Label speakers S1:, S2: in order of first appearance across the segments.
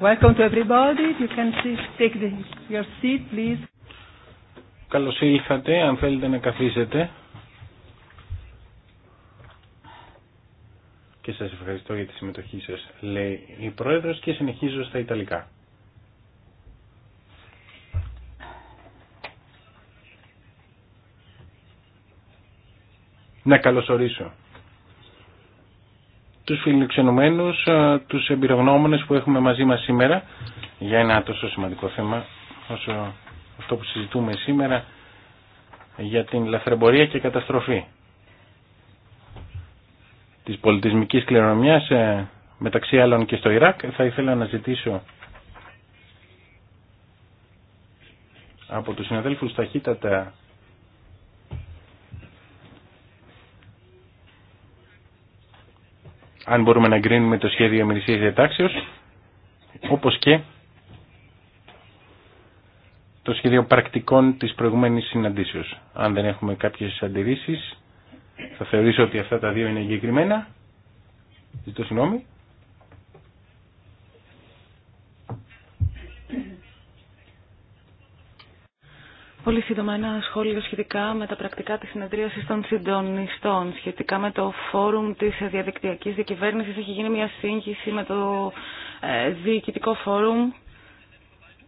S1: Welcome to everybody. You can take the, your seat, please.
S2: Καλώς ήλθατε, αν θέλετε να καθίσετε. Και σας ευχαριστώ για τη συμμετοχή σας, λέει η Πρόεδρος και συνεχίζω στα Ιταλικά. Να καλωσορίσω τους φιλοξενουμένους, τους εμπειρογνώμονες που έχουμε μαζί μας σήμερα για ένα τόσο σημαντικό θέμα όσο αυτό που συζητούμε σήμερα για την λαθρεμπορία και καταστροφή της πολιτισμικής κληρονομιάς ε, μεταξύ άλλων και στο Ιράκ θα ήθελα να ζητήσω από τους συναδέλφους ταχύτατα αν μπορούμε να εγκρίνουμε το σχέδιο ημερησίας διατάξεως, όπως και το σχέδιο πρακτικών της προηγουμένης συναντήσεως. Αν δεν έχουμε κάποιες αντιρρήσεις, θα θεωρήσω ότι αυτά τα δύο είναι εγκεκριμένα. Ζητώ συγγνώμη.
S3: Πολύ σύντομα ένα σχόλιο σχετικά με τα πρακτικά της συνεδρίασης των συντονιστών. Σχετικά με το φόρουμ της διαδικτυακής διακυβέρνησης έχει γίνει μια σύγχυση με το ε, διοικητικό φόρουμ.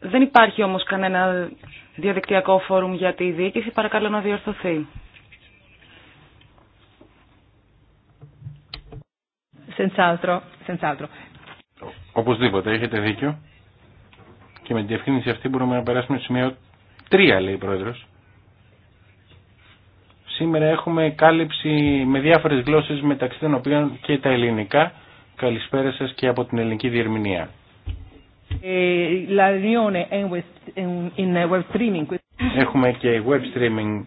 S3: Δεν υπάρχει όμως κανένα διαδικτυακό φόρουμ για τη διοίκηση. Παρακαλώ να διορθωθεί.
S1: Σεντσάλτρο.
S2: Οπωσδήποτε, έχετε δίκιο. Και με την διευκρίνηση αυτή μπορούμε να περάσουμε σημείο Τρία λέει πρόεδρος. Σήμερα έχουμε κάλυψη με διάφορες γλώσσες μεταξύ των οποίων και τα ελληνικά. Καλησπέρα σας και από την ελληνική διερμηνία.
S3: Ε,
S2: έχουμε και web streaming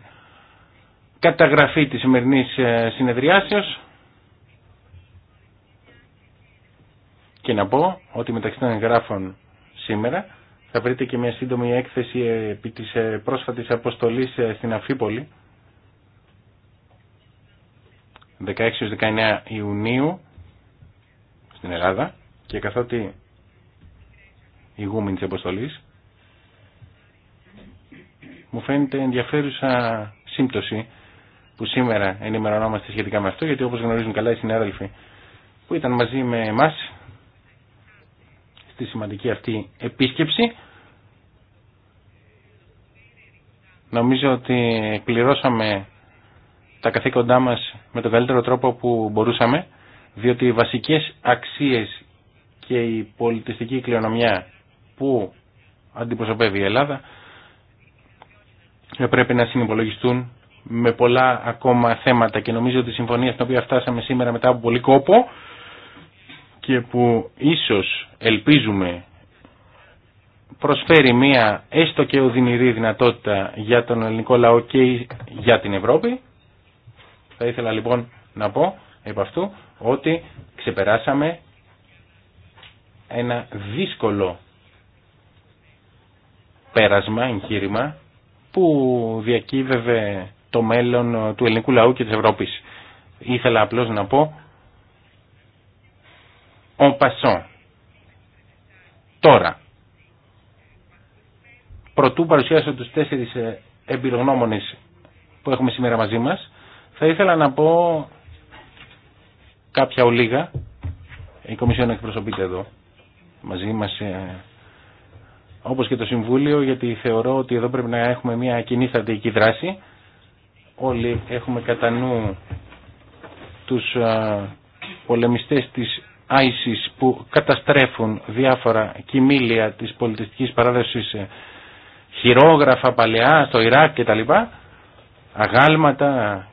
S2: καταγραφή της σημερινής ε, συνεδριάσεως. Και να πω ότι μεταξύ των εγγράφων σήμερα θα βρείτε και μια σύντομη έκθεση επί της ε, πρόσφατης αποστολής ε, στην αφιπολη 16 16-19 Ιουνίου στην Ελλάδα και καθότι ηγούμενη της αποστολής μου φαίνεται ενδιαφέρουσα σύμπτωση που σήμερα ενημερωνόμαστε σχετικά με αυτό γιατί όπως γνωρίζουν καλά οι συνάδελφοι που ήταν μαζί με εμάς στη σημαντική αυτή επίσκεψη Νομίζω ότι πληρώσαμε τα καθήκοντά μας με τον καλύτερο τρόπο που μπορούσαμε, διότι οι βασικές αξίες και η πολιτιστική κληρονομιά που αντιπροσωπεύει η Ελλάδα πρέπει να συνυπολογιστούν με πολλά ακόμα θέματα και νομίζω ότι η συμφωνία στην οποία φτάσαμε σήμερα μετά από πολύ κόπο και που ίσως ελπίζουμε προσφέρει μία έστω και οδυνηρή δυνατότητα για τον ελληνικό λαό και για την Ευρώπη. Θα ήθελα λοιπόν να πω επ' αυτού ότι ξεπεράσαμε ένα δύσκολο πέρασμα, εγχείρημα που διακύβευε το μέλλον του ελληνικού λαού και της Ευρώπης. Ήθελα απλώς να πω όν passant». Τώρα, προτού παρουσιάσω τους τέσσερις ε, εμπειρογνώμονες που έχουμε σήμερα μαζί μας, θα ήθελα να πω κάποια ολίγα. Η Κομισιόν εκπροσωπείται εδώ μαζί μας, ε, όπως και το Συμβούλιο, γιατί θεωρώ ότι εδώ πρέπει να έχουμε μια κοινή στρατηγική δράση. Όλοι έχουμε κατά νου τους ε, πολεμιστές της ISIS που καταστρέφουν διάφορα κοιμήλια της πολιτιστικής παράδοσης χειρόγραφα παλαιά στο Ιράκ λοιπά, Αγάλματα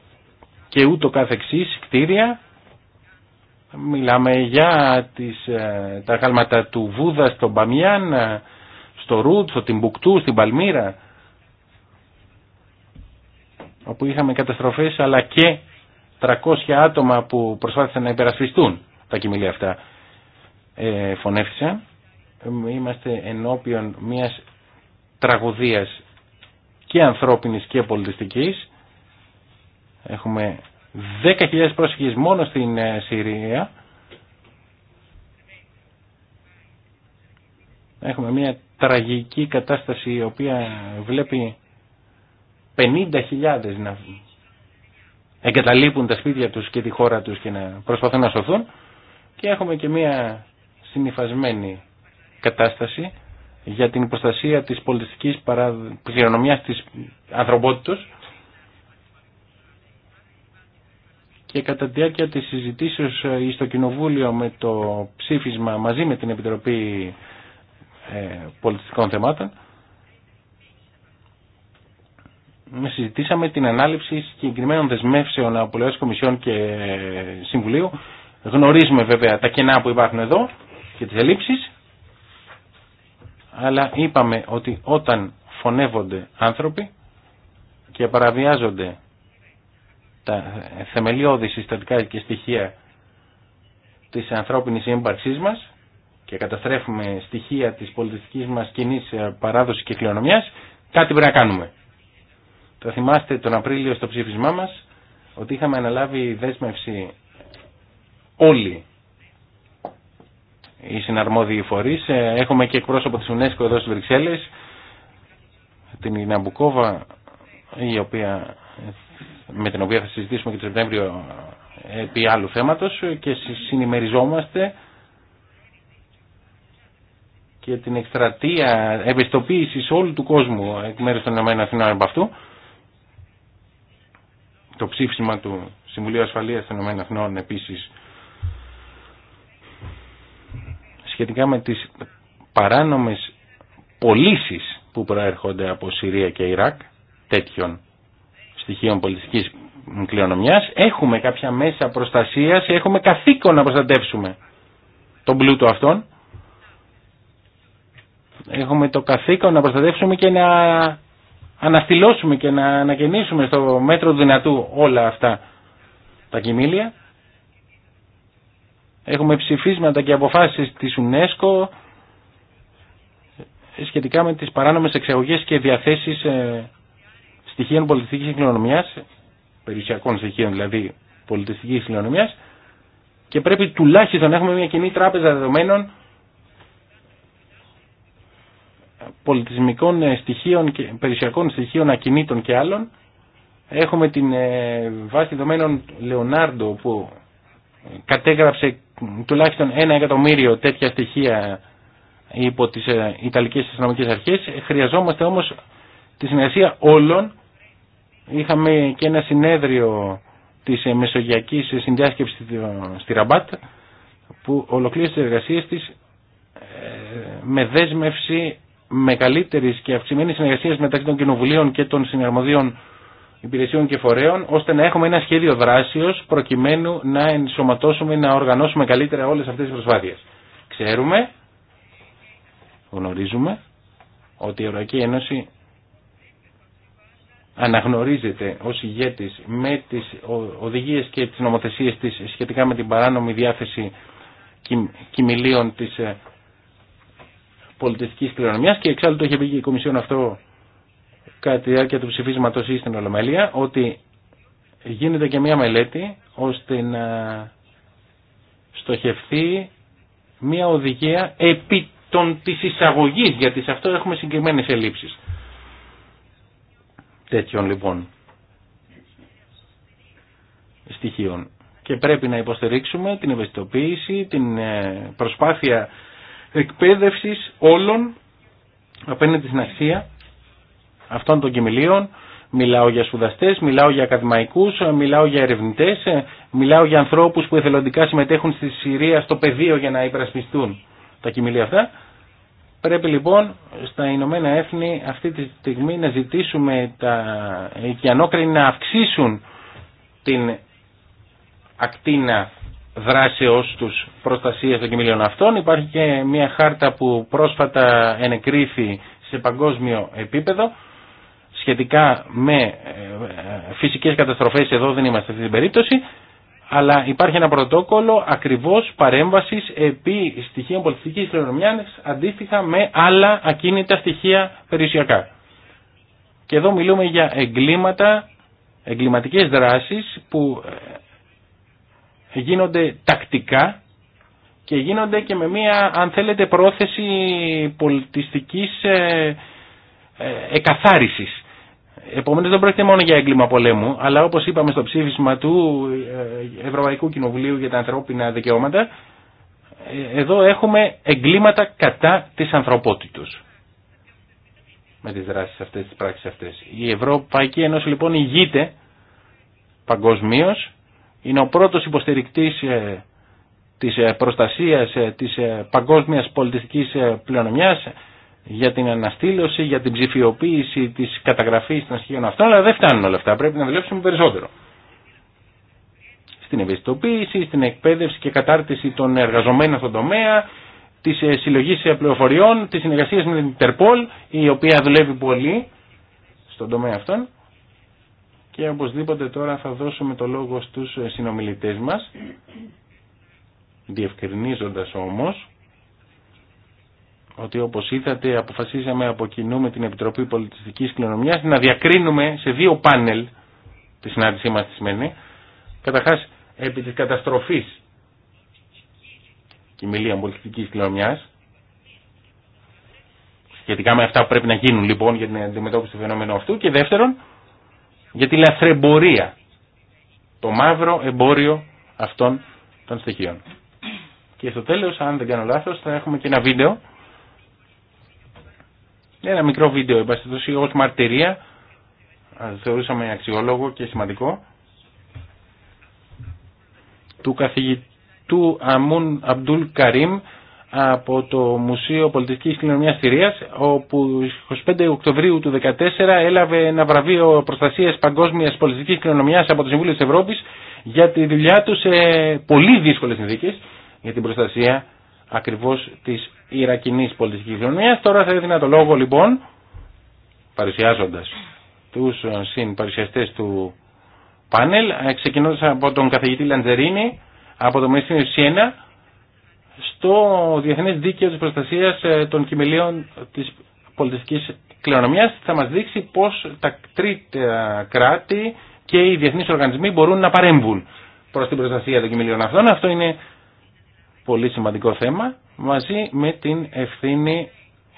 S2: και ούτω καθεξής κτίρια. Μιλάμε για ε, τα αγάλματα του Βούδα στο Μπαμιάν, ε, στο Ρούτ, στο Τιμπουκτού, στην Παλμύρα όπου είχαμε καταστροφές αλλά και 300 άτομα που προσπάθησαν να υπερασπιστούν τα κοιμήλια αυτά ε, Είμαστε ενώπιον μιας τραγωδίας και ανθρώπινης και πολιτιστικής. Έχουμε 10.000 πρόσφυγες μόνο στην ε, Συρία. Έχουμε μια τραγική κατάσταση η οποία βλέπει 50.000 να εγκαταλείπουν τα σπίτια τους και τη χώρα τους και να προσπαθούν να σωθούν και έχουμε και μια συνειφασμένη κατάσταση για την προστασία της πολιτιστικής κληρονομιάς της ανθρωπότητος και κατά τη διάρκεια της συζητήσεως ε, στο Κοινοβούλιο με το ψήφισμα μαζί με την Επιτροπή ε, Πολιτιστικών Θεμάτων συζητήσαμε την ανάληψη συγκεκριμένων δεσμεύσεων από της Κομισιόν και Συμβουλίου γνωρίζουμε βέβαια τα κενά που υπάρχουν εδώ και τις ελλείψεις αλλά είπαμε ότι όταν φωνεύονται άνθρωποι και παραβιάζονται τα θεμελιώδη συστατικά και στοιχεία της ανθρώπινης ύπαρξής μας και καταστρέφουμε στοιχεία της πολιτιστικής μας κοινή παράδοσης και κληρονομιάς, κάτι πρέπει να κάνουμε. Το θυμάστε τον Απρίλιο στο ψήφισμά μας ότι είχαμε αναλάβει δέσμευση όλοι οι συναρμόδιοι φορείς. Ε, έχουμε και εκπρόσωπο τη UNESCO εδώ στις Βρυξέλλε, την Ναμπουκόβα, η οποία, με την οποία θα συζητήσουμε και το Σεπτέμβριο ε, επί άλλου θέματος και συνημεριζόμαστε και την εκστρατεία ευαισθητοποίηση όλου του κόσμου εκ μέρου των ΗΠΑ από αυτού το ψήφισμα του Συμβουλίου Ασφαλείας των ΗΠΑ επίσης σχετικά με τις παράνομες πωλήσει που προέρχονται από Συρία και Ιράκ τέτοιων στοιχείων πολιτικής κληρονομιάς. Έχουμε κάποια μέσα προστασίας, έχουμε καθήκον να προστατεύσουμε τον πλούτο αυτόν. Έχουμε το καθήκον να προστατεύσουμε και να αναστηλώσουμε και να ανακαινήσουμε στο μέτρο δυνατού όλα αυτά τα κοιμήλια. Έχουμε ψηφίσματα και αποφάσεις της UNESCO σχετικά με τις παράνομες εξαγωγές και διαθέσεις ε, στοιχείων πολιτιστικής κληρονομιάς, περιουσιακών στοιχείων δηλαδή πολιτιστικής κληρονομιάς και πρέπει τουλάχιστον να έχουμε μια κοινή τράπεζα δεδομένων πολιτισμικών ε, στοιχείων και περιουσιακών στοιχείων ακινήτων και άλλων. Έχουμε την ε, βάση δεδομένων Λεωνάρντο που κατέγραψε τουλάχιστον ένα εκατομμύριο τέτοια στοιχεία υπό τις ε, Ιταλικές Αστυνομικές Αρχές. Χρειαζόμαστε όμως τη συνεργασία όλων. Είχαμε και ένα συνέδριο της ε, Μεσογειακής Συνδιάσκεψης στη Ραμπάτ που ολοκλήρωσε τις εργασίε της ε, με δέσμευση μεγαλύτερης και αυξημένης συνεργασίας μεταξύ των κοινοβουλίων και των συναρμοδίων υπηρεσιών και φορέων, ώστε να έχουμε ένα σχέδιο δράσεως προκειμένου να ενσωματώσουμε, να οργανώσουμε καλύτερα όλες αυτές τις προσπάθειες. Ξέρουμε, γνωρίζουμε, ότι η Ευρωπαϊκή Ένωση αναγνωρίζεται ως ηγέτης με τις οδηγίες και τις νομοθεσίες της σχετικά με την παράνομη διάθεση κοιμηλίων της ε, πολιτιστικής κληρονομιάς και εξάλλου το είχε πει και η Κομισιόν αυτό κατά τη διάρκεια του ψηφίσματος ή στην Ολομέλεια ότι γίνεται και μια μελέτη ώστε να στοχευθεί μια οδηγία επί των της εισαγωγής γιατί σε αυτό έχουμε συγκεκριμένες ελλείψεις τέτοιων λοιπόν στοιχείων και πρέπει να υποστηρίξουμε την ευαισθητοποίηση, την ε, προσπάθεια εκπαίδευσης όλων απέναντι στην αξία αυτών των κοιμηλίων, Μιλάω για σπουδαστέ, μιλάω για ακαδημαϊκούς, μιλάω για ερευνητές, μιλάω για ανθρώπους που εθελοντικά συμμετέχουν στη Συρία στο πεδίο για να υπερασπιστούν τα κοιμηλία αυτά. Πρέπει λοιπόν στα Ηνωμένα Έθνη αυτή τη στιγμή να ζητήσουμε τα οικιανόκρινη να αυξήσουν την ακτίνα δράσεώς τους προστασίας των κοιμήλιων αυτών. Υπάρχει και μια χάρτα που πρόσφατα ενεκρίθη σε παγκόσμιο επίπεδο σχετικά με ε, ε, φυσικές καταστροφές, εδώ δεν είμαστε αυτή την περίπτωση, αλλά υπάρχει ένα πρωτόκολλο ακριβώς παρέμβασης επί στοιχείων πολιτικής κληρονομιά αντίστοιχα με άλλα ακίνητα στοιχεία περιουσιακά. Και εδώ μιλούμε για εγκλήματα, εγκληματικές δράσεις που ε, γίνονται τακτικά και γίνονται και με μία, αν θέλετε, πρόθεση πολιτιστικής εκαθάρισης Επομένως δεν πρόκειται μόνο για έγκλημα πολέμου, αλλά όπως είπαμε στο ψήφισμα του ε, Ευρωπαϊκού Κοινοβουλίου για τα ανθρώπινα δικαιώματα, ε, εδώ έχουμε εγκλήματα κατά της ανθρωπότητος με τις δράσεις αυτές, τις πράξεις αυτές. Η Ευρωπαϊκή Ένωση λοιπόν ηγείται παγκοσμίω, είναι ο πρώτος υποστηρικτής ε, της προστασίας της παγκόσμιας πολιτιστικής πλειονομιάς, για την αναστήλωση, για την ψηφιοποίηση της καταγραφής των στοιχείων αυτών, αλλά δεν φτάνουν όλα αυτά, πρέπει να δουλέψουμε περισσότερο. Στην ευαισθητοποίηση, στην εκπαίδευση και κατάρτιση των εργαζομένων στον τομέα, της ε, συλλογής ε, πληροφοριών, της συνεργασίας με την Interpol, η οποία δουλεύει πολύ στον τομέα αυτόν. Και οπωσδήποτε τώρα θα δώσουμε το λόγο στους ε, συνομιλητές μας, διευκρινίζοντας όμως ότι όπως είδατε αποφασίσαμε από κοινού με την Επιτροπή Πολιτιστικής Κληρονομιάς να διακρίνουμε σε δύο πάνελ τη συνάντησή μας τη σημαίνει. καταρχάς επί της καταστροφής και πολιτιστικής κληρονομιάς σχετικά με αυτά που πρέπει να γίνουν λοιπόν για την αντιμετώπιση του φαινόμενου αυτού και δεύτερον για τη λαθρεμπορία το μαύρο εμπόριο αυτών των στοιχείων. Και στο τέλος, αν δεν κάνω λάθος, θα έχουμε και ένα βίντεο ένα μικρό βίντεο, εμπαστητώσει, ως μαρτυρία. Θεωρούσαμε αξιόλογο και σημαντικό. Του καθηγητού Αμούν Αμπτούλ Καρίμ από το Μουσείο Πολιτικής Κοινωνίας Συρίας, όπου 25 Οκτωβρίου του 2014 έλαβε ένα βραβείο προστασίας παγκόσμιας πολιτικής κοινωνίας από το Συμβούλιο της Ευρώπης για τη δουλειά του σε πολύ δύσκολες συνθήκες για την προστασία ακριβώς της ρακινή Πολιτική κοινωνία. Τώρα θα έδινα το λόγο λοιπόν, παρουσιάζοντα του ε, συμπαρουσιαστέ του πάνελ, ε, ξεκινώντα από τον καθηγητή Λαντζερίνη, από το Μεσίνιο Σιένα, στο διεθνέ Δίκαιο τη προστασία ε, των Κυμελίων τη Πολιτιστικής Κληρονομία, θα μα δείξει πώ τα τρίτα κράτη και οι διεθνεί οργανισμοί μπορούν να παρέμβουν προ την προστασία των κυμελίων αυτών. Αυτό είναι πολύ σημαντικό θέμα, μαζί με την ευθύνη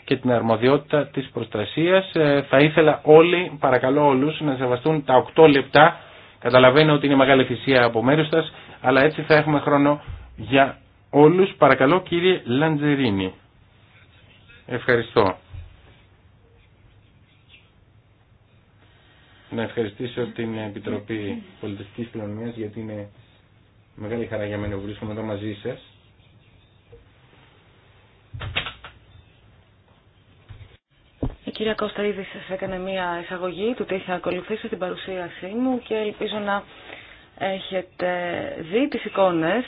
S2: και την αρμοδιότητα της προστασίας. Ε, θα ήθελα όλοι, παρακαλώ όλους, να σεβαστούν τα 8 λεπτά. Καταλαβαίνω ότι είναι μεγάλη θυσία από μέρους σας, αλλά έτσι θα έχουμε χρόνο για όλους. Παρακαλώ κύριε Λαντζερίνη. Ευχαριστώ. Να ευχαριστήσω την Επιτροπή Πολιτιστικής Κοινωνίας γιατί είναι μεγάλη χαρά για μένα που βρίσκομαι εδώ μαζί σας
S3: Κυρία ήδη σα έκανε μία εισαγωγή του τι θα ακολουθήσει την παρουσίασή μου και ελπίζω να έχετε δει τι εικόνε.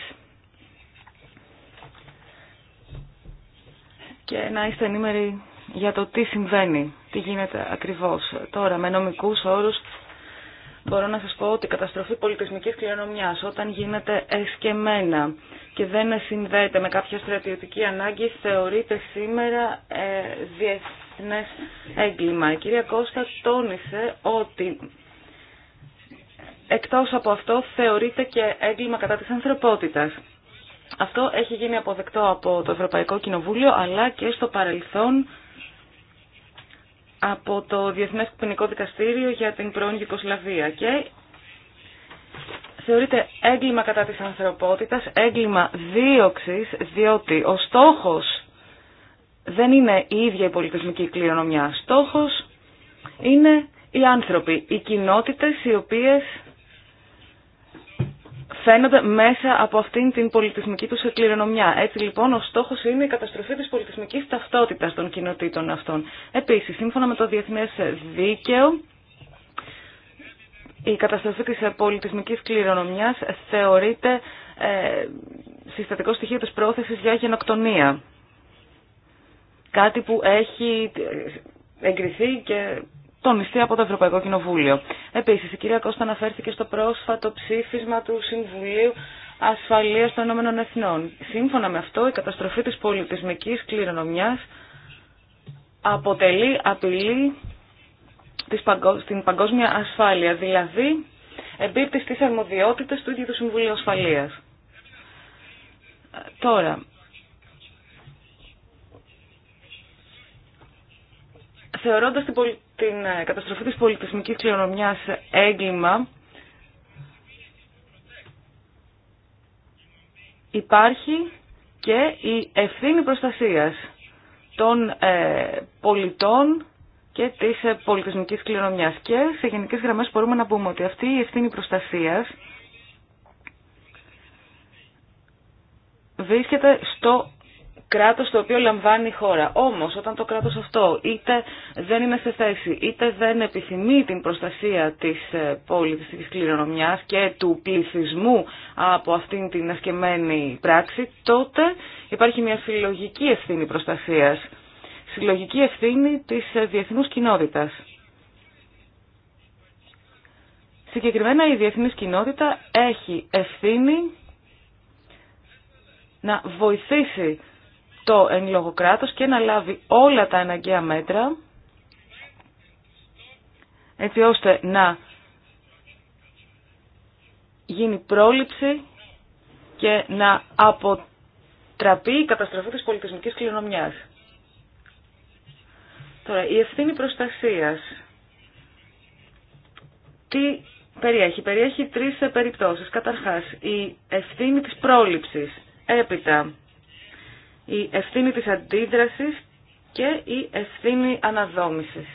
S3: και να είστε ενήμεροι για το τι συμβαίνει, τι γίνεται ακριβώς. Τώρα, με νομικού όρου. μπορώ να σας πω ότι η καταστροφή πολιτισμικής κληρονομιάς, όταν γίνεται εσκεμένα και δεν συνδέεται με κάποια στρατιωτική ανάγκη, θεωρείται σήμερα ε, διεθνές έγκλημα. Η κυρία Κώστα τόνισε ότι εκτός από αυτό θεωρείται και έγκλημα κατά της ανθρωπότητας. Αυτό έχει γίνει αποδεκτό από το Ευρωπαϊκό Κοινοβούλιο αλλά και στο παρελθόν από το Διεθνές Ποινικό Δικαστήριο για την πρώην Γιουγκοσλαβία και θεωρείται έγκλημα κατά της ανθρωπότητας, έγκλημα δίωξης, διότι ο στόχος δεν είναι η ίδια η πολιτισμική κληρονομιά. Στόχος είναι οι άνθρωποι, οι κοινότητες οι οποίες φαίνονται μέσα από αυτήν την πολιτισμική τους κληρονομιά. Έτσι λοιπόν ο στόχος είναι η καταστροφή της πολιτισμικής ταυτότητας των κοινοτήτων αυτών. Επίσης, σύμφωνα με το Διεθνές Δίκαιο, η καταστροφή της πολιτισμικής κληρονομιάς θεωρείται ε, συστατικό στοιχείο της πρόθεσης για γενοκτονία κάτι που έχει εγκριθεί και τονιστεί από το Ευρωπαϊκό Κοινοβούλιο. Επίσης, η κυρία Κώστα αναφέρθηκε στο πρόσφατο ψήφισμα του Συμβουλίου Ασφαλείας των Ηνωμένων Εθνών. Σύμφωνα με αυτό, η καταστροφή της πολιτισμικής κληρονομιάς αποτελεί απειλή στην παγκόσμια ασφάλεια, δηλαδή εμπίπτει στις αρμοδιότητες του ίδιου του Συμβουλίου Ασφαλείας. Τώρα, θεωρώντας την, την ε, καταστροφή της πολιτισμικής κληρονομιάς έγκλημα, υπάρχει και η ευθύνη προστασίας των ε, πολιτών και της ε, πολιτισμικής κληρονομιάς. Και σε γενικές γραμμές μπορούμε να πούμε ότι αυτή η ευθύνη προστασίας βρίσκεται στο κράτος το οποίο λαμβάνει η χώρα. Όμως όταν το κράτος αυτό είτε δεν είναι σε θέση είτε δεν επιθυμεί την προστασία της ε, πόλης, της κληρονομιάς και του πληθυσμού από αυτήν την ασκεμένη πράξη, τότε υπάρχει μια συλλογική ευθύνη προστασίας, συλλογική ευθύνη της ε, διεθνούς κοινότητας. Συγκεκριμένα η διεθνής κοινότητα έχει ευθύνη να βοηθήσει το εν λόγω κράτος και να λάβει όλα τα αναγκαία μέτρα έτσι ώστε να γίνει πρόληψη και να αποτραπεί η καταστροφή της πολιτισμικής κληρονομιάς. Τώρα, η ευθύνη προστασίας. Τι περιέχει. Περιέχει τρεις περιπτώσεις. Καταρχάς, η ευθύνη της πρόληψης. Έπειτα, η ευθύνη της αντίδρασης και η ευθύνη αναδόμησης.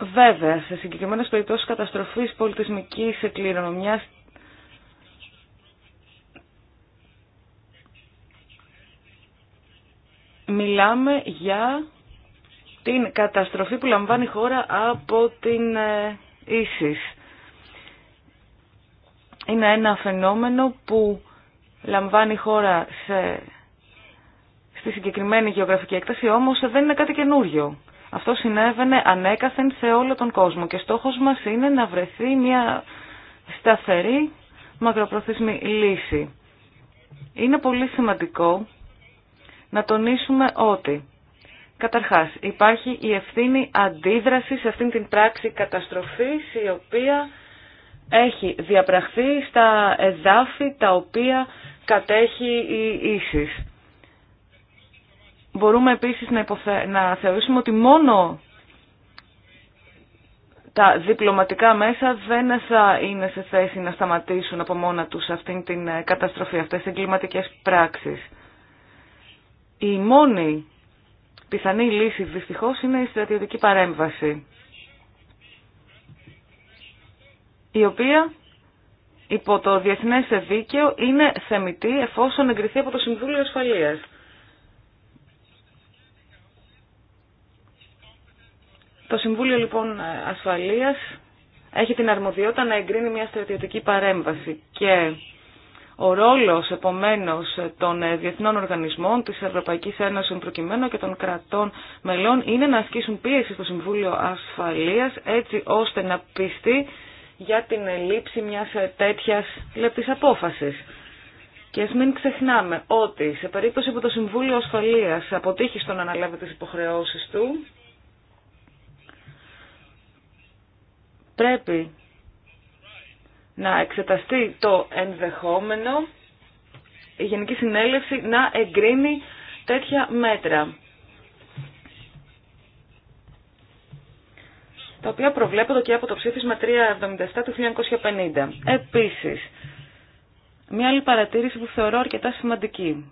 S3: Βέβαια, σε συγκεκριμένες περιπτώσεις καταστροφής πολιτισμικής κληρονομιάς μιλάμε για την καταστροφή που λαμβάνει η χώρα από την ε, ίσης. Είναι ένα φαινόμενο που λαμβάνει χώρα σε, στη συγκεκριμένη γεωγραφική έκταση, όμως δεν είναι κάτι καινούριο. Αυτό συνέβαινε ανέκαθεν σε όλο τον κόσμο και στόχος μας είναι να βρεθεί μια σταθερή μακροπροθεσμή λύση. Είναι πολύ σημαντικό να τονίσουμε ότι καταρχάς υπάρχει η ευθύνη αντίδραση σε αυτήν την πράξη καταστροφής η οποία έχει διαπραχθεί στα εδάφη τα οποία κατέχει η ίσης. Μπορούμε επίσης να, να θεωρήσουμε ότι μόνο τα διπλωματικά μέσα δεν θα είναι σε θέση να σταματήσουν από μόνα τους αυτήν την ε, καταστροφή, αυτές τις εγκληματικές πράξεις. Η μόνη πιθανή λύση δυστυχώς είναι η στρατιωτική παρέμβαση, η οποία υπό το διεθνές δίκαιο είναι θεμητή εφόσον εγκριθεί από το Συμβούλιο Ασφαλεία. Το Συμβούλιο λοιπόν Ασφαλείας έχει την αρμοδιότητα να εγκρίνει μια στρατιωτική παρέμβαση και ο ρόλος επομένως των διεθνών οργανισμών της Ευρωπαϊκής Ένωσης προκειμένου και των κρατών μελών είναι να ασκήσουν πίεση στο Συμβούλιο Ασφαλείας έτσι ώστε να πιστεί για την λήψη μιας τέτοιας λεπτής απόφασης. Και ας μην ξεχνάμε ότι σε περίπτωση που το Συμβούλιο Ασφαλείας αποτύχει στο να αναλάβει τις υποχρεώσεις του, πρέπει να εξεταστεί το ενδεχόμενο η Γενική Συνέλευση να εγκρίνει τέτοια μέτρα. τα οποία προβλέπονται και από το ψήφισμα 377 του 1950. Επίσης, μια άλλη παρατήρηση που θεωρώ αρκετά σημαντική.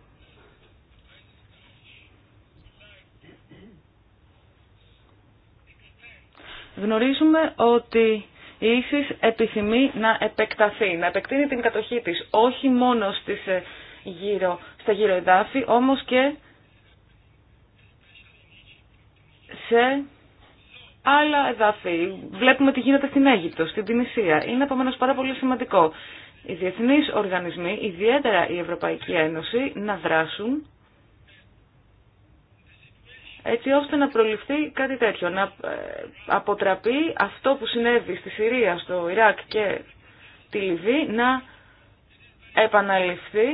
S3: Γνωρίζουμε ότι η ίσης επιθυμεί να επεκταθεί, να επεκτείνει την κατοχή της, όχι μόνο στις, ε, γύρω, στα γύρω εδάφη, όμως και σε άλλα εδάφη. Βλέπουμε τι γίνεται στην Αίγυπτο, στην Τινησία. Είναι επομένω πάρα πολύ σημαντικό οι διεθνεί οργανισμοί, ιδιαίτερα η Ευρωπαϊκή Ένωση, να δράσουν έτσι ώστε να προληφθεί κάτι τέτοιο, να ε, αποτραπεί αυτό που συνέβη στη Συρία, στο Ιράκ και τη Λιβύη να επαναληφθεί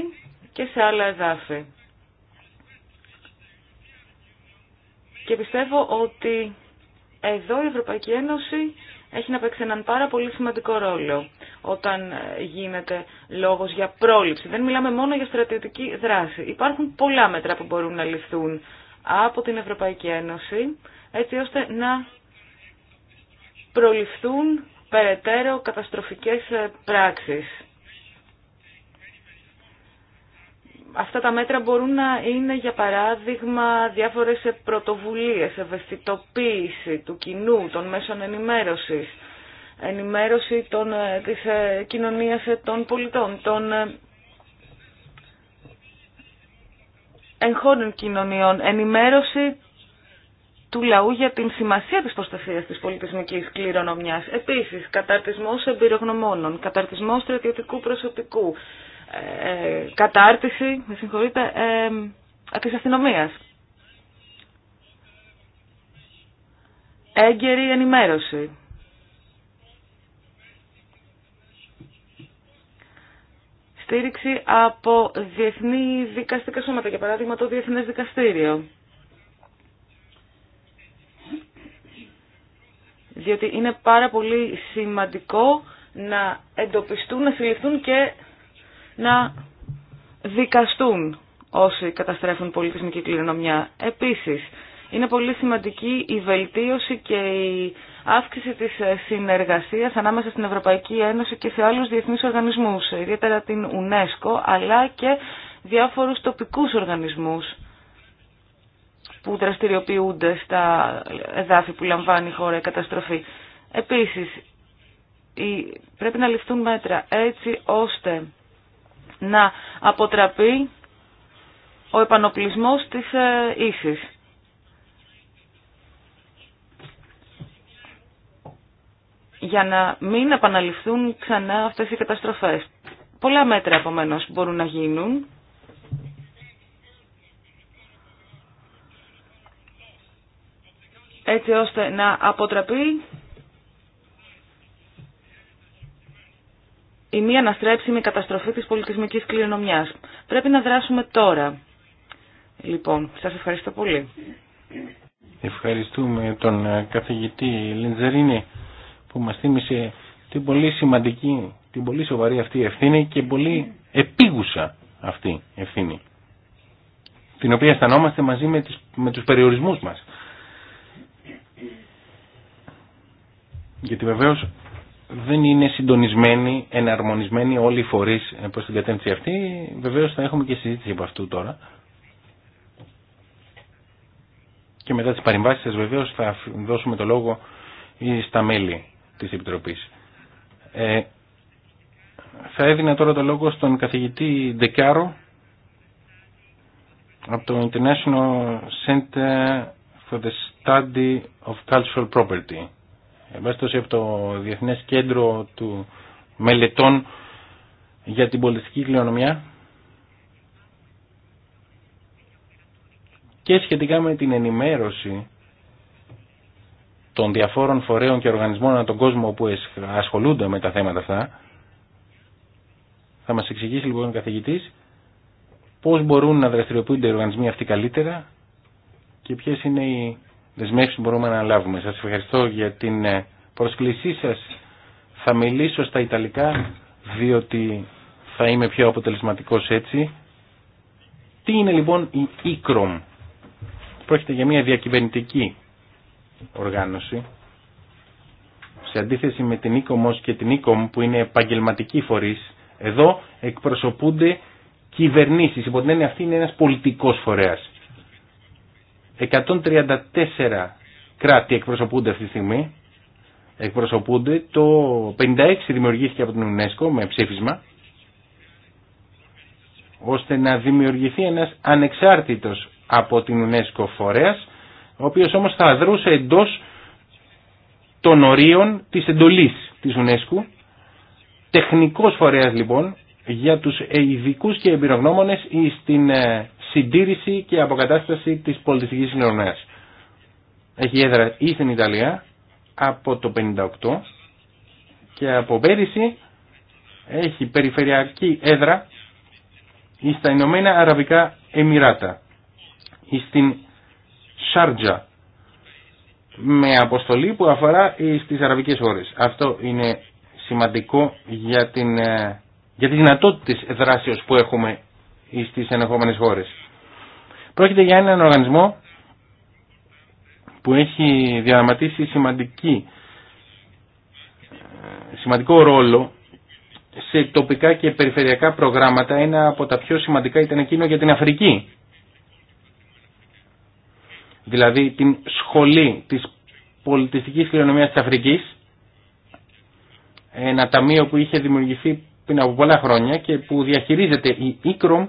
S3: και σε άλλα εδάφη. Και πιστεύω ότι εδώ η Ευρωπαϊκή Ένωση έχει να παίξει έναν πάρα πολύ σημαντικό ρόλο όταν ε, γίνεται λόγος για πρόληψη. Δεν μιλάμε μόνο για στρατιωτική δράση. Υπάρχουν πολλά μέτρα που μπορούν να ληφθούν από την Ευρωπαϊκή Ένωση έτσι ώστε να προληφθούν περαιτέρω καταστροφικές ε, πράξεις. αυτά τα μέτρα μπορούν να είναι, για παράδειγμα, διάφορες πρωτοβουλίες, ευαισθητοποίηση του κοινού, των μέσων ενημέρωσης, ενημέρωση των, ε, της ε, κοινωνίας ε, των πολιτών, των εγχώνων κοινωνιών, ενημέρωση του λαού για την σημασία της προστασίας της πολιτισμικής κληρονομιάς. Επίσης, καταρτισμός εμπειρογνωμόνων, καταρτισμός στρατιωτικού προσωπικού, ε, κατάρτιση, με συγχωρείτε, ε, ε, της αστυνομίας. Έγκαιρη ενημέρωση. Στήριξη από διεθνή δικαστικά σώματα, για παράδειγμα το Διεθνές Δικαστήριο. Διότι είναι πάρα πολύ σημαντικό να εντοπιστούν, να συλληφθούν και να δικαστούν όσοι καταστρέφουν πολιτισμική κληρονομιά. Επίσης, είναι πολύ σημαντική η βελτίωση και η αύξηση της συνεργασίας ανάμεσα στην Ευρωπαϊκή Ένωση και σε άλλους διεθνείς οργανισμούς, ιδιαίτερα την UNESCO, αλλά και διάφορους τοπικούς οργανισμούς που δραστηριοποιούνται στα εδάφη που λαμβάνει η χώρα η καταστροφή. Επίσης, πρέπει να ληφθούν μέτρα έτσι ώστε να αποτραπεί ο επανοπλισμός της ε, ίσης. για να μην επαναληφθούν ξανά αυτές οι καταστροφές. Πολλά μέτρα επομένω μπορούν να γίνουν. έτσι ώστε να αποτραπεί η μη αναστρέψιμη καταστροφή της πολιτισμικής κληρονομιάς. Πρέπει να δράσουμε τώρα. Λοιπόν, σας ευχαριστώ πολύ.
S2: Ευχαριστούμε τον ε, καθηγητή Λεντζερίνη που μας θύμισε την πολύ σημαντική, την πολύ σοβαρή αυτή ευθύνη και πολύ επίγουσα αυτή ευθύνη την οποία αισθανόμαστε μαζί με, τις, με τους περιορισμούς μας. Γιατί βεβαίως δεν είναι συντονισμένοι, εναρμονισμένοι όλοι οι φορείς ε, προς την κατεύθυνση αυτή. Βεβαίως θα έχουμε και συζήτηση από αυτού τώρα. Και μετά τις παρεμβάσεις σας βεβαίως θα δώσουμε το λόγο στα μέλη της Επιτροπής. Ε, θα έδινα τώρα το λόγο στον καθηγητή Ντεκάρο από το International Center for the Study of Cultural Property βάστος από το Διεθνές Κέντρο του Μελετών για την Πολιτική Κληρονομιά και σχετικά με την ενημέρωση των διαφόρων φορέων και οργανισμών ανά τον κόσμο που ασχολούνται με τα θέματα αυτά. Θα μας εξηγήσει λοιπόν ο καθηγητής πώς μπορούν να δραστηριοποιούνται οι οργανισμοί αυτοί καλύτερα και ποιες είναι οι δεσμεύσεις που μπορούμε να λάβουμε. Σας ευχαριστώ για την ε, προσκλησή σας. Θα μιλήσω στα Ιταλικά διότι θα είμαι πιο αποτελεσματικός έτσι. Τι είναι λοιπόν η ICROM. Πρόκειται για μια διακυβερνητική οργάνωση. Σε αντίθεση με την ICOMOS και την ICOM που είναι επαγγελματική φορείς, εδώ εκπροσωπούνται κυβερνήσεις. Υπό την έννοια αυτή είναι ένας πολιτικός φορέας. 134 κράτη εκπροσωπούνται αυτή τη στιγμή. Εκπροσωπούνται. Το 56 δημιουργήθηκε από την UNESCO με ψήφισμα ώστε να δημιουργηθεί ένας ανεξάρτητος από την UNESCO φορέας, ο οποίος όμως θα δρούσε εντός των ορίων της εντολής της UNESCO. Τεχνικός φορέας λοιπόν για τους ειδικού και εμπειρογνώμονες στην ε, συντήρηση και αποκατάσταση της πολιτιστικής συνομιλία. Έχει έδρα ή στην Ιταλία από το 1958 και από πέρυσι έχει περιφερειακή έδρα ή στα Ηνωμένα Αραβικά Εμμυράτα ή στην Σάρτζα με αποστολή που αφορά στις αραβικές χώρες. Αυτό είναι σημαντικό για, την, ε, για τις δυνατότητες δράσεως που έχουμε Στι ενεχόμενες χώρες. Πρόκειται για έναν οργανισμό που έχει διαδραματίσει σημαντική, ε, σημαντικό ρόλο σε τοπικά και περιφερειακά προγράμματα. Ένα από τα πιο σημαντικά ήταν εκείνο για την Αφρική. Δηλαδή την σχολή της πολιτιστικής κληρονομίας της Αφρικής. Ένα ταμείο που είχε δημιουργηθεί πριν από πολλά χρόνια και που διαχειρίζεται η Ίκρομ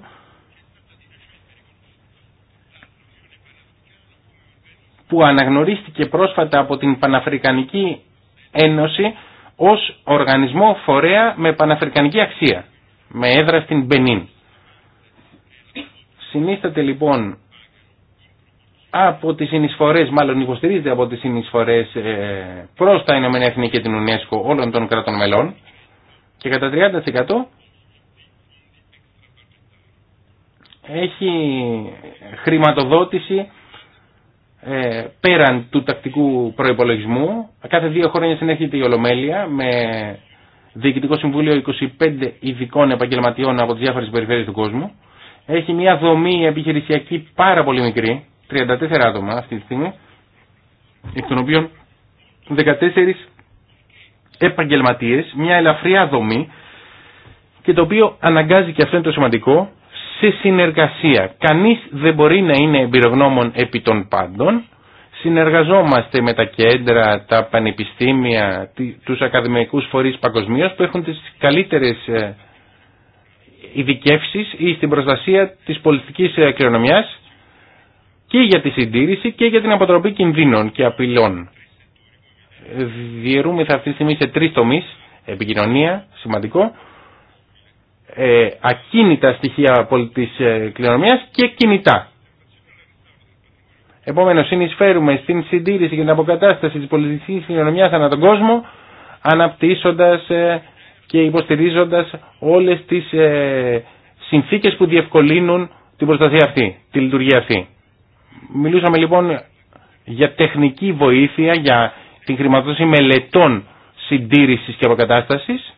S2: που αναγνωρίστηκε πρόσφατα από την Παναφρικανική Ένωση ως οργανισμό φορέα με παναφρικανική αξία, με έδρα στην Μπενίν. Συνίσταται λοιπόν από τις συνεισφορές, μάλλον υποστηρίζεται από τις συνεισφορές ε, προς τα Ηνωμένα και την UNESCO όλων των κρατών μελών και κατά 30% έχει χρηματοδότηση ε, πέραν του τακτικού προϋπολογισμού. Κάθε δύο χρόνια συνέχεται η Ολομέλεια με Διοικητικό Συμβούλιο 25 ειδικών επαγγελματιών από τις διάφορες περιφέρειες του κόσμου. Έχει μια δομή επιχειρησιακή πάρα πολύ μικρή, 34 άτομα αυτή τη στιγμή, εκ των οποίων 14 επαγγελματίες, μια ελαφριά δομή και το οποίο αναγκάζει και αυτό είναι το σημαντικό, σε συνεργασία. Κανείς δεν μπορεί να είναι εμπειρογνώμων επί των πάντων. Συνεργαζόμαστε με τα κέντρα, τα πανεπιστήμια, τους ακαδημαϊκούς φορείς παγκοσμίω που έχουν τις καλύτερες ε, ειδικεύσει ή στην προστασία της πολιτικής ε, κληρονομιάς και για τη συντήρηση και για την αποτροπή κινδύνων και απειλών διαιρούμεθα αυτή τη στιγμή σε τρεις τομείς, επικοινωνία, σημαντικό, ε, ακίνητα στοιχεία πολιτικής ε, κληρονομιάς και κινητά. Επόμενος, συνεισφέρουμε στην συντήρηση και την αποκατάσταση της πολιτικής κληρονομιάς ανά τον κόσμο, αναπτύσσοντας ε, και υποστηρίζοντας όλες τις συνθήκες που διευκολύνουν την προστασία αυτή, τη λειτουργία αυτή. Μιλούσαμε λοιπόν για τεχνική βοήθεια, για την χρηματοδότηση μελετών συντήρησης και αποκατάστασης,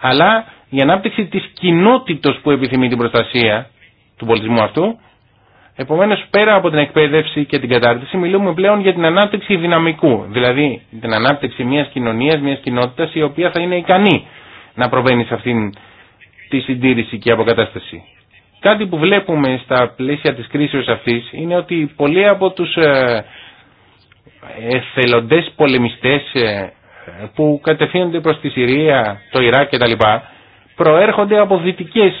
S2: αλλά η ανάπτυξη της κοινότητος που επιθυμεί την προστασία του πολιτισμού αυτού. Επομένως, πέρα από την εκπαίδευση και την κατάρτιση, μιλούμε πλέον για την ανάπτυξη δυναμικού, δηλαδή την ανάπτυξη μιας κοινωνίας, μιας κοινότητας, η οποία θα είναι ικανή να προβαίνει σε αυτήν τη συντήρηση και αποκατάσταση. Κάτι που βλέπουμε στα πλαίσια της κρίσης αυτής είναι ότι πολλοί από τους ε, εθελοντές πολεμιστές ε, που κατευθύνονται προς τη Συρία, το Ιράκ κτλ. προέρχονται από δυτικές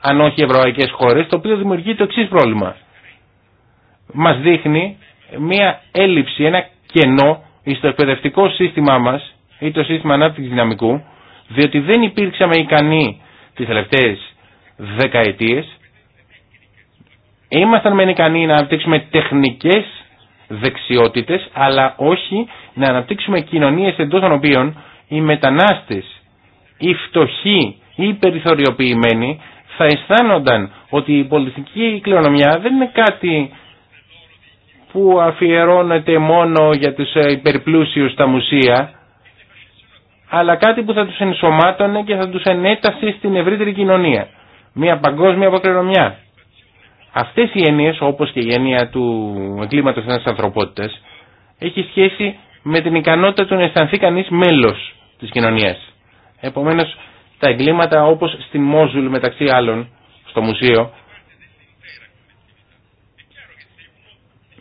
S2: αν όχι ευρωπαϊκές χώρες, το οποίο δημιουργεί το εξή πρόβλημα. Μας δείχνει μια έλλειψη, ένα κενό στο εκπαιδευτικό σύστημά μας ή το σύστημα ανάπτυξης δυναμικού, διότι δεν υπήρξαμε ικανοί τις τελευταίες δεκαετίες, ήμασταν μεν ικανοί να αναπτύξουμε τεχνικές δεξιότητες, αλλά όχι να αναπτύξουμε κοινωνίες εντός των οποίων οι μετανάστες, οι φτωχοί, οι περιθωριοποιημένοι θα αισθάνονταν ότι η πολιτική κληρονομιά δεν είναι κάτι που αφιερώνεται μόνο για τους ε, υπερπλούσιους στα μουσεία, αλλά κάτι που θα τους ενσωμάτωνε και θα τους ενέτασε στην ευρύτερη κοινωνία. Μια παγκόσμια αποκληρονομιά. Αυτές οι έννοιες όπως και η έννοια του εγκλήματος της ανθρωπότητας έχει σχέση με την ικανότητα του να αισθανθεί κανείς μέλος της κοινωνίας. Επομένως τα εγκλήματα όπως στην Μόζουλ μεταξύ άλλων στο μουσείο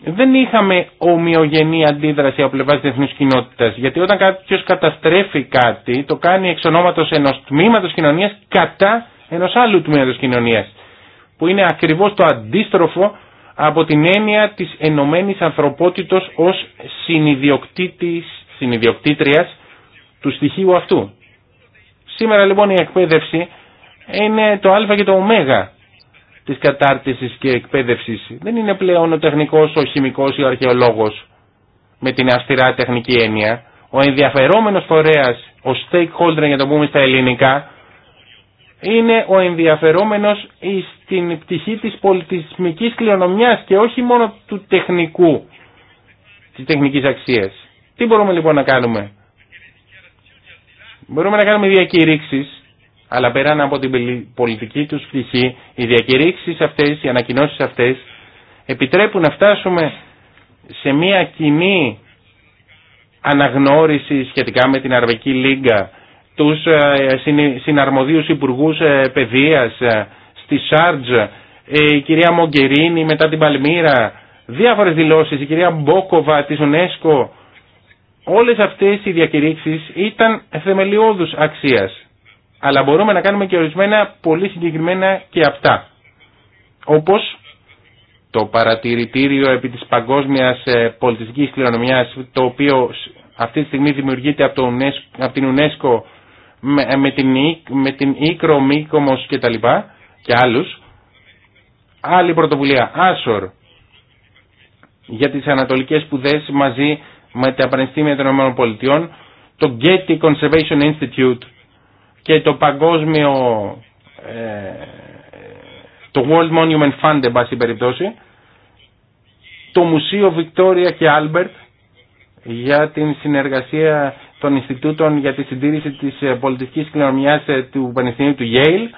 S2: δεν είχαμε ομοιογενή αντίδραση από πλευρά τη διεθνή κοινότητα. Γιατί όταν κάποιο καταστρέφει κάτι, το κάνει εξ ονόματο ενό τμήματο κοινωνία κατά ενό άλλου τμήματο κοινωνία που είναι ακριβώς το αντίστροφο από την έννοια της ενωμένης ανθρωπότητος ως συνειδιοκτήτης, συνειδιοκτήτριας του στοιχείου αυτού. Σήμερα λοιπόν η εκπαίδευση είναι το α και το ω της κατάρτισης και εκπαίδευσης. Δεν είναι πλέον ο τεχνικός, ο χημικός ή ο αρχαιολόγος με την αυστηρά τεχνική έννοια. Ο ενδιαφερόμενος φορέας, ο stakeholder για το πούμε στα ελληνικά, είναι ο ενδιαφερόμενος στην πτυχή της πολιτισμικής κληρονομιάς και όχι μόνο του τεχνικού, της τεχνικής αξίας. Τι μπορούμε λοιπόν να κάνουμε. Μπορούμε να κάνουμε διακηρύξεις, αλλά πέραν από την πολιτική τους πτυχή, οι διακηρύξεις αυτές, οι ανακοινώσεις αυτές, επιτρέπουν να φτάσουμε σε μια κοινή αναγνώριση σχετικά με την Αρβική Λίγκα, τους ε, συναρμοδίους υπουργούς ε, παιδείας ε, στη Σάρτζ, η κυρία Μογκερίνη μετά την Παλμύρα, διάφορες δηλώσεις, η κυρία Μπόκοβα της UNESCO, όλες αυτές οι διακηρύξεις ήταν θεμελιώδους αξίας. Αλλά μπορούμε να κάνουμε και ορισμένα πολύ συγκεκριμένα και αυτά. Όπως το παρατηρητήριο επί της παγκόσμιας πολιτιστικής κληρονομιάς, το οποίο αυτή τη στιγμή δημιουργείται από, την UNESCO ε, με, την, με την Ίκρο, και τα λοιπά και άλλους. Άλλη πρωτοβουλία, Άσορ, για τις ανατολικές σπουδέ μαζί με τα Πανεπιστήμια των ΗΠΑ, το Getty Conservation Institute και το παγκόσμιο, ε, το World Monument Fund, εν πάση περιπτώσει, το Μουσείο Βικτόρια και Άλμπερτ για την συνεργασία των Ινστιτούτων για τη συντήρηση της ε, πολιτιστικής κληρονομιάς ε, του Πανεπιστημίου του Yale.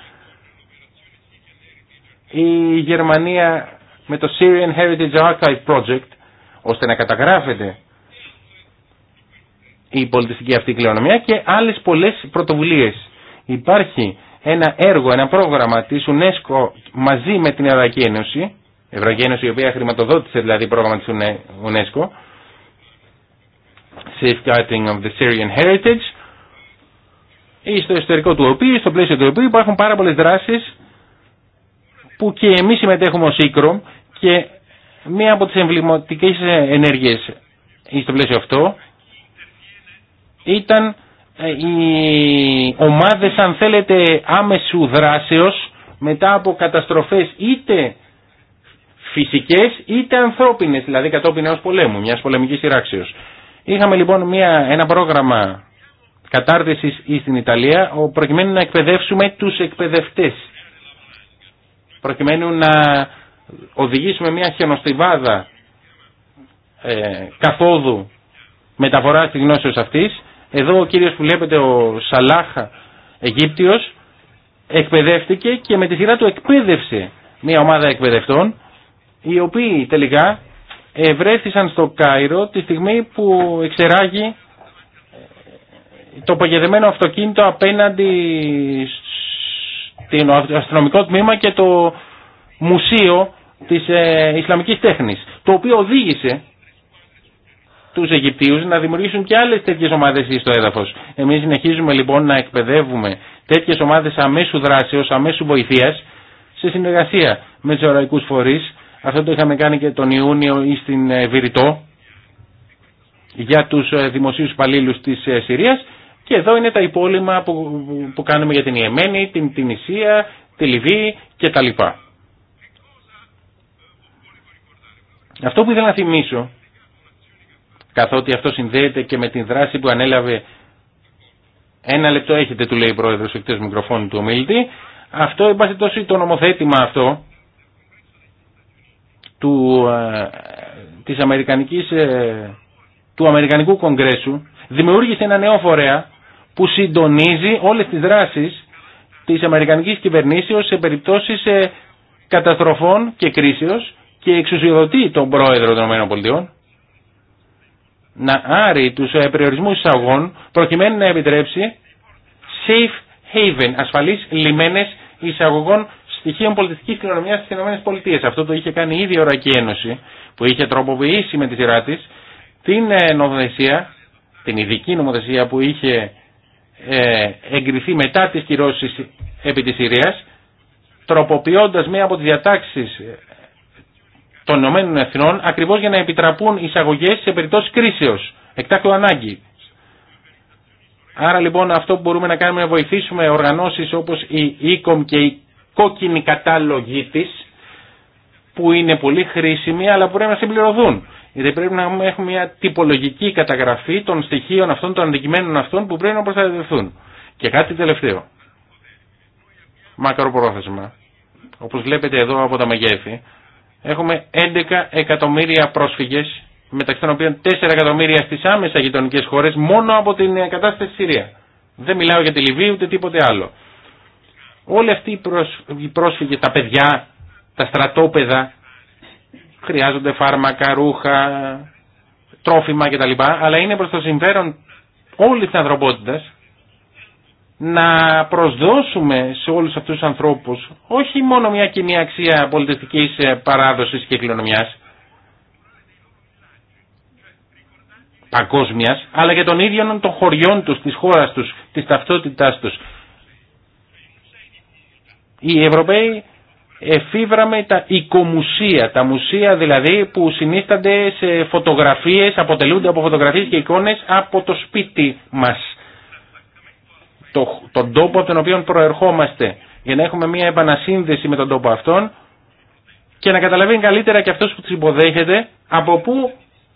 S2: Η Γερμανία με το Syrian Heritage Archive Project, ώστε να καταγράφεται η πολιτιστική αυτή κληρονομιά και άλλες πολλές πρωτοβουλίες. Υπάρχει ένα έργο, ένα πρόγραμμα της UNESCO μαζί με την Ευρωπαϊκή Ένωση, Ευρωπαϊκή Ένωση η οποία χρηματοδότησε δηλαδή πρόγραμμα της UNESCO, safeguarding of the Syrian heritage στο εσωτερικό του οποίου, στο πλαίσιο του οποίου υπάρχουν πάρα πολλές δράσεις που και εμείς συμμετέχουμε ως ίκρο και μία από τις εμβληματικές ενέργειες στο πλαίσιο αυτό ήταν ε, οι ομάδες αν θέλετε άμεσου δράσεως μετά από καταστροφές είτε φυσικές είτε ανθρώπινες δηλαδή κατόπιν ενός πολέμου, μιας πολεμικής σειράξεως. Είχαμε λοιπόν μια, ένα πρόγραμμα κατάρτισης στην Ιταλία προκειμένου να εκπαιδεύσουμε τους εκπαιδευτές. Προκειμένου να οδηγήσουμε μια χιονοστιβάδα ε, καθόδου μεταφορά τη γνώσης αυτής. Εδώ ο κύριος που βλέπετε ο Σαλάχα Αιγύπτιος εκπαιδεύτηκε και με τη σειρά του εκπαίδευσε μια ομάδα εκπαιδευτών οι οποίοι τελικά ευρέθησαν στο Κάιρο τη στιγμή που εξεράγει το παγεδεμένο αυτοκίνητο απέναντι στο αστυνομικό τμήμα και το μουσείο της ε, Ισλαμικής τέχνης το οποίο οδήγησε τους Αιγυπτίους να δημιουργήσουν και άλλες τέτοιες ομάδες στο έδαφος. Εμείς συνεχίζουμε λοιπόν να εκπαιδεύουμε τέτοιες ομάδες αμέσου δράσεως, αμέσου βοηθείας σε συνεργασία με τους ωραϊκούς φορείς αυτό το είχαμε κάνει και τον Ιούνιο ή στην ε, Βηρητό για τους ε, δημοσίους υπαλλήλου της ε, Συρίας και εδώ είναι τα υπόλοιμα που, που κάνουμε για την Ιεμένη, την Ισία, τη Λιβύη κτλ. Αυτό που ήθελα να θυμίσω, καθότι αυτό συνδέεται και με την δράση που ανέλαβε ένα λεπτό έχετε, του λέει η πρόεδρος εκτός μικροφώνου του ομιλητή, αυτό, εν πάση το νομοθέτημα αυτό, του, ε, της Αμερικανικής, ε, του Αμερικανικού Κογκρέσου δημιούργησε ένα νέο φορέα που συντονίζει όλες τις δράσεις της Αμερικανικής Κυβερνήσεως σε περιπτώσεις ε, καταστροφών και κρίσεως και εξουσιοδοτεί τον πρόεδρο των ΗΠΑ να άρει τους περιορισμούς εισαγών προκειμένου να επιτρέψει safe haven, ασφαλείς λιμένες εισαγωγών στοιχείων πολιτιστική κληρονομιά στι ΗΠΑ. Αυτό το είχε κάνει ήδη η Ευρωπαϊκή Ένωση, που είχε τροποποιήσει με τη σειρά τη την ε, νομοθεσία, την ειδική νομοθεσία που είχε ε, εγκριθεί μετά τις κυρώσει επί της Συρίας, τροποποιώντας μία από τι διατάξει ε, των ΗΠΑ Εθνών, ακριβώς για να επιτραπούν εισαγωγέ σε περιπτώσει κρίσεως, εκτάκτου ανάγκη. Άρα λοιπόν αυτό που μπορούμε να κάνουμε είναι να βοηθήσουμε οργανώσεις όπως η ECOM και η κόκκινη κατάλογή της που είναι πολύ χρήσιμη, αλλά πρέπει να συμπληρωθούν. Γιατί πρέπει να έχουμε μια τυπολογική καταγραφή των στοιχείων αυτών, των αντικειμένων αυτών που πρέπει να προστατευτούν. Και κάτι τελευταίο. Μακροπρόθεσμα. Όπως βλέπετε εδώ από τα μεγέθη, έχουμε 11 εκατομμύρια πρόσφυγες, μεταξύ των οποίων 4 εκατομμύρια στις άμεσα γειτονικές χώρες, μόνο από την κατάσταση στη Συρία. Δεν μιλάω για τη Λιβύη ούτε τίποτε άλλο. Όλοι αυτοί οι πρόσφυγοι, τα παιδιά, τα στρατόπεδα, χρειάζονται φάρμακα, ρούχα, τρόφιμα κτλ. Αλλά είναι προς το συμφέρον όλης της ανθρωπότητας να προσδώσουμε σε όλους αυτούς τους ανθρώπους όχι μόνο μια κοινή αξία πολιτιστικής ε, παράδοσης και κληρονομιάς παγκόσμιας αλλά και των ίδιων των χωριών τους, της χώρας τους, της ταυτότητάς τους οι Ευρωπαίοι εφήβραμε τα οικομουσία, τα μουσεία δηλαδή που συνίστανται σε φωτογραφίες, αποτελούνται από φωτογραφίες και εικόνες από το σπίτι μας, το, τον τόπο από τον οποίο προερχόμαστε, για να έχουμε μια επανασύνδεση με τον τόπο αυτόν και να καταλαβαίνει καλύτερα και αυτός που τις υποδέχεται από πού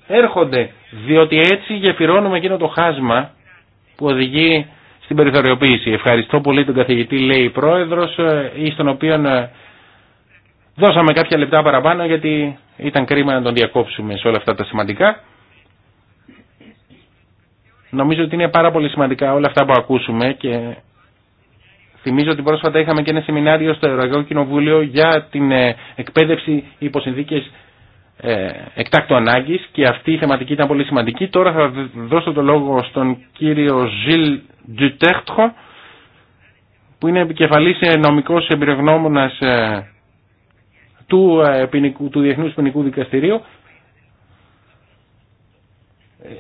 S2: έρχονται, διότι έτσι γεφυρώνουμε εκείνο το χάσμα που οδηγεί στην περιθωριοποίηση. Ευχαριστώ πολύ τον καθηγητή, λέει η Πρόεδρος, ή ε, στον οποίο ε, δώσαμε κάποια λεπτά παραπάνω γιατί ήταν κρίμα να τον διακόψουμε σε όλα αυτά τα σημαντικά. Νομίζω ότι είναι πάρα πολύ σημαντικά όλα αυτά που ακούσουμε και θυμίζω ότι πρόσφατα είχαμε και ένα σεμινάριο στο Ευρωπαϊκό Κοινοβούλιο για την ε, εκπαίδευση υποσυνθήκες ε, εκτάκτου ανάγκης και αυτή η θεματική ήταν πολύ σημαντική. Τώρα θα δώσω το λόγο στον κύριο Ζιλ Τζουτέχτχο, που είναι επικεφαλής ε, νομικός εμπειρογνώμονας ε, του, ποινικού, του Διεθνούς Ποινικού Δικαστηρίου.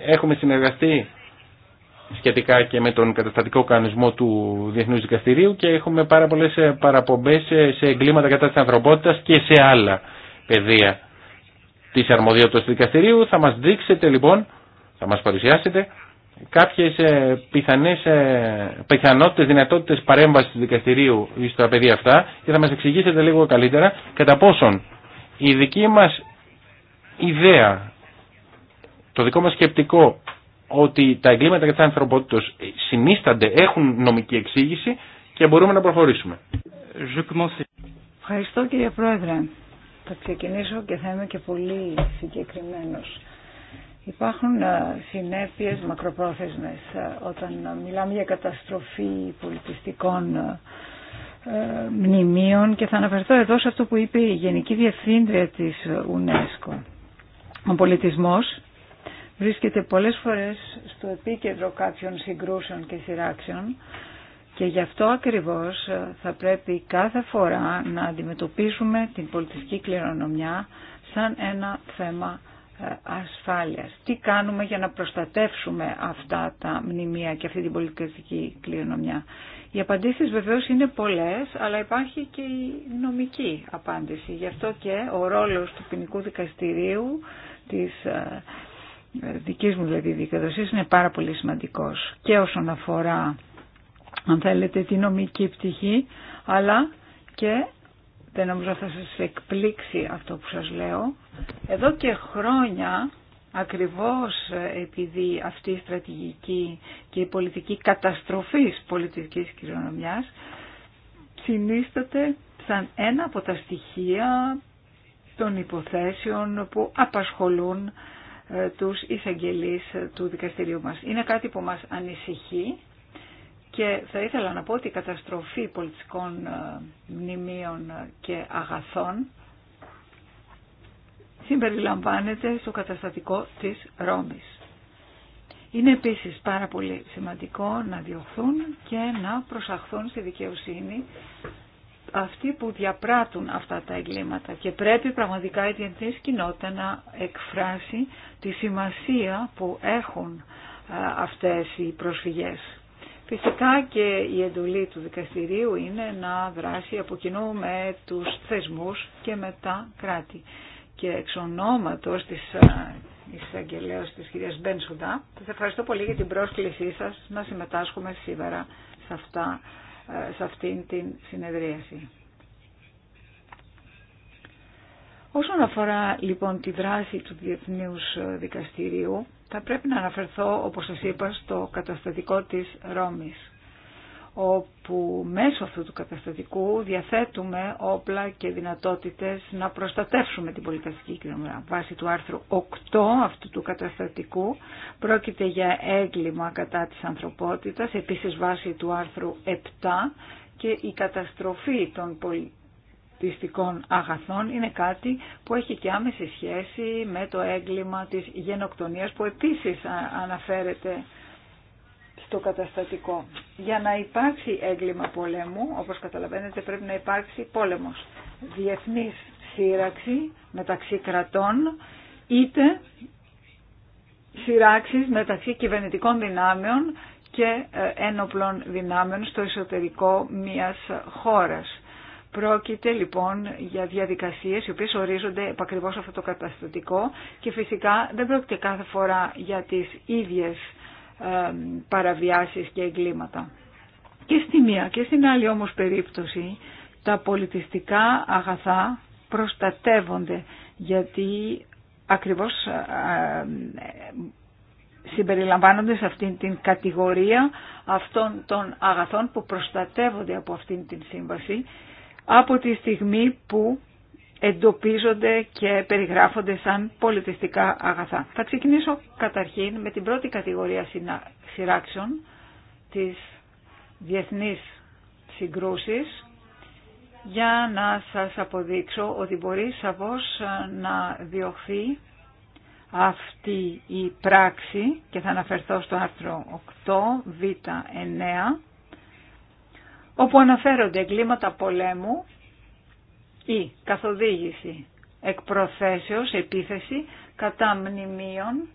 S2: Έχουμε συνεργαστεί σχετικά και με τον καταστατικό κανονισμό του Διεθνούς Δικαστηρίου και έχουμε πάρα πολλές παραπομπές σε εγκλήματα κατά της ανθρωπότητας και σε άλλα πεδία της αρμοδιότητας του δικαστηρίου. Θα μας δείξετε λοιπόν, θα μας παρουσιάσετε κάποιες ε, πιθανές, ε, πιθανότητες, δυνατότητες παρέμβασης του δικαστηρίου στα παιδιά αυτά και θα μας εξηγήσετε λίγο καλύτερα κατά πόσον η δική μας ιδέα, το δικό μας σκεπτικό ότι τα εγκλήματα τα ανθρωπότητα συνίστανται, έχουν νομική εξήγηση και μπορούμε να προχωρήσουμε.
S1: Ευχαριστώ κύριε Πρόεδρε. Θα ξεκινήσω και θα είμαι και πολύ συγκεκριμένος. Υπάρχουν ε, συνέπειες μακροπρόθεσμες ε, όταν ε, μιλάμε για καταστροφή πολιτιστικών μνημείων και θα αναφερθώ εδώ σε αυτό που είπε η Γενική Διευθύντρια της UNESCO. Ο πολιτισμός βρίσκεται πολλές φορές στο επίκεντρο κάποιων συγκρούσεων και σειράξεων και γι' αυτό ακριβώς ε, θα πρέπει κάθε φορά να αντιμετωπίσουμε την πολιτιστική κληρονομιά σαν ένα θέμα ε, ασφάλειας. Τι κάνουμε για να προστατεύσουμε αυτά τα μνημεία και αυτή την πολιτιστική κληρονομιά. Οι απαντήσεις βεβαίως είναι πολλές, αλλά υπάρχει και η νομική απάντηση. Γι' αυτό και ο ρόλος του ποινικού δικαστηρίου, της ε, δικής μου δηλαδή δικαιοδοσίας, είναι πάρα πολύ σημαντικός. Και όσον αφορά αν θέλετε, τη νομική πτυχή, αλλά και δεν νομίζω θα σας εκπλήξει αυτό που σας λέω. Εδώ και χρόνια, ακριβώς επειδή αυτή η στρατηγική και η πολιτική καταστροφής πολιτικής κληρονομιάς συνίσταται σαν ένα από τα στοιχεία των υποθέσεων που απασχολούν ε, τους εισαγγελείς ε, του δικαστηρίου μας. Είναι κάτι που μας ανησυχεί και θα ήθελα να πω ότι η καταστροφή πολιτικών ε, μνημείων ε, και αγαθών συμπεριλαμβάνεται στο καταστατικό της Ρώμης. Είναι επίσης πάρα πολύ σημαντικό να διωχθούν και να προσαχθούν στη δικαιοσύνη αυτοί που διαπράττουν αυτά τα εγκλήματα και πρέπει πραγματικά η διεθνής κοινότητα να εκφράσει τη σημασία που έχουν ε, αυτές οι προσφυγές. Φυσικά και η εντολή του δικαστηρίου είναι να δράσει από κοινού με τους θεσμούς και με τα κράτη. Και εξ ονόματος της ε, εισαγγελέως της κυρίας Σουντά, σας ευχαριστώ πολύ για την πρόσκλησή σας να συμμετάσχουμε σήμερα σε, αυτά, ε, σε αυτήν την συνεδρίαση. Όσον αφορά λοιπόν τη δράση του Διεθνούς Δικαστηρίου, θα πρέπει να αναφερθώ, όπως σας είπα, στο καταστατικό της Ρώμης, όπου μέσω αυτού του καταστατικού διαθέτουμε όπλα και δυνατότητες να προστατεύσουμε την πολιτιστική κοινωνία. Βάσει του άρθρου 8 αυτού του καταστατικού πρόκειται για έγκλημα κατά της ανθρωπότητας, επίσης βάσει του άρθρου 7 και η καταστροφή των πολιτών αγαθών είναι κάτι που έχει και άμεση σχέση με το έγκλημα της γενοκτονίας που επίσης αναφέρεται στο καταστατικό. Για να υπάρξει έγκλημα πολέμου, όπως καταλαβαίνετε πρέπει να υπάρξει πόλεμος. Διεθνής σύραξη μεταξύ κρατών, είτε σύραξης μεταξύ κυβερνητικών δυνάμεων και ε, ένοπλων δυνάμεων στο εσωτερικό μιας χώρας. Πρόκειται λοιπόν για διαδικασίες οι οποίες ορίζονται επακριβώς αυτό το καταστατικό και φυσικά δεν πρόκειται κάθε φορά για τις ίδιες παραβιάσεις και εγκλήματα. Και στη μία και στην άλλη όμως περίπτωση τα πολιτιστικά αγαθά προστατεύονται γιατί ακριβώς ε, ε, συμπεριλαμβάνονται σε αυτήν την κατηγορία αυτών των αγαθών που προστατεύονται από αυτήν την σύμβαση από τη στιγμή που εντοπίζονται και περιγράφονται σαν πολιτιστικά αγαθά. Θα ξεκινήσω καταρχήν με την πρώτη κατηγορία σειράξεων της διεθνής συγκρούσης για να σας αποδείξω ότι μπορεί σαφώς να διωχθεί αυτή η πράξη και θα αναφερθώ στο άρθρο 8 β9 όπου αναφέρονται εγκλήματα πολέμου ή καθοδήγηση εκ επίθεση κατά μνημείων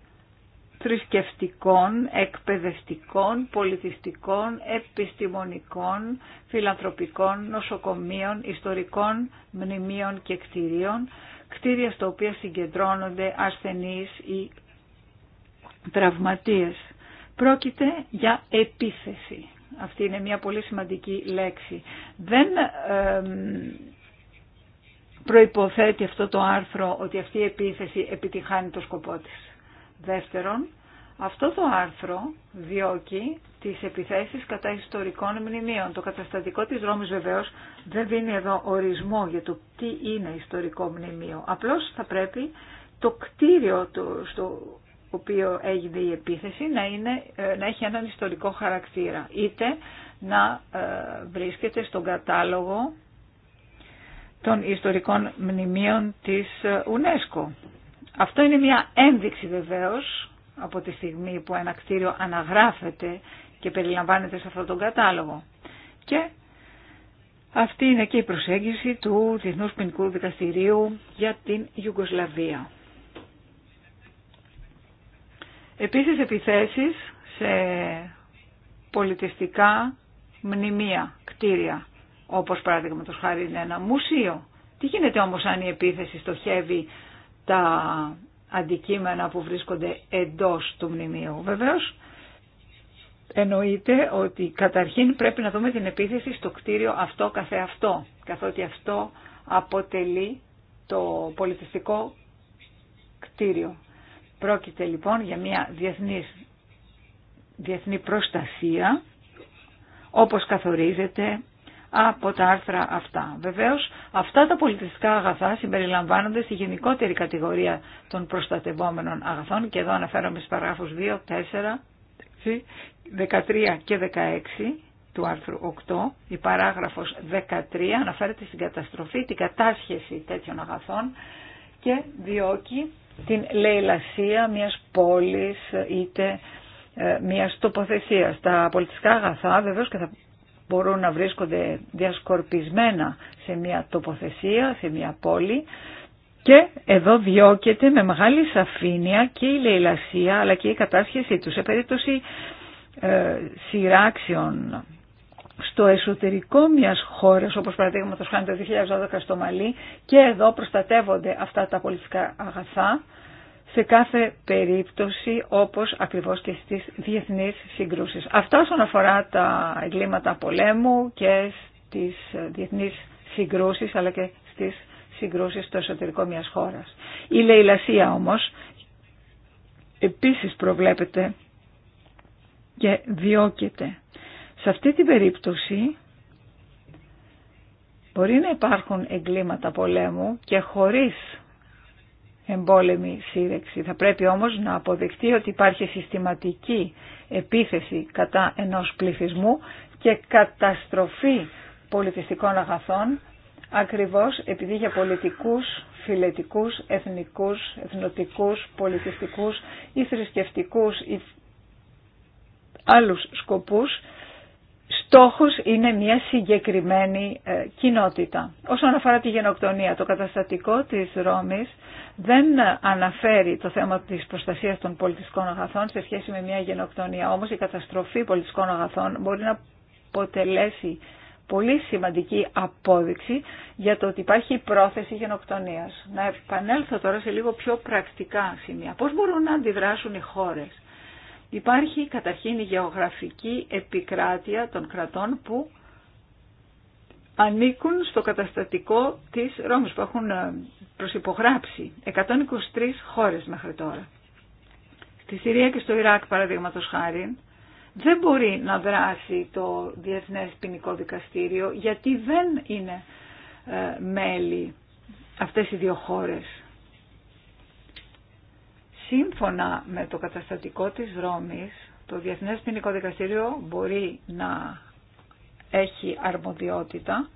S1: θρησκευτικών, εκπαιδευτικών, πολιτιστικών, επιστημονικών, φιλανθρωπικών, νοσοκομείων, ιστορικών μνημείων και κτηρίων, κτίρια στα οποία συγκεντρώνονται ασθενείς ή τραυματίες. Πρόκειται για επίθεση. Αυτή είναι μια πολύ σημαντική λέξη. Δεν προϋποθέτει αυτό το άρθρο ότι αυτή η επίθεση επιτυχάνει το σκοπό της. Δεύτερον, αυτό το άρθρο διώκει τις επιθέσεις κατά ιστορικών μνημείων. Το καταστατικό της Ρώμης βεβαίως δεν δίνει εδώ ορισμό για το τι είναι ιστορικό μνημείο. Απλώς θα πρέπει το κτίριο του, στο οποίο έγινε η επίθεση να, είναι, ε, να έχει έναν ιστορικό χαρακτήρα, είτε να ε, βρίσκεται στον κατάλογο των ιστορικών μνημείων της ε, UNESCO. Αυτό είναι μια ένδειξη βεβαίως από τη στιγμή που ένα κτίριο αναγράφεται και περιλαμβάνεται σε αυτόν τον κατάλογο. Και αυτή είναι και η προσέγγιση του Διεθνούς Ποινικού Δικαστηρίου για την Ιουγκοσλαβία. Επίσης επιθέσεις σε πολιτιστικά μνημεία, κτίρια, όπως παραδείγματο χάρη είναι ένα μουσείο. Τι γίνεται όμως αν η επίθεση στοχεύει τα αντικείμενα που βρίσκονται εντός του μνημείου. Βεβαίως εννοείται ότι καταρχήν πρέπει να δούμε την επίθεση στο κτίριο αυτό καθεαυτό, καθότι αυτό αποτελεί το πολιτιστικό κτίριο. Πρόκειται λοιπόν για μια διεθνής, διεθνή προστασία όπως καθορίζεται από τα άρθρα αυτά. Βεβαίως αυτά τα πολιτιστικά αγαθά συμπεριλαμβάνονται στη γενικότερη κατηγορία των προστατευόμενων αγαθών και εδώ αναφέρομαι στις παράγραφους 2, 4, 13 και 16 του άρθρου 8, η παράγραφος 13 αναφέρεται στην καταστροφή, την κατάσχεση τέτοιων αγαθών και διώκει την λαιλασία μιας πόλης είτε ε, μιας τοποθεσίας. Τα πολιτιστικά αγαθά βεβαίως και θα μπορούν να βρίσκονται διασκορπισμένα σε μια τοποθεσία, σε μια πόλη και εδώ διώκεται με μεγάλη σαφήνεια και η λαιλασία αλλά και η κατάσχεσή τους. Σε περίπτωση ε, σειράξεων στο εσωτερικό μιας χώρας, όπως παραδείγματο χάνει το 2012 στο Μαλί, και εδώ προστατεύονται αυτά τα πολιτικά αγαθά σε κάθε περίπτωση όπως ακριβώς και στις διεθνείς συγκρούσεις. Αυτά όσον αφορά τα εγκλήματα πολέμου και στις διεθνείς συγκρούσεις αλλά και στις συγκρούσεις στο εσωτερικό μιας χώρας. Η λαιλασία όμως επίσης προβλέπεται και διώκεται. Σε αυτή την περίπτωση μπορεί να υπάρχουν εγκλήματα πολέμου και χωρίς εμπόλεμη σύρεξη. Θα πρέπει όμως να αποδεχτεί ότι υπάρχει συστηματική επίθεση κατά ενός πληθυσμού και καταστροφή πολιτιστικών αγαθών ακριβώς επειδή για πολιτικούς, φιλετικούς, εθνικούς, εθνοτικούς, πολιτιστικούς ή θρησκευτικούς ή άλλους σκοπούς στόχος είναι μια συγκεκριμένη ε, κοινότητα. Όσον αφορά τη γενοκτονία, το καταστατικό της Ρώμης δεν ε, αναφέρει το θέμα της προστασίας των πολιτιστικών αγαθών σε σχέση με μια γενοκτονία. Όμως η καταστροφή πολιτιστικών αγαθών μπορεί να αποτελέσει πολύ σημαντική απόδειξη για το ότι υπάρχει πρόθεση γενοκτονίας. Να επανέλθω τώρα σε λίγο πιο πρακτικά σημεία. Πώς μπορούν να αντιδράσουν οι χώρες. Υπάρχει καταρχήν η γεωγραφική επικράτεια των κρατών που ανήκουν στο καταστατικό της Ρώμης που έχουν ε, προσυπογράψει 123 χώρες μέχρι τώρα. Στη Συρία και στο Ιράκ παραδείγματο χάρη δεν μπορεί να δράσει το Διεθνές Ποινικό Δικαστήριο γιατί δεν είναι ε, μέλη αυτές οι δύο χώρες. Σύμφωνα με το καταστατικό της Ρώμης, το Διεθνές Ποινικό Δικαστήριο μπορεί να έχει αρμοδιότητα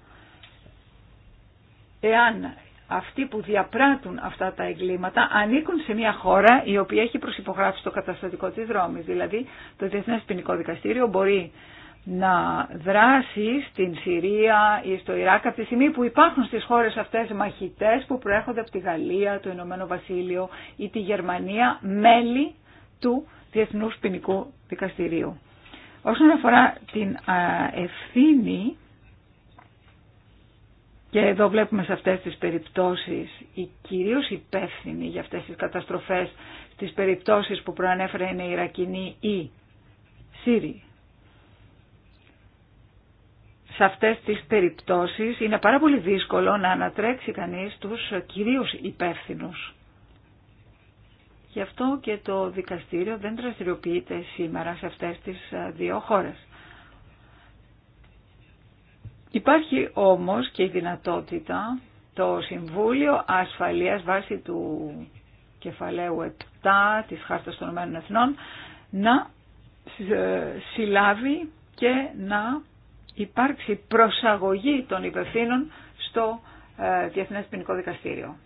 S1: εάν αυτοί που διαπράττουν αυτά τα εγκλήματα ανήκουν σε μια χώρα η οποία έχει προσυπογράψει το καταστατικό της Ρώμης. Δηλαδή το Διεθνές Ποινικό Δικαστήριο μπορεί να δράσει στην Συρία ή στο Ιράκ από τη στιγμή που υπάρχουν στις χώρες αυτές μαχητές που προέρχονται από τη Γαλλία, το Ηνωμένο Βασίλειο ή τη Γερμανία, μέλη του Διεθνούς Ποινικού Δικαστηρίου. Όσον αφορά την ευθύνη, και εδώ βλέπουμε σε αυτές τις περιπτώσεις, η κυρίως υπευθυνη για αυτές τις καταστροφές, στις περιπτώσεις που προανέφερα είναι Ιρακινοί ή Σύριοι σε αυτές τις περιπτώσεις είναι πάρα πολύ δύσκολο να ανατρέξει κανείς τους κυρίως υπεύθυνου. Γι' αυτό και το δικαστήριο δεν δραστηριοποιείται σήμερα σε αυτές τις ε, δύο χώρες. Υπάρχει όμως και η δυνατότητα το Συμβούλιο Ασφαλείας βάσει του κεφαλαίου 7 της Χάρτας των Ηνωμένων Εθνών να ε, συλλάβει και να υπάρξει προσαγωγή των υπευθύνων στο ε, Διεθνές Ποινικό Δικαστήριο.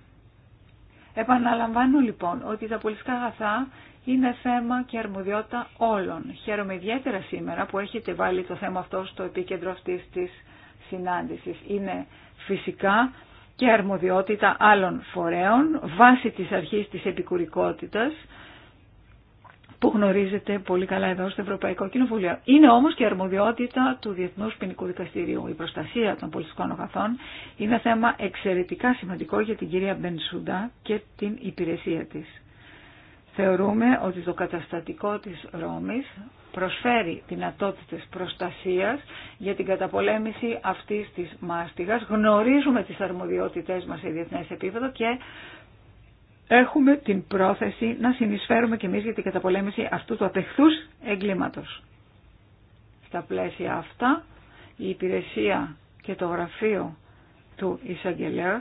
S1: Επαναλαμβάνω λοιπόν ότι τα πολιτικά αγαθά είναι θέμα και αρμοδιότητα όλων. Χαίρομαι ιδιαίτερα σήμερα που έχετε βάλει το θέμα αυτό στο επίκεντρο αυτής της συνάντησης. Είναι φυσικά και αρμοδιότητα άλλων φορέων βάσει της αρχής της επικουρικότητας που γνωρίζετε πολύ καλά εδώ στο Ευρωπαϊκό Κοινοβούλιο. Είναι όμως και αρμοδιότητα του Διεθνούς Ποινικού Δικαστηρίου. Η προστασία των πολιτικών αγαθών είναι θέμα εξαιρετικά σημαντικό για την κυρία Μπενσούντα και την υπηρεσία της. Θεωρούμε ότι το καταστατικό τη Ρώμης προσφέρει δυνατότητε προστασία για την καταπολέμηση αυτή τη μάστιγα, Γνωρίζουμε τι αρμοδιότητε μα σε διεθνέ επίπεδο και έχουμε την πρόθεση να συνεισφέρουμε και εμείς για την καταπολέμηση αυτού του απεχθούς εγκλήματος. Στα πλαίσια αυτά, η υπηρεσία και το γραφείο του Ισαγγελέρ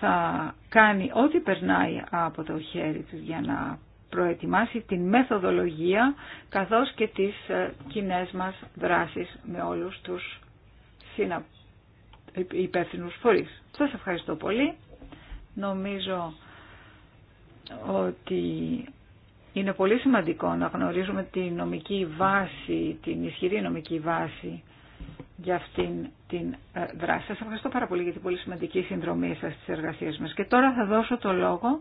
S1: θα κάνει ό,τι περνάει από το χέρι του για να προετοιμάσει την μεθοδολογία καθώς και τις ε, κοινέ μας δράσεις με όλους τους ε, υπεύθυνους φορείς. Σας ευχαριστώ πολύ. Νομίζω ότι είναι πολύ σημαντικό να γνωρίζουμε τη νομική βάση, την ισχυρή νομική βάση για αυτήν την ε, δράση. Σας ευχαριστώ πάρα πολύ για την πολύ σημαντική συνδρομή σας στις εργασίες μας. Και τώρα θα δώσω το λόγο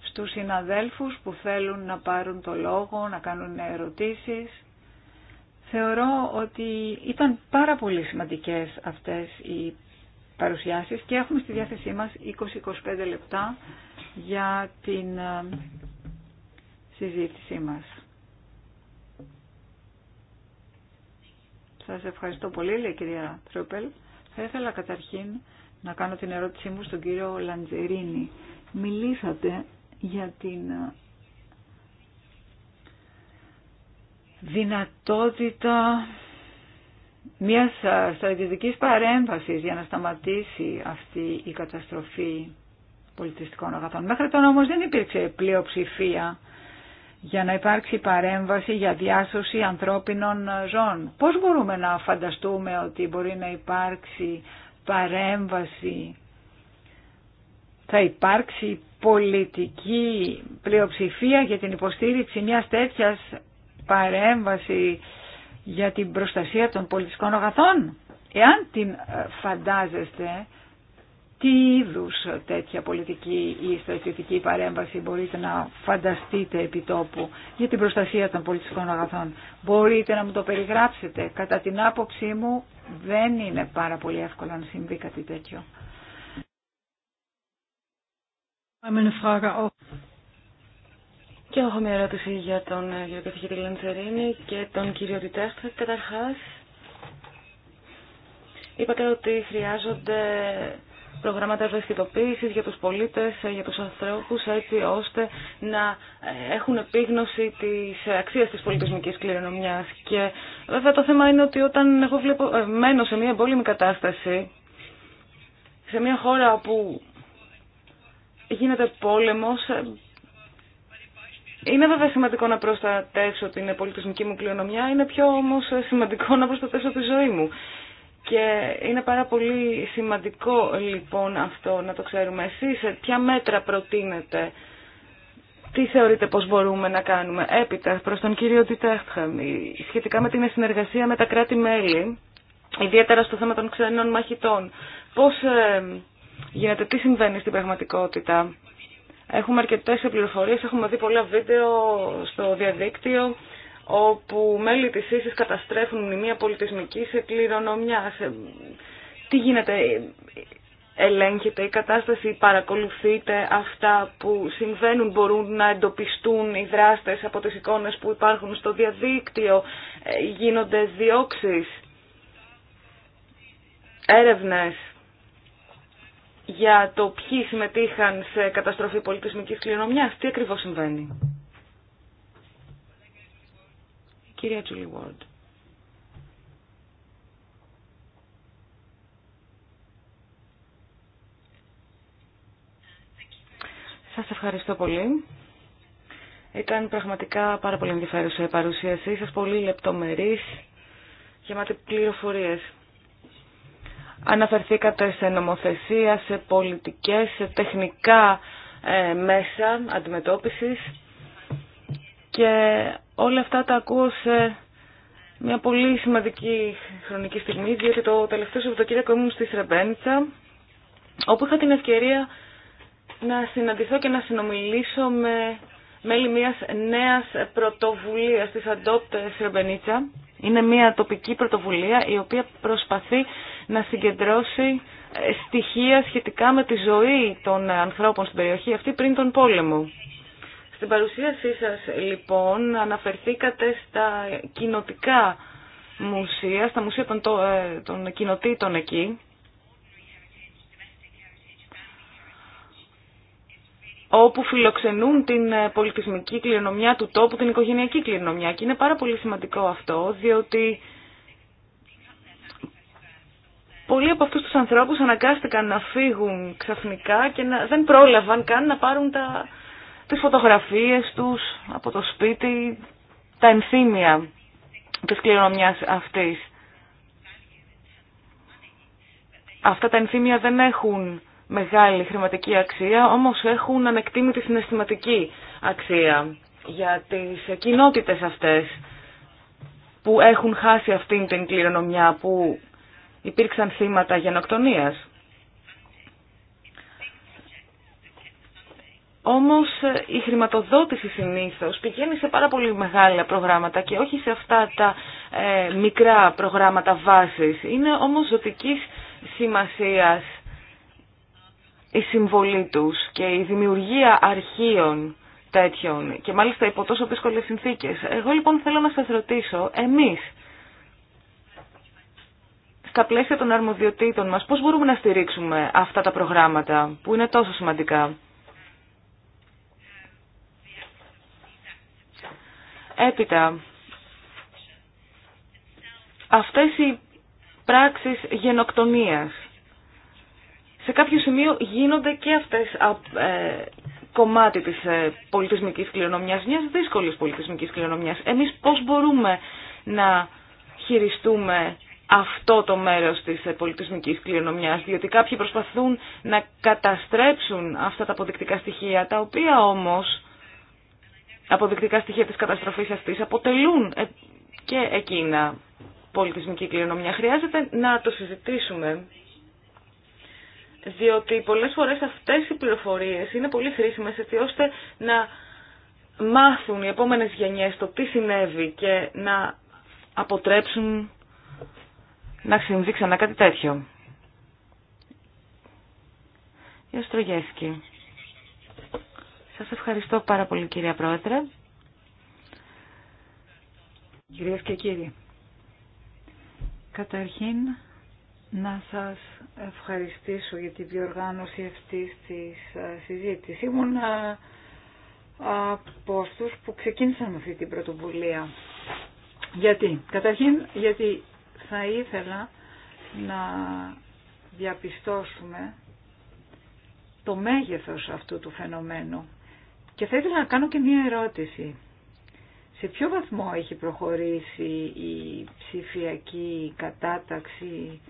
S1: στους συναδέλφους που θέλουν να πάρουν το λόγο, να κάνουν ερωτήσεις. Θεωρώ ότι ήταν πάρα πολύ σημαντικές αυτές οι παρουσιάσεις και έχουμε στη διάθεσή μας 20-25 λεπτά για την ε, συζήτησή μας. Σας ευχαριστώ πολύ, λέει η κυρία Τρόπελ. Θα ήθελα καταρχήν να κάνω την ερώτησή μου στον κύριο Λαντζερίνη. Μιλήσατε για την ε, δυνατότητα μιας στρατιωτικής παρέμβασης για να σταματήσει αυτή η καταστροφή πολιτιστικών αγαθών. Μέχρι τώρα όμως δεν υπήρξε πλειοψηφία για να υπάρξει παρέμβαση για διάσωση ανθρώπινων ζώων. Πώς μπορούμε να φανταστούμε ότι μπορεί να υπάρξει παρέμβαση, θα υπάρξει πολιτική πλειοψηφία για την υποστήριξη μιας τέτοιας παρέμβαση για την προστασία των πολιτικών αγαθών. Εάν την ε, φαντάζεστε, τι είδου τέτοια πολιτική ή στρατιωτική παρέμβαση μπορείτε να φανταστείτε επί τόπου για την προστασία των πολιτικών αγαθών. Μπορείτε να μου το περιγράψετε. Κατά την άποψή μου δεν είναι πάρα πολύ εύκολο να συμβεί κάτι τέτοιο. Και έχω μια ερώτηση για τον ε, κύριο
S3: καθηγητή Λαντσερίνη και τον κύριο Καταρχά είπατε ότι χρειάζονται προγράμματα ευαισθητοποίηση για του πολίτε, ε, για του ανθρώπου, έτσι ώστε να ε, έχουν επίγνωση τη αξία τη πολιτισμικής κληρονομία. Και βέβαια το θέμα είναι ότι όταν εγώ μένω σε μια εμπόλεμη κατάσταση, σε μια χώρα όπου γίνεται πόλεμος, είναι βέβαια σημαντικό να προστατεύσω την πολιτισμική μου κληρονομιά, είναι πιο όμως σημαντικό να προστατεύσω τη ζωή μου. Και είναι πάρα πολύ σημαντικό λοιπόν αυτό να το ξέρουμε. Εσείς ποια μέτρα προτείνετε, τι θεωρείτε πως μπορούμε να κάνουμε. Έπειτα προς τον κύριο Τιτέχτχαμ, σχετικά με την συνεργασία με τα κράτη-μέλη, ιδιαίτερα στο θέμα των ξένων μαχητών. Πώς ε, γίνεται, τι συμβαίνει στην πραγματικότητα. Έχουμε αρκετές πληροφορίε, έχουμε δει πολλά βίντεο στο διαδίκτυο όπου μέλη της ίσης καταστρέφουν μνημεία σε κληρονομιά. Τι γίνεται, ελέγχεται η κατάσταση, παρακολουθείτε αυτά που συμβαίνουν, μπορούν να εντοπιστούν οι δράστες από τις εικόνες που υπάρχουν στο διαδίκτυο, ε, γίνονται διώξεις, έρευνες για το ποιοι συμμετείχαν σε καταστροφή πολιτισμικής κληρονομιάς. Τι ακριβώς συμβαίνει.
S1: Κυρία Τζουλί Βόρντ.
S3: Σας ευχαριστώ πολύ. Ήταν πραγματικά πάρα πολύ ενδιαφέρουσα η παρουσίασή σας, πολύ λεπτομερής, γεμάτη πληροφορίες. Αναφερθήκατε σε νομοθεσία, σε πολιτικές, σε τεχνικά ε, μέσα αντιμετώπισης και όλα αυτά τα ακούω σε μια πολύ σημαντική χρονική στιγμή διότι το τελευταίο Σαββατοκύριακο ήμουν στη Σρεμπέντσα όπου είχα την ευκαιρία να συναντηθώ και να συνομιλήσω με μέλη μιας νέας πρωτοβουλίας της Adopt Σρεμπενίτσα Είναι μια τοπική πρωτοβουλία η οποία προσπαθεί να συγκεντρώσει ε, στοιχεία σχετικά με τη ζωή των ανθρώπων στην περιοχή αυτή πριν τον πόλεμο. Στην παρουσίασή σας λοιπόν αναφερθήκατε στα κοινοτικά μουσεία, στα μουσεία των, ε, των κοινοτήτων εκεί. όπου φιλοξενούν την ε, πολιτισμική κληρονομιά του τόπου, την οικογενειακή κληρονομιά. Και είναι πάρα πολύ σημαντικό αυτό, διότι πολλοί από αυτούς τους ανθρώπους αναγκάστηκαν να φύγουν ξαφνικά και να, δεν πρόλαβαν καν να πάρουν τα, τις φωτογραφίες τους από το σπίτι, τα ενθύμια της κληρονομιάς αυτής. Αυτά τα ενθύμια δεν έχουν μεγάλη χρηματική αξία, όμως έχουν ανεκτήμητη συναισθηματική αξία για τις κοινότητες αυτές που έχουν χάσει αυτήν την κληρονομιά που υπήρξαν θύματα γενοκτονίας. Όμως η χρηματοδότηση συνήθως πηγαίνει σε πάρα πολύ μεγάλα προγράμματα και όχι σε αυτά τα ε, μικρά προγράμματα βάσης. Είναι όμως ζωτικής σημασίας η συμβολή τους και η δημιουργία αρχείων τέτοιων και μάλιστα υπό τόσο δύσκολες συνθήκες. Εγώ λοιπόν θέλω να σας ρωτήσω, εμείς στα πλαίσια των αρμοδιοτήτων μας, πώς μπορούμε να στηρίξουμε αυτά τα προγράμματα που είναι τόσο σημαντικά. Έπειτα, αυτές οι πράξεις γενοκτονίας, σε κάποιο σημείο γίνονται και αυτές ε, κομμάτι της ε, πολιτισμικής κληρονομιάς, μιας δύσκολης πολιτισμικής κληρονομιάς. Εμείς πώς μπορούμε να χειριστούμε αυτό το μέρος της ε, πολιτισμικής κληρονομιάς, διότι κάποιοι προσπαθούν να καταστρέψουν αυτά τα αποδεικτικά στοιχεία, τα οποία όμως αποδεικτικά στοιχεία της καταστροφής αυτής αποτελούν ε, και εκείνα πολιτισμική κληρονομιά. Χρειάζεται να το συζητήσουμε, διότι πολλές φορές αυτές οι πληροφορίες είναι πολύ χρήσιμες έτσι ώστε να μάθουν οι επόμενες γενιές το τι συνέβη και να αποτρέψουν να συμβεί ξανά κάτι τέτοιο. Η Οστρογεύκη. Σας ευχαριστώ πάρα πολύ κυρία Πρόεδρε.
S1: Κυρίες και κύριοι, καταρχήν να σας ευχαριστήσω για τη διοργάνωση αυτή της ε, συζήτησης. Ήμουν ε, από αυτού που ξεκίνησαν αυτή την πρωτοβουλία. Γιατί, καταρχήν, γιατί θα ήθελα να διαπιστώσουμε το μέγεθος αυτού του φαινομένου. Και θα ήθελα να κάνω και μία ερώτηση. Σε ποιο βαθμό έχει προχωρήσει η ψηφιακή κατάταξη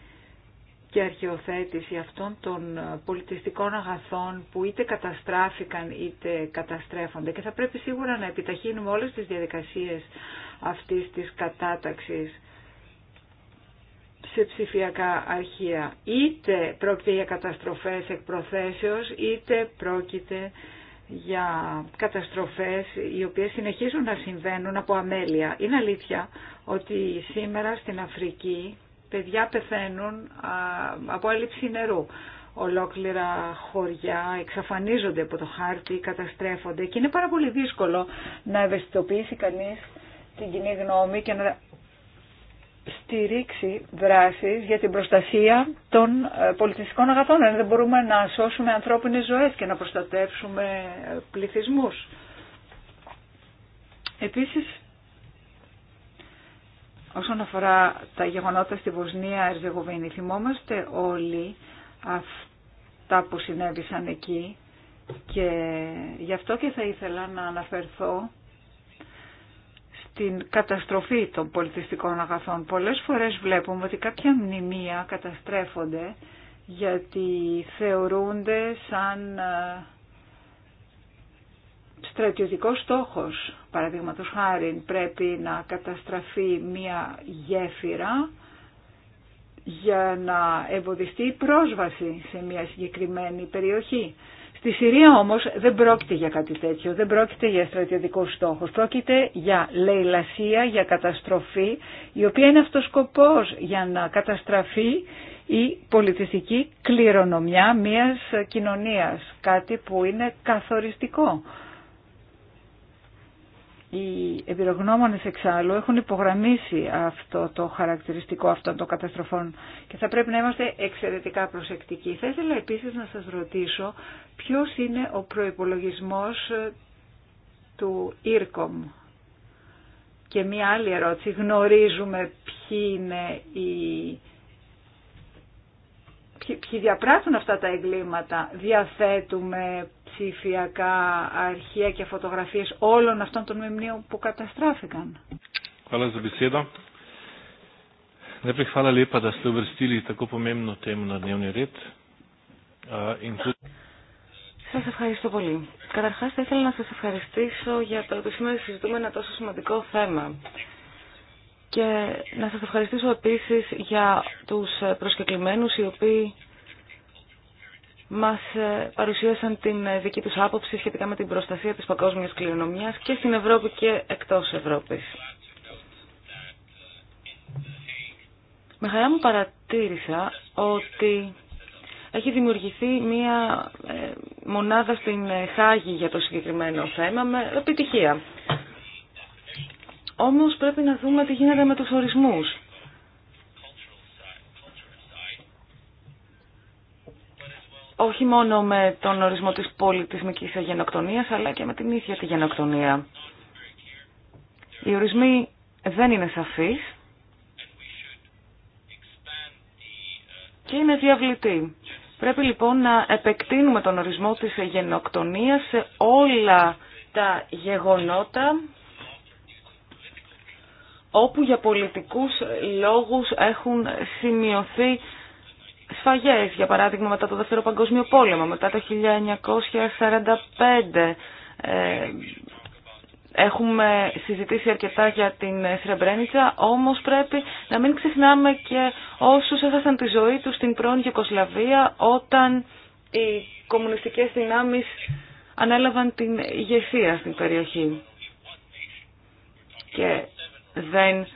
S1: και αρχαιοθέτηση αυτών των πολιτιστικών αγαθών που είτε καταστράφηκαν είτε καταστρέφονται και θα πρέπει σίγουρα να επιταχύνουμε όλες τις διαδικασίες αυτής της κατάταξης σε ψηφιακά αρχεία. Είτε πρόκειται για καταστροφές εκ προθέσεως, είτε πρόκειται για καταστροφές οι οποίες συνεχίζουν να συμβαίνουν από αμέλεια. Είναι αλήθεια ότι σήμερα στην Αφρική παιδιά πεθαίνουν από έλλειψη νερού. Ολόκληρα χωριά εξαφανίζονται από το χάρτη, καταστρέφονται και είναι πάρα πολύ δύσκολο να ευαισθητοποιήσει κανείς την κοινή γνώμη και να στηρίξει δράσεις για την προστασία των ε, πολιτιστικών αγαθών. Δηλαδή, δεν μπορούμε να σώσουμε ανθρώπινες ζωές και να προστατεύσουμε ε, πληθυσμούς. Επίσης, όσον αφορά τα γεγονότα στη Βοσνία Ερζεγοβίνη, θυμόμαστε όλοι αυτά που συνέβησαν εκεί και γι' αυτό και θα ήθελα να αναφερθώ την καταστροφή των πολιτιστικών αγαθών. Πολλές φορές βλέπουμε ότι κάποια μνημεία καταστρέφονται γιατί θεωρούνται σαν ε, στρατιωτικός στόχος. Παραδείγματος χάρη πρέπει να καταστραφεί μία γέφυρα για να εμποδιστεί η πρόσβαση σε μια συγκεκριμένη περιοχή. Τη Συρία όμως δεν πρόκειται για κάτι τέτοιο, δεν πρόκειται για στρατιωτικούς στόχους, πρόκειται για λαιλασία, για καταστροφή, η οποία είναι αυτός σκοπός για να καταστραφεί η πολιτιστική κληρονομιά μιας κοινωνίας, κάτι που είναι καθοριστικό οι εμπειρογνώμονες εξάλλου έχουν υπογραμμίσει αυτό το χαρακτηριστικό αυτών των καταστροφών και θα πρέπει να είμαστε εξαιρετικά προσεκτικοί. Θα ήθελα επίσης να σας ρωτήσω ποιος είναι ο προϋπολογισμός ε, του ΙΡΚΟΜ. Και μία άλλη ερώτηση. Γνωρίζουμε ποιοι είναι οι ποιοι διαπράττουν αυτά τα εγκλήματα. Διαθέτουμε ψηφιακά αρχεία και φωτογραφίες όλων αυτών των μνημείων που καταστράφηκαν.
S3: Σας ευχαριστώ πολύ. Καταρχάς θα ήθελα να σας ευχαριστήσω για το ότι σήμερα συζητούμε ένα τόσο σημαντικό θέμα. Και να σας ευχαριστήσω επίσης για τους προσκεκλημένους οι οποίοι μας ε, παρουσίασαν την ε, δική τους άποψη σχετικά με την προστασία της παγκόσμιας κληρονομιάς και στην Ευρώπη και εκτός Ευρώπης. Με χαρά μου παρατήρησα ότι έχει δημιουργηθεί μία ε, μονάδα στην Χάγη για το συγκεκριμένο θέμα με επιτυχία. Όμως πρέπει να δούμε τι γίνεται με τους ορισμούς. όχι μόνο με τον ορισμό της πολιτισμικής γενοκτονίας, αλλά και με την ίδια τη γενοκτονία. Οι ορισμοί δεν είναι σαφείς και είναι διαβλητοί. Πρέπει λοιπόν να επεκτείνουμε τον ορισμό της γενοκτονίας σε όλα τα γεγονότα όπου για πολιτικούς λόγους έχουν σημειωθεί για παράδειγμα μετά το Δεύτερο Παγκόσμιο Πόλεμο, μετά το 1945. Ε, έχουμε συζητήσει αρκετά για την Σρεμπρένιτσα, όμως πρέπει να μην ξεχνάμε και όσους έχασαν τη ζωή τους στην πρώην Γεκοσλαβία όταν οι κομμουνιστικές δυνάμεις ανέλαβαν την ηγεσία στην περιοχή. Και δεν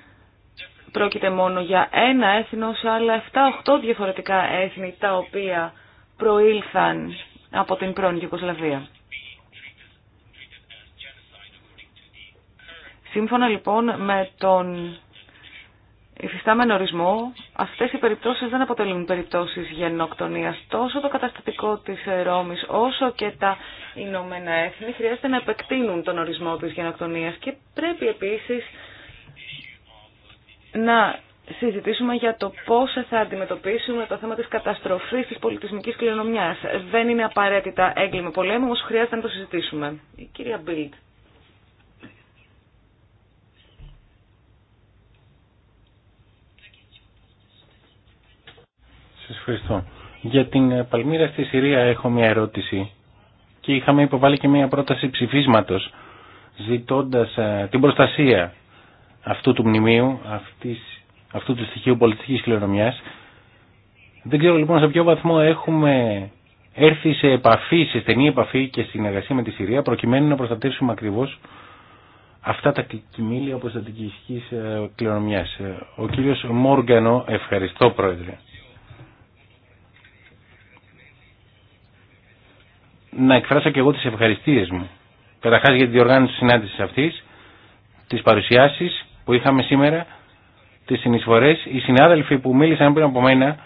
S3: πρόκειται μόνο για ένα έθνος, αλλά 7-8 διαφορετικά έθνη τα οποία προήλθαν από την πρώην Γιουγκοσλαβία. Σύμφωνα λοιπόν με τον υφιστάμενο ορισμό, αυτές οι περιπτώσεις δεν αποτελούν περιπτώσεις γενοκτονίας. Τόσο το καταστατικό της Ρώμης όσο και τα Ηνωμένα Έθνη χρειάζεται να επεκτείνουν τον ορισμό της γενοκτονίας και πρέπει επίσης να συζητήσουμε για το πώς θα αντιμετωπίσουμε το θέμα της καταστροφής της πολιτισμικής κληρονομιάς. Δεν είναι απαραίτητα έγκλημα πολέμου, όμως χρειάζεται να το συζητήσουμε. Η κυρία Μπίλτ.
S2: Σας ευχαριστώ. Για την Παλμύρα στη Συρία έχω μια ερώτηση και είχαμε υποβάλει και μια πρόταση ψηφίσματος ζητώντας ε, την προστασία αυτού του μνημείου, αυτής, αυτού του στοιχείου πολιτικής κληρονομιάς. Δεν ξέρω λοιπόν σε ποιο βαθμό έχουμε έρθει σε επαφή, σε στενή επαφή και συνεργασία με τη Συρία προκειμένου να προστατεύσουμε ακριβώς αυτά τα κοιμήλια προστατικής ε, κληρονομιάς. Ε, ο κύριος Μόργανο, ευχαριστώ πρόεδρε. Να εκφράσω και εγώ τις ευχαριστίες μου. Καταρχάς για τη διοργάνωση της συνάντησης αυτής, τις παρουσιάσεις που είχαμε σήμερα, τις συνεισφορές, οι συνάδελφοι που μίλησαν πριν από μένα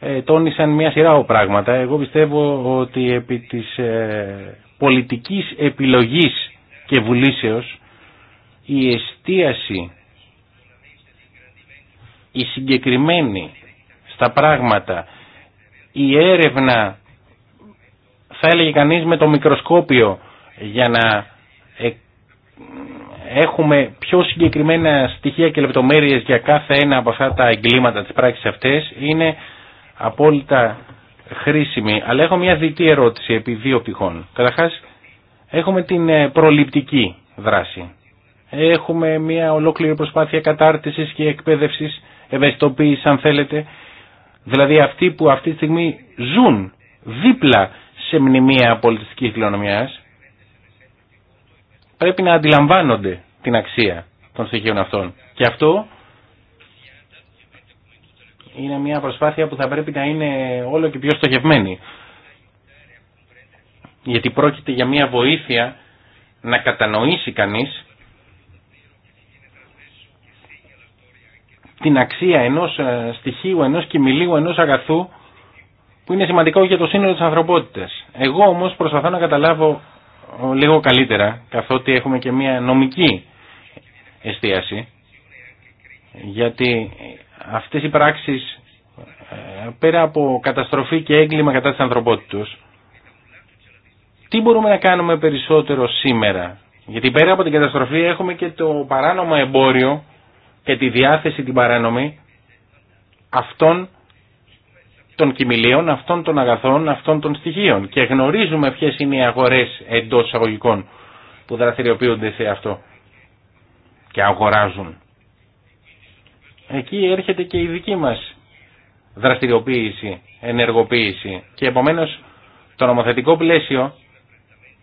S2: ε, τόνισαν μια σειρά από πράγματα. Εγώ πιστεύω ότι επί της ε, πολιτικής επιλογής και βουλήσεως η εστίαση, η συγκεκριμένη στα πράγματα, η έρευνα θα έλεγε κανείς με το μικροσκόπιο για να ε, έχουμε πιο συγκεκριμένα στοιχεία και λεπτομέρειες για κάθε ένα από αυτά τα εγκλήματα της πράξης αυτές είναι απόλυτα χρήσιμη. Αλλά έχω μια διτή ερώτηση επί δύο πτυχών. Καταρχάς έχουμε την ε, προληπτική δράση. Έχουμε μια ολόκληρη προσπάθεια κατάρτισης και εκπαίδευσης, ευαισθητοποίησης αν θέλετε. Δηλαδή αυτοί που αυτή τη στιγμή ζουν δίπλα σε μνημεία πολιτιστικής κληρονομιάς πρέπει να αντιλαμβάνονται την αξία των στοιχείων αυτών. Και αυτό είναι μια προσπάθεια που θα πρέπει να είναι όλο και πιο στοχευμένη. Γιατί πρόκειται για μια βοήθεια να κατανοήσει κανείς την αξία ενός ε, στοιχείου, ενός κοιμηλίου, ενός αγαθού που είναι σημαντικό για το σύνολο της ανθρωπότητας. Εγώ όμως προσπαθώ να καταλάβω λίγο καλύτερα, καθότι έχουμε και μια νομική εστίαση, γιατί αυτές οι πράξεις, ε, πέρα από καταστροφή και έγκλημα κατά της ανθρωπότητας, τι μπορούμε να κάνουμε περισσότερο σήμερα. Γιατί πέρα από την καταστροφή έχουμε και το παράνομο εμπόριο και τη διάθεση την παράνομη αυτών των κοιμηλίων, αυτών των αγαθών, αυτών των στοιχείων. Και γνωρίζουμε ποιε είναι οι αγορές εντός αγωγικών που δραστηριοποιούνται σε αυτό και αγοράζουν. Εκεί έρχεται και η δική μας δραστηριοποίηση, ενεργοποίηση και επομένως το νομοθετικό πλαίσιο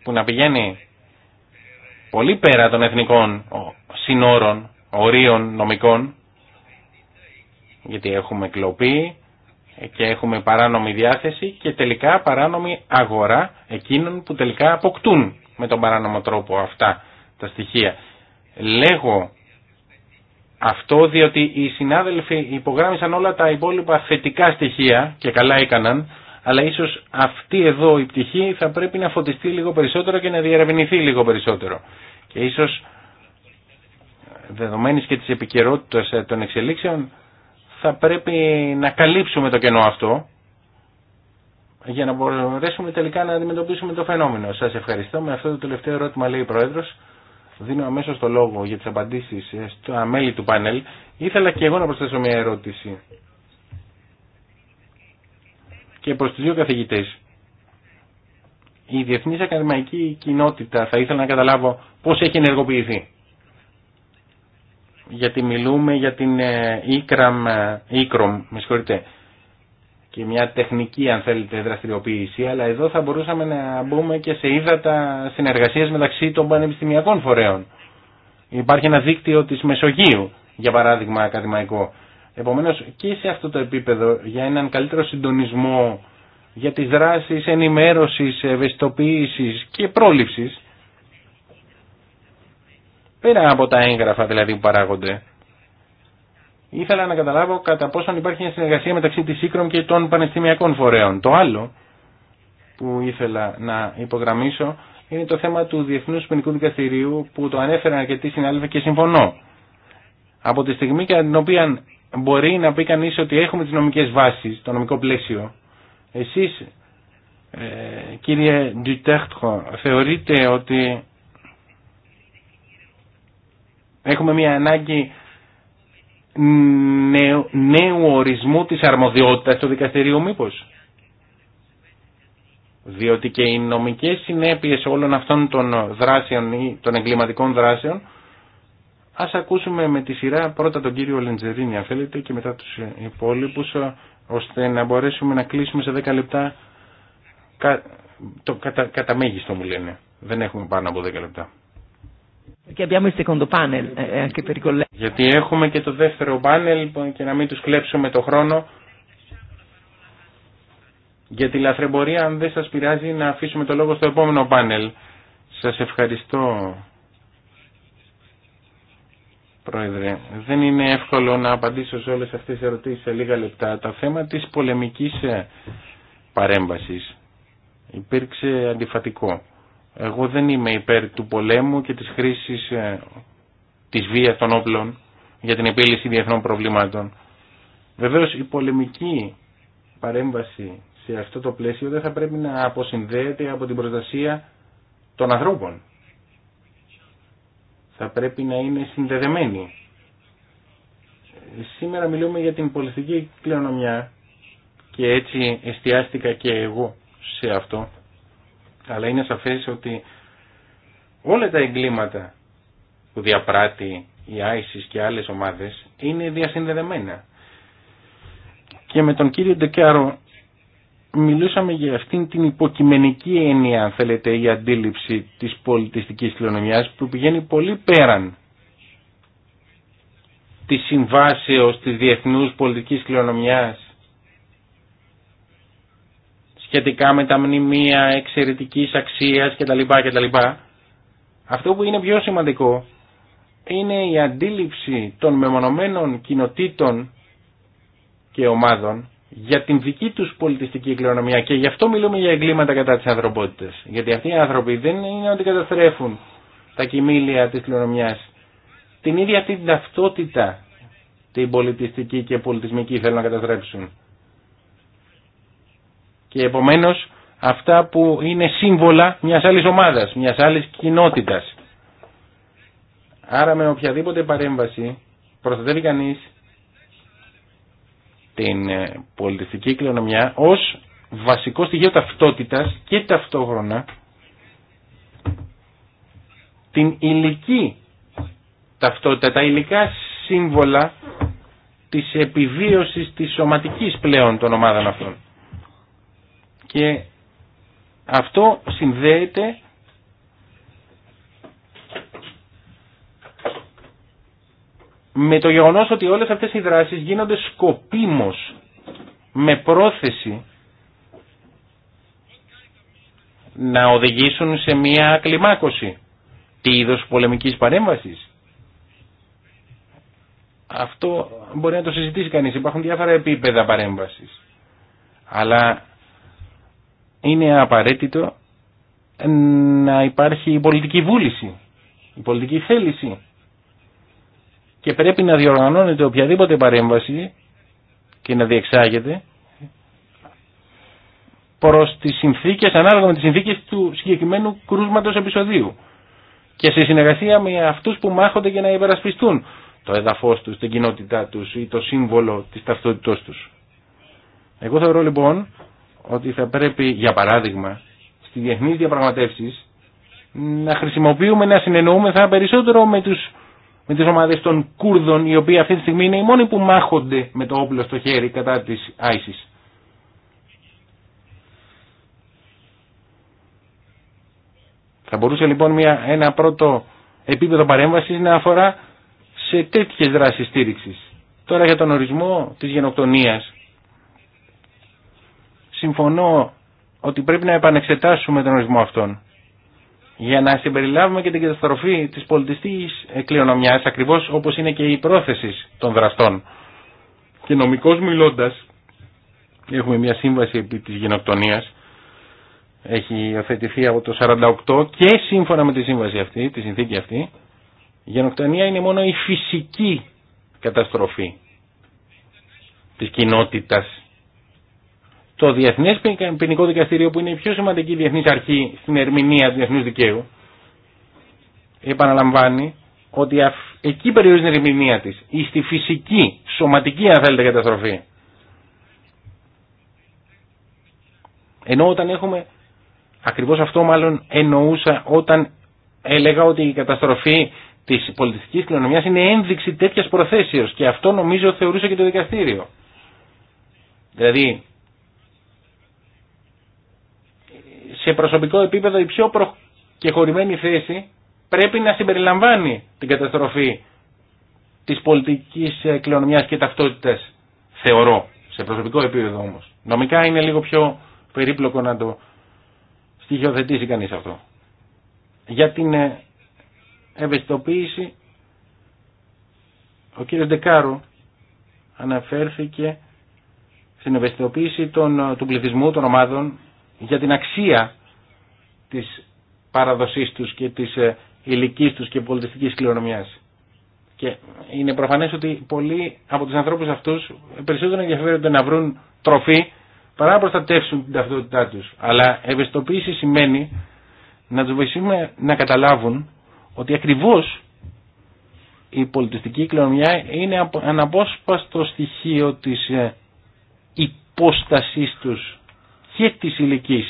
S2: που να πηγαίνει πολύ πέρα των εθνικών συνόρων, ορίων νομικών, γιατί έχουμε κλοπή, και έχουμε παράνομη διάθεση και τελικά παράνομη αγορά εκείνων που τελικά αποκτούν με τον παράνομο τρόπο αυτά τα στοιχεία. Λέγω αυτό διότι οι συνάδελφοι υπογράμμισαν όλα τα υπόλοιπα θετικά στοιχεία και καλά έκαναν, αλλά ίσως αυτή εδώ η πτυχή θα πρέπει να φωτιστεί λίγο περισσότερο και να διαρευνηθεί λίγο περισσότερο. Και ίσως δεδομένης και της επικαιρότητα των εξελίξεων θα πρέπει να καλύψουμε το κενό αυτό για να μπορέσουμε τελικά να αντιμετωπίσουμε το φαινόμενο. Σας ευχαριστώ. Με αυτό το τελευταίο ερώτημα λέει ο Πρόεδρος. Δίνω αμέσως το λόγο για τις απαντήσεις ε, στα μέλη του πάνελ. Ήθελα και εγώ να προσθέσω μια ερώτηση. Και προς τους δύο καθηγητές. Η διεθνής ακαδημαϊκή κοινότητα θα ήθελα να καταλάβω πώς έχει ενεργοποιηθεί γιατί μιλούμε για την ε, Ίκραμ, ε, Ίκρομ, με και μια τεχνική αν θέλετε δραστηριοποίηση, αλλά εδώ θα μπορούσαμε να μπούμε και σε ύδατα συνεργασίες μεταξύ των πανεπιστημιακών φορέων. Υπάρχει ένα δίκτυο της Μεσογείου, για παράδειγμα ακαδημαϊκό. Επομένως και σε αυτό το επίπεδο για έναν καλύτερο συντονισμό για τις δράσεις ενημέρωσης, ευαισθητοποίησης και πρόληψης πέρα από τα έγγραφα δηλαδή που παράγονται. Ήθελα να καταλάβω κατά πόσον υπάρχει μια συνεργασία μεταξύ της ΣΥΚΡΟΜ και των πανεπιστημιακών φορέων. Το άλλο που ήθελα να υπογραμμίσω είναι το θέμα του Διεθνούς Ποινικού Δικαστηρίου που το ανέφεραν αρκετοί συνάδελφοι και συμφωνώ. Από τη στιγμή κατά την οποία μπορεί να πει κανεί ότι έχουμε τις νομικές βάσεις, το νομικό πλαίσιο, εσείς ε, κύριε Ντουτέχτχο θεωρείτε ότι Έχουμε μια ανάγκη νέου, ορισμού της αρμοδιότητας του δικαστηρίο, μήπως. Διότι και οι νομικές συνέπειες όλων αυτών των δράσεων ή των εγκληματικών δράσεων Ας ακούσουμε με τη σειρά πρώτα τον κύριο Λεντζερίνη, αν θέλετε, και μετά τους υπόλοιπους, ώστε να μπορέσουμε να κλείσουμε σε 10 λεπτά, το κατα, κατά μέγιστο μου λένε. Δεν έχουμε πάνω από 10 λεπτά. Γιατί έχουμε και το δεύτερο πάνελ λοιπόν, και να μην τους κλέψουμε το χρόνο. Για τη λαθρεμπορία, αν δεν σας πειράζει, να αφήσουμε το λόγο στο επόμενο πάνελ. Σας ευχαριστώ, Πρόεδρε. Δεν είναι εύκολο να απαντήσω σε όλες αυτές τις ερωτήσεις σε λίγα λεπτά. Το θέμα της πολεμικής ε, παρέμβασης υπήρξε αντιφατικό εγώ δεν είμαι υπέρ του πολέμου και της χρήσης ε, της βίας των όπλων για την επίλυση διεθνών προβλημάτων. Βεβαίως η πολεμική παρέμβαση σε αυτό το πλαίσιο δεν θα πρέπει να αποσυνδέεται από την προστασία των ανθρώπων. Θα πρέπει να είναι συνδεδεμένη. Σήμερα μιλούμε για την πολιτική κληρονομιά και έτσι εστιάστηκα και εγώ σε αυτό αλλά είναι σαφές ότι όλα τα εγκλήματα που διαπράττει η ISIS και άλλες ομάδες είναι διασυνδεδεμένα. Και με τον κύριο Ντεκάρο μιλούσαμε για αυτήν την υποκειμενική έννοια, αν θέλετε, η αντίληψη της πολιτιστικής κληρονομιάς που πηγαίνει πολύ πέραν της συμβάσεως της διεθνούς πολιτικής κληρονομιάς σχετικά με τα μνημεία εξαιρετική αξία κτλ. κτλ. Αυτό που είναι πιο σημαντικό είναι η αντίληψη των μεμονωμένων κοινοτήτων και ομάδων για την δική τους πολιτιστική κληρονομιά και γι' αυτό μιλούμε για εγκλήματα κατά της ανθρωπότητας. Γιατί αυτοί οι άνθρωποι δεν είναι ότι καταστρέφουν τα κοιμήλια της κληρονομιάς. Την ίδια την ταυτότητα την πολιτιστική και πολιτισμική θέλουν να καταστρέψουν. Και επομένως αυτά που είναι σύμβολα μιας άλλης ομάδας, μιας άλλης κοινότητας. Άρα με οποιαδήποτε παρέμβαση προστατεύει κανείς την ε, πολιτιστική κληρονομιά ως βασικό στοιχείο ταυτότητας και ταυτόχρονα την υλική ταυτότητα, τα υλικά σύμβολα της επιβίωσης της σωματικής πλέον των ομάδων αυτών. Και αυτό συνδέεται με το γεγονός ότι όλες αυτές οι δράσεις γίνονται σκοπίμως με πρόθεση να οδηγήσουν σε μια κλιμάκωση τι είδος πολεμικής παρέμβασης. Αυτό μπορεί να το συζητήσει κανείς. Υπάρχουν διάφορα επίπεδα παρέμβασης. Αλλά είναι απαραίτητο να υπάρχει η πολιτική βούληση, η πολιτική θέληση και πρέπει να διοργανώνεται οποιαδήποτε παρέμβαση και να διεξάγεται προς τις συνθήκες, ανάλογα με τις συνθήκες του συγκεκριμένου κρούσματος επεισοδίου και σε συνεργασία με αυτούς που μάχονται για να υπερασπιστούν το έδαφος τους, την κοινότητά τους ή το σύμβολο της ταυτότητός τους. Εγώ θεωρώ λοιπόν ότι θα πρέπει, για παράδειγμα, στι διεθνείς διαπραγματεύσεις να χρησιμοποιούμε, να θα περισσότερο με, τους, με τις ομάδες των Κούρδων, οι οποίοι αυτή τη στιγμή είναι οι μόνοι που μάχονται με το όπλο στο χέρι κατά της ISIS. Θα μπορούσε λοιπόν μια, ένα πρώτο επίπεδο παρέμβασης να αφορά σε τέτοιες δράσεις στήριξης. Τώρα για τον ορισμό της γενοκτονίας συμφωνώ ότι πρέπει να επανεξετάσουμε τον ορισμό αυτόν για να συμπεριλάβουμε και την καταστροφή της πολιτιστικής κληρονομιάς ακριβώς όπως είναι και η πρόθεση των δραστών. Και νομικώς μιλώντας, έχουμε μια σύμβαση επί της γενοκτονίας, έχει υιοθετηθεί από το 48 και σύμφωνα με τη σύμβαση αυτή, τη συνθήκη αυτή, η γενοκτονία είναι μόνο η φυσική καταστροφή της κοινότητας το διεθνέ Ποινικό Δικαστήριο που είναι η πιο σημαντική διεθνή αρχή στην ερμηνεία του διεθνούς δικαίου επαναλαμβάνει ότι εκεί περιορίζει την ερμηνεία της ή στη φυσική, σωματική αν θέλετε καταστροφή ενώ όταν έχουμε ακριβώς αυτό μάλλον εννοούσα όταν έλεγα ότι η καταστροφή της πολιτιστική κληρονομιάς είναι ένδειξη τέτοια προθέσεω, και αυτό νομίζω θεωρούσε και το δικαστήριο δηλαδή σε προσωπικό επίπεδο η πιο προκεχωρημένη θέση πρέπει να συμπεριλαμβάνει την καταστροφή της πολιτικής κληρονομιάς και ταυτότητας, θεωρώ, σε προσωπικό επίπεδο όμως. Νομικά είναι λίγο πιο περίπλοκο να το στοιχειοθετήσει κανείς αυτό. Για την ε, ευαισθητοποίηση, ο κύριος Ντεκάρο αναφέρθηκε στην ευαισθητοποίηση των, ε, του πληθυσμού των ομάδων για την αξία της παραδοσής τους και της ε, ηλικής τους και πολιτιστικής κληρονομιάς. Και είναι προφανές ότι πολλοί από τους ανθρώπους αυτούς περισσότερο ενδιαφέρονται να βρουν τροφή παρά να προστατεύσουν την ταυτότητά τους. Αλλά ευαισθητοποίηση σημαίνει να τους βοηθήσουμε να καταλάβουν ότι ακριβώς η πολιτιστική κληρονομιά είναι αναπόσπαστο στοιχείο της ε, υπόστασής τους και της ηλική.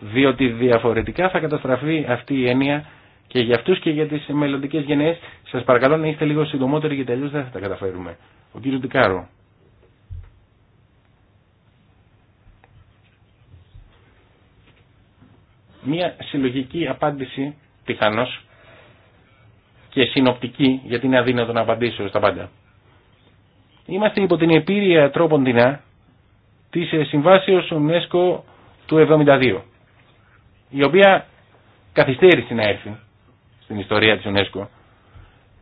S2: διότι διαφορετικά θα καταστραφεί αυτή η έννοια και για αυτούς και για τις μελλοντικές γενναίες. Σας παρακαλώ να είστε λίγο συντομότεροι γιατί αλλιώς δεν θα τα καταφέρουμε. Ο κύριος Τικάρο. Μία συλλογική απάντηση πιθανώς και συνοπτική γιατί είναι αδύνατο να απαντήσω στα πάντα. Είμαστε υπό την επίρρεια τρόπον δεινά της ε, συμβάσεως UNESCO του 1972, η οποία καθυστέρησε να έρθει στην ιστορία της UNESCO.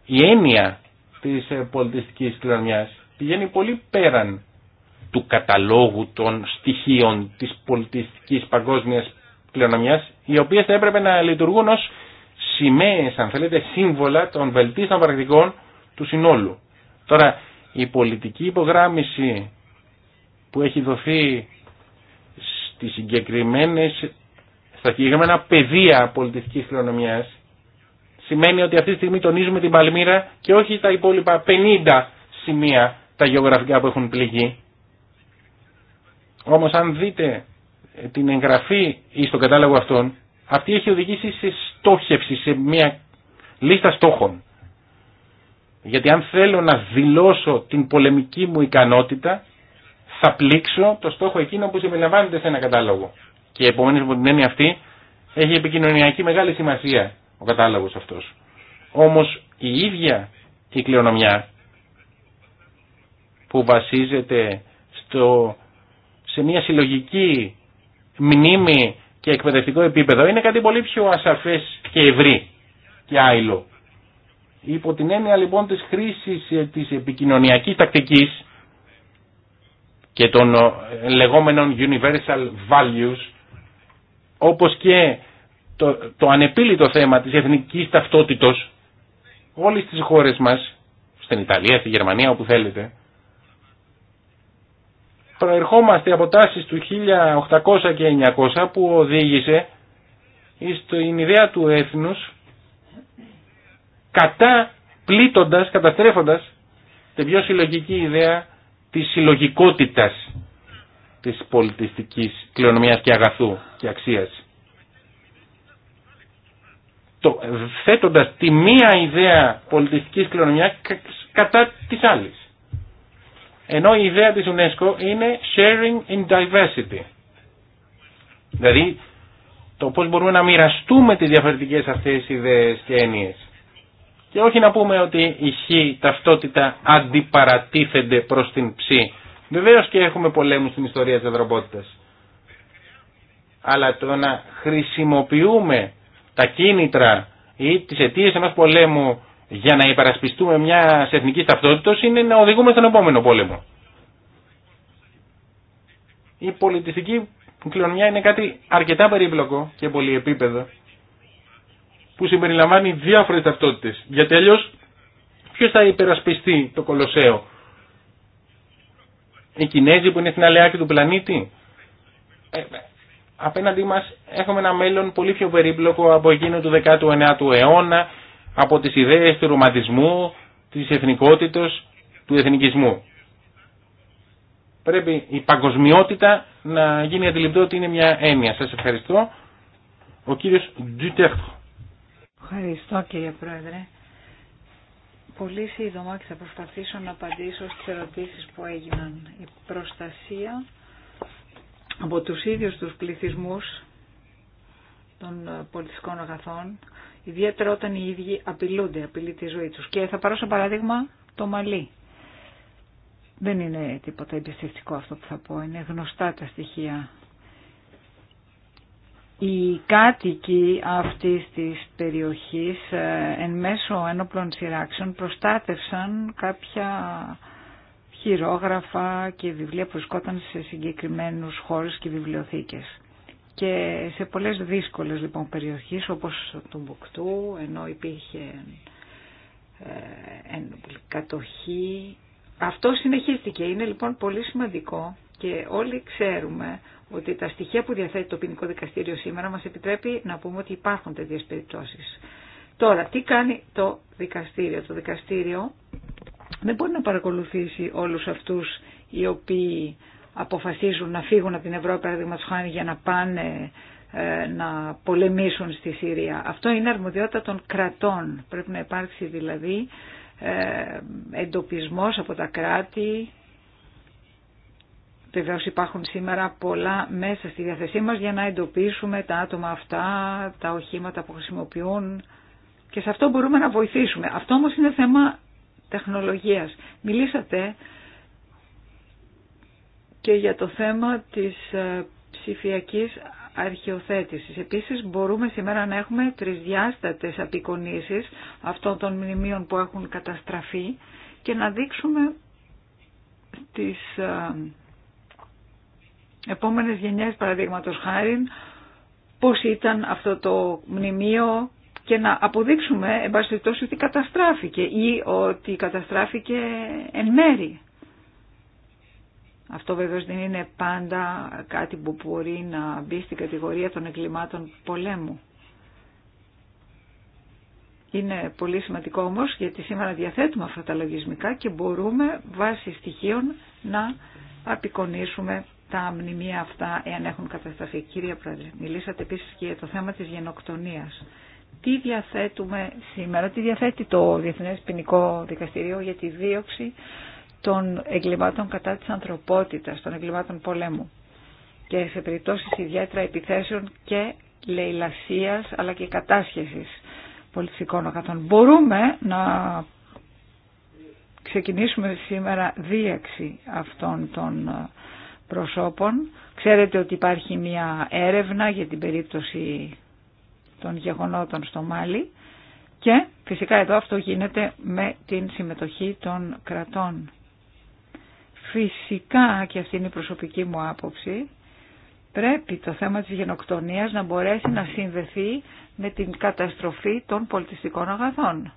S2: Η έννοια της ε, πολιτιστικής κληρονομιάς πηγαίνει πολύ πέραν του καταλόγου των στοιχείων της πολιτιστικής παγκόσμιας κληρονομιάς, οι οποίες θα έπρεπε να λειτουργούν ως σημαίες, αν θέλετε, σύμβολα των βελτίστων πρακτικών του συνόλου. Τώρα, η πολιτική υπογράμμιση που έχει δοθεί στις συγκεκριμένες, στα συγκεκριμένα πεδία πολιτιστικής κληρονομιάς σημαίνει ότι αυτή τη στιγμή τονίζουμε την Παλμύρα και όχι τα υπόλοιπα 50 σημεία τα γεωγραφικά που έχουν πληγεί. Όμως αν δείτε την εγγραφή ή στον κατάλογο αυτών, αυτή έχει οδηγήσει σε στόχευση, σε μια λίστα στόχων. Γιατί αν θέλω να δηλώσω την πολεμική μου ικανότητα, θα πλήξω το στόχο εκείνο που συμπεριλαμβάνεται σε ένα κατάλογο. Και επομένως από την έννοια αυτή έχει επικοινωνιακή μεγάλη σημασία ο κατάλογος αυτός. Όμως η ίδια η κληρονομιά που βασίζεται στο, σε μια συλλογική μνήμη και εκπαιδευτικό επίπεδο είναι κάτι πολύ πιο ασαφές και ευρύ και άειλο. Υπό την έννοια λοιπόν της χρήσης ε, της επικοινωνιακής τακτικής και των ε, λεγόμενων universal values, όπως και το, το ανεπίλητο θέμα της εθνικής ταυτότητος όλες τις χώρες μας, στην Ιταλία, στη Γερμανία, όπου θέλετε, προερχόμαστε από τάσεις του 1800 και 1900 που οδήγησε στην ιδέα του έθνους κατά πλήττοντας, καταστρέφοντας την πιο συλλογική ιδέα της συλλογικότητας της πολιτιστικής κληρονομιάς και αγαθού και αξίας. Το, θέτοντας τη μία ιδέα πολιτιστικής κληρονομιάς κατά της άλλης. Ενώ η ιδέα της UNESCO είναι sharing in diversity. Δηλαδή το πώς μπορούμε να μοιραστούμε τις διαφορετικές αυτές ιδέες και έννοιες. Και όχι να πούμε ότι η χ ταυτότητα αντιπαρατίθεται προς την ψ. Βεβαίως και έχουμε πολέμους στην ιστορία της ανθρωπότητας. Αλλά το να χρησιμοποιούμε τα κίνητρα ή τις αιτίες ενός πολέμου για να υπερασπιστούμε μια εθνική ταυτότητα είναι να οδηγούμε στον επόμενο πόλεμο. Η πολιτιστική κληρονομιά είναι κάτι αρκετά περίπλοκο και πολυεπίπεδο που συμπεριλαμβάνει διάφορες ταυτότητες. Για τέλος, ποιος θα υπερασπιστεί το Κολοσσέο. Οι Κινέζοι που είναι στην άλλη άκρη του πλανήτη. Ε, ε απέναντί μας έχουμε ένα μέλλον πολύ πιο περίπλοκο από εκείνο του 19ου αιώνα, από τις ιδέες του ρωματισμού, της εθνικότητας του εθνικισμού. Πρέπει η παγκοσμιότητα να γίνει αντιληπτό ότι είναι μια έννοια. Σας ευχαριστώ. Ο κύριος
S4: Ντουτέχτρο.
S1: Ευχαριστώ κύριε Πρόεδρε. Πολύ σύντομα και θα προσπαθήσω να απαντήσω στις ερωτήσεις που έγιναν. Η προστασία από τους ίδιους τους πληθυσμούς των πολιτιστικών αγαθών, ιδιαίτερα όταν οι ίδιοι απειλούνται, απειλεί τη ζωή τους. Και θα πάρω σαν παράδειγμα το μαλλί. Δεν είναι τίποτα εμπιστευτικό αυτό που θα πω, είναι γνωστά τα στοιχεία οι κάτοικοι αυτής της περιοχής ε, εν μέσω ένοπλων σειράξεων προστάτευσαν κάποια χειρόγραφα και βιβλία που βρισκόταν σε συγκεκριμένους χώρους και βιβλιοθήκες. Και σε πολλές δύσκολες λοιπόν περιοχές όπως του Μπουκτού ενώ υπήρχε ε, κατοχή αυτό συνεχίστηκε. Είναι λοιπόν πολύ σημαντικό και όλοι ξέρουμε ότι τα στοιχεία που διαθέτει το ποινικό δικαστήριο σήμερα μας επιτρέπει να πούμε ότι υπάρχουν τέτοιες περιπτώσεις. Τώρα, τι κάνει το δικαστήριο. Το δικαστήριο δεν μπορεί να παρακολουθήσει όλους αυτούς οι οποίοι αποφασίζουν να φύγουν από την Ευρώπη, παραδείγματο χάνει, για να πάνε ε, να πολεμήσουν στη Συρία. Αυτό είναι αρμοδιότητα των κρατών. Πρέπει να υπάρξει δηλαδή ε, εντοπισμός από τα κράτη Βεβαίως υπάρχουν σήμερα πολλά μέσα στη διαθεσή μας για να εντοπίσουμε τα άτομα αυτά, τα οχήματα που χρησιμοποιούν και σε αυτό μπορούμε να βοηθήσουμε. Αυτό όμως είναι θέμα τεχνολογίας. Μιλήσατε και για το θέμα της ε, ψηφιακής αρχαιοθέτησης. Επίσης μπορούμε σήμερα να έχουμε τρισδιάστατες απεικονίσεις αυτών των μνημείων που έχουν καταστραφεί και να δείξουμε τις, ε, επόμενες γενιές παραδείγματο χάρη πώς ήταν αυτό το μνημείο και να αποδείξουμε εν ότι καταστράφηκε ή ότι καταστράφηκε εν μέρη. Αυτό βέβαια δεν είναι πάντα κάτι που μπορεί να μπει στην κατηγορία των εγκλημάτων πολέμου. Είναι πολύ σημαντικό όμως γιατί σήμερα διαθέτουμε αυτά τα λογισμικά και μπορούμε βάσει στοιχείων να απεικονίσουμε τα μνημεία αυτά εάν έχουν κατασταθεί. Κύριε Πρόεδρε, μιλήσατε επίσης και για το θέμα της γενοκτονίας. Τι διαθέτουμε σήμερα, τι διαθέτει το Διεθνές Ποινικό Δικαστηρίο για τη δίωξη των εγκλημάτων κατά της ανθρωπότητας, των εγκλημάτων πολέμου και σε περιπτώσεις ιδιαίτερα επιθέσεων και λαιλασίας αλλά και κατάσχεσης πολιτικών αγαθών. Μπορούμε να ξεκινήσουμε σήμερα δίεξη αυτών των προσώπων. Ξέρετε ότι υπάρχει μια έρευνα για την περίπτωση των γεγονότων στο Μάλι και φυσικά εδώ αυτό γίνεται με την συμμετοχή των κρατών. Φυσικά και αυτή είναι η προσωπική μου άποψη πρέπει το θέμα της γενοκτονίας να μπορέσει να συνδεθεί με την καταστροφή των πολιτιστικών αγαθών.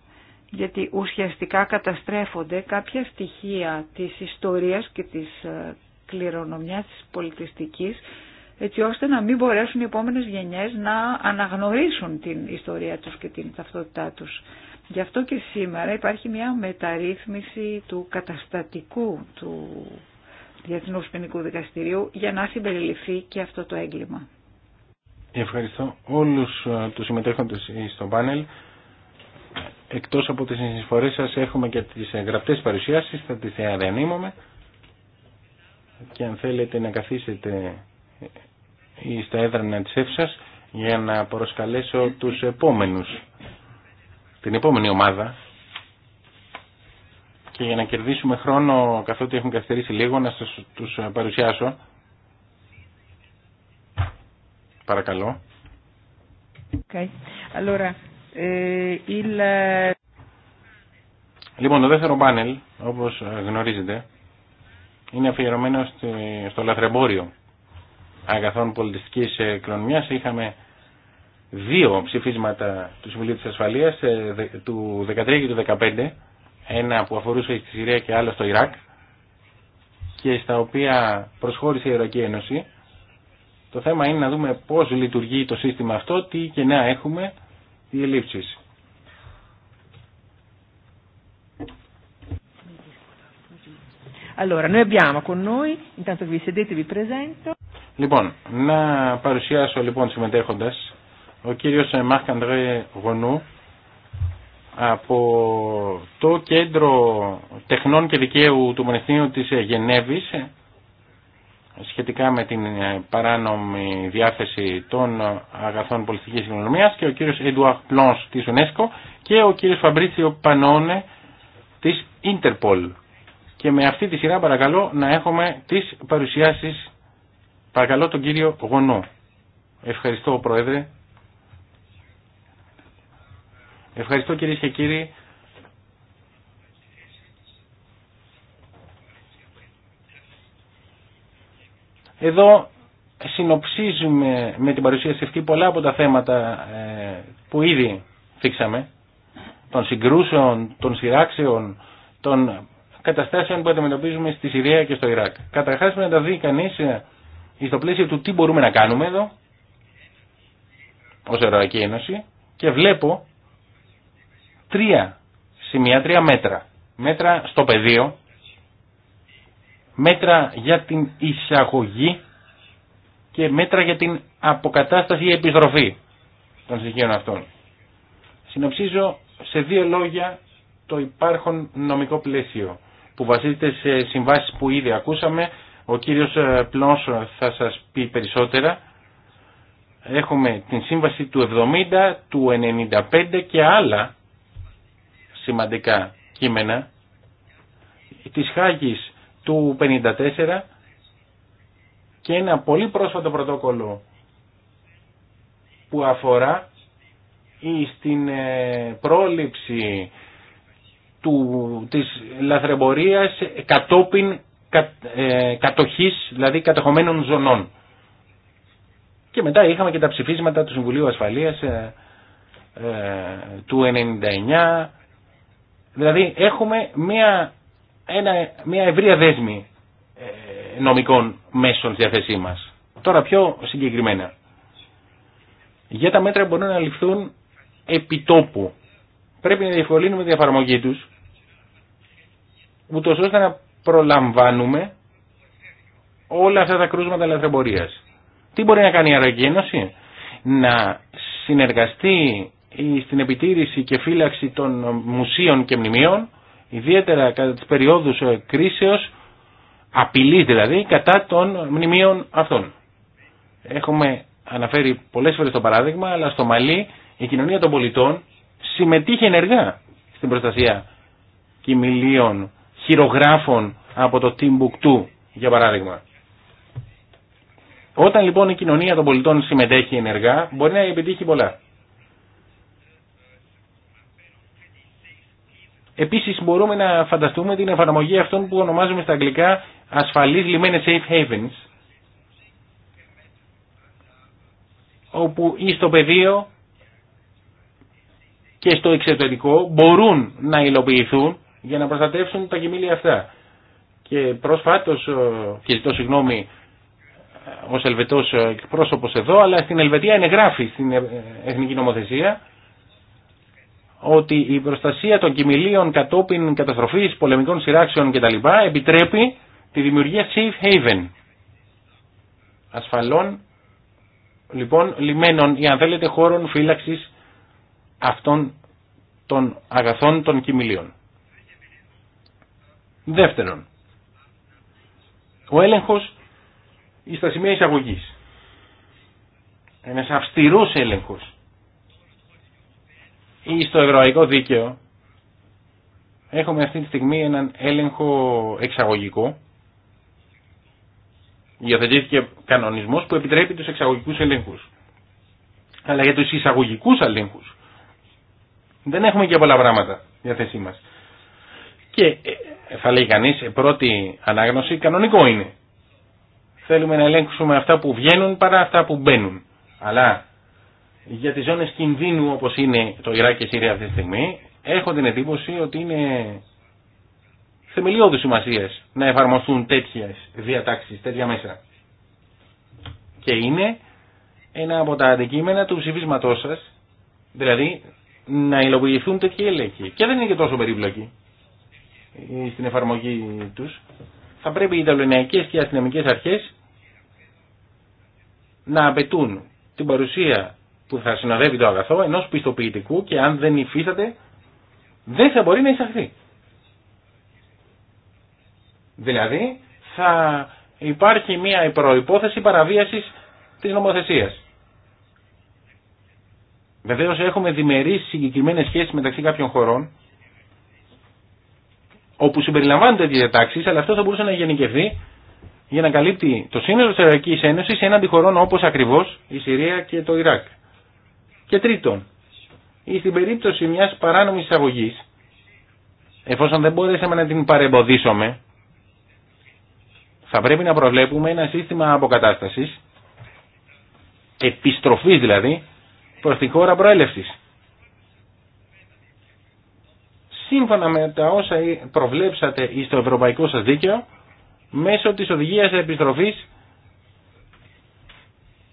S1: Γιατί ουσιαστικά καταστρέφονται κάποια στοιχεία της ιστορίας και της ε, κληρονομιάς της πολιτιστικής έτσι ώστε να μην μπορέσουν οι επόμενες γενιές να αναγνωρίσουν την ιστορία τους και την ταυτότητά τους. Γι' αυτό και σήμερα υπάρχει μια μεταρρύθμιση του καταστατικού του Διεθνούς Ποινικού Δικαστηρίου για να συμπεριληφθεί και αυτό το έγκλημα.
S2: Ευχαριστώ όλους ε, τους συμμετέχοντες στο πάνελ. Εκτός από τις συνεισφορές σας έχουμε και τις ε, γραπτές παρουσιάσεις, θα τις ε, και αν θέλετε να καθίσετε στα έδρανα της ΕΦΣΑ για να προσκαλέσω τους επόμενους, την επόμενη ομάδα και για να κερδίσουμε χρόνο καθότι έχουν καθυστερήσει λίγο να σας τους παρουσιάσω. Παρακαλώ.
S1: Okay. Allora, eh,
S2: Λοιπόν, το δεύτερο πάνελ, όπως γνωρίζετε, είναι αφιερωμένο στο λαθρεμπόριο αγαθών πολιτιστικής ε, κλονιάς. Είχαμε δύο ψηφίσματα του Συμβουλίου της Ασφαλείας ε, του 2013 και του 2015, ένα που αφορούσε στη Συρία και άλλο στο Ιράκ και στα οποία προσχώρησε η Ευρωπαϊκή Ένωση. Το θέμα είναι να δούμε πώς λειτουργεί το σύστημα αυτό, τι κενά έχουμε, τι ελλείψεις.
S1: Allora, noi abbiamo
S2: Λοιπόν, να παρουσιάσω λοιπόν συμμετέχοντας ο κύριος Μάρκ Αντρέ Γονού από το Κέντρο Τεχνών και Δικαίου του Μονεστήνου της Γενέβης σχετικά με την παράνομη διάθεση των αγαθών πολιτικής οικονομίας και ο κύριος Εντουαρ Πλόνς της UNESCO και ο κύριος Φαμπρίτσιο Πανόνε της Ίντερπολ και με αυτή τη σειρά παρακαλώ να έχουμε τις παρουσιάσεις. Παρακαλώ τον κύριο Γονό. Ευχαριστώ Πρόεδρε. Ευχαριστώ κυρίε και κύριοι. Εδώ συνοψίζουμε με την παρουσίαση αυτή πολλά από τα θέματα ε, που ήδη θίξαμε, των συγκρούσεων, των σειράξεων, των καταστάσεων που αντιμετωπίζουμε στη Συρία και στο Ιράκ. Καταρχά να τα δει κανεί ε, στο πλαίσιο του τι μπορούμε να κάνουμε εδώ ω Ευρωπαϊκή Ένωση και βλέπω τρία σημεία, τρία μέτρα. Μέτρα στο πεδίο, μέτρα για την εισαγωγή και μέτρα για την αποκατάσταση ή επιστροφή των στοιχείων αυτών. Συνοψίζω σε δύο λόγια το υπάρχον νομικό πλαίσιο που βασίζεται σε συμβάσεις που ήδη ακούσαμε. Ο κύριος ε, Πλόνς θα σας πει περισσότερα. Έχουμε την σύμβαση του 70, του 95 και άλλα σημαντικά κείμενα της Χάγης του 54 και ένα πολύ πρόσφατο πρωτόκολλο που αφορά στην ε, πρόληψη του, της λαθρεμπορίας κατόπιν κα, ε, κατοχής, δηλαδή κατεχομένων ζωνών. Και μετά είχαμε και τα ψηφίσματα του Συμβουλίου Ασφαλείας ε, ε, του 99. Δηλαδή έχουμε μια, ένα, μια ευρεία δέσμη νομικών μέσων στη διαθέσή μας. Τώρα πιο συγκεκριμένα. Για τα μέτρα μπορούν να ληφθούν επιτόπου πρέπει να διευκολύνουμε την εφαρμογή του ούτω ώστε να προλαμβάνουμε όλα αυτά τα κρούσματα λαθρεμπορίας. Τι μπορεί να κάνει η Αραγική Ένωση? Να συνεργαστεί στην επιτήρηση και φύλαξη των μουσείων και μνημείων, ιδιαίτερα κατά τις περιόδους ε, κρίσεως, απειλής δηλαδή, κατά των μνημείων αυτών. Έχουμε αναφέρει πολλές φορές το παράδειγμα, αλλά στο Μαλή η κοινωνία των πολιτών συμμετείχε ενεργά στην προστασία κοιμηλίων, χειρογράφων από το Τιμπουκτού, για παράδειγμα. Όταν λοιπόν η κοινωνία των πολιτών συμμετέχει ενεργά, μπορεί να επιτύχει πολλά. Επίσης μπορούμε να φανταστούμε την εφαρμογή αυτών που ονομάζουμε στα αγγλικά ασφαλείς λιμένες safe havens, όπου ή στο πεδίο και στο εξωτερικό μπορούν να υλοποιηθούν για να προστατεύσουν τα κοιμήλια αυτά. Και πρόσφατος, ε, και ζητώ συγγνώμη ε, ως Ελβετός ε, εκπρόσωπος εδώ, αλλά στην Ελβετία γράφει στην Εθνική Νομοθεσία ότι η προστασία των κοιμηλίων κατόπιν καταστροφής, πολεμικών σειράξεων κτλ. επιτρέπει τη δημιουργία safe haven ασφαλών λοιπόν λιμένων ή αν θέλετε χώρων φύλαξης αυτών των αγαθών των κοιμηλίων. Δεύτερον, ο έλεγχος στα σημεία εισαγωγή. Ένας αυστηρός έλεγχος ή στο ευρωπαϊκό δίκαιο έχουμε αυτή τη στιγμή έναν έλεγχο εξαγωγικό υιοθετήθηκε κανονισμός που επιτρέπει τους εξαγωγικούς ελέγχους αλλά για τους εισαγωγικούς ελέγχους δεν έχουμε και πολλά πράγματα για θέση μα. Και ε, θα λέει κανείς, ε, πρώτη ανάγνωση, κανονικό είναι. Θέλουμε να ελέγξουμε αυτά που βγαίνουν παρά αυτά που μπαίνουν. Αλλά για τι ζώνες κινδύνου όπως είναι το Ιράκ και η Συρία αυτή τη στιγμή, έχω την εντύπωση ότι είναι θεμελιώδη σημασία να εφαρμοστούν τέτοιε διατάξει, τέτοια μέσα. Και είναι ένα από τα αντικείμενα του ψηφίσματό σα, δηλαδή να υλοποιηθούν τέτοιοι έλεγχοι. Και δεν είναι και τόσο περίπλοκοι ε, στην εφαρμογή τους. Θα πρέπει οι Ιταλονιακές και οι αστυνομικές αρχές να απαιτούν την παρουσία που θα συνοδεύει το αγαθό ενός πιστοποιητικού και αν δεν υφίσταται δεν θα μπορεί να εισαχθεί. Δηλαδή θα υπάρχει μια προϋπόθεση παραβίασης της νομοθεσίας. Βεβαίω έχουμε διμερεί συγκεκριμένε σχέσει μεταξύ κάποιων χωρών, όπου συμπεριλαμβάνονται τέτοιε διατάξει, αλλά αυτό θα μπορούσε να γενικευθεί για να καλύπτει το σύνολο τη Ευρωπαϊκή Ένωση έναντι χωρών όπω ακριβώ η Συρία και το Ιράκ. Και τρίτον, στην περίπτωση μια παράνομη εισαγωγή, εφόσον δεν μπορέσαμε να την παρεμποδίσουμε, θα πρέπει να προβλέπουμε ένα σύστημα αποκατάστασης, επιστροφής δηλαδή, προς τη χώρα προέλευσης. Σύμφωνα με τα όσα ε, προβλέψατε στο ευρωπαϊκό σας δίκαιο, μέσω της οδηγίας επιστροφής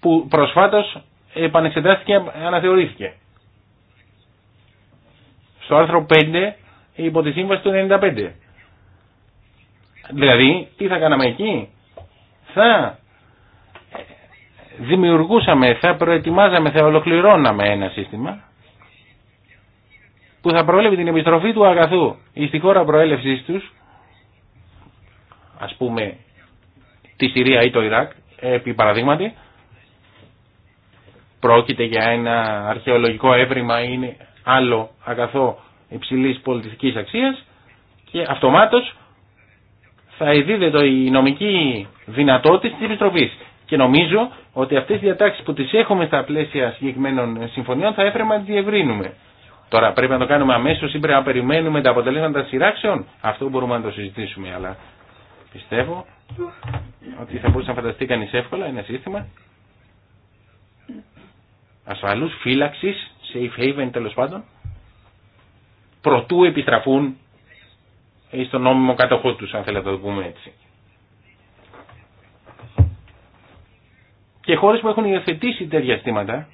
S2: που προσφάτως επανεξετάστηκε αναθεωρήθηκε. Στο άρθρο 5 υπό τη σύμβαση του 95. Δηλαδή, τι θα κάναμε εκεί. Θα δημιουργούσαμε, θα προετοιμάζαμε, θα ολοκληρώναμε ένα σύστημα που θα προέλευε την επιστροφή του αγαθού στη χώρα προέλευσής τους, ας πούμε τη Συρία ή το Ιράκ, επί παραδείγματι, πρόκειται για ένα αρχαιολογικό έβριμα ή είναι άλλο αγαθό υψηλής πολιτιστικής αξίας και αυτομάτως θα ειδίδεται η νομική δυνατότητα της επιστροφής. Και νομίζω ότι αυτέ οι διατάξει που τι έχουμε στα πλαίσια συγκεκριμένων συμφωνιών θα έπρεπε να τι διευρύνουμε. Τώρα πρέπει να το κάνουμε αμέσω, ή πρέπει να περιμένουμε τα αποτελέσματα σειράξεων. Αυτό μπορούμε να το συζητήσουμε, αλλά πιστεύω ότι θα μπορούσε να φανταστεί κανεί εύκολα ένα σύστημα ασφαλού φύλαξη, safe haven τέλο πάντων, προτού επιστραφούν στον νόμιμο κατοχό του αν θέλετε να το πούμε έτσι. και χώρες που έχουν υιοθετήσει τέτοια στήματα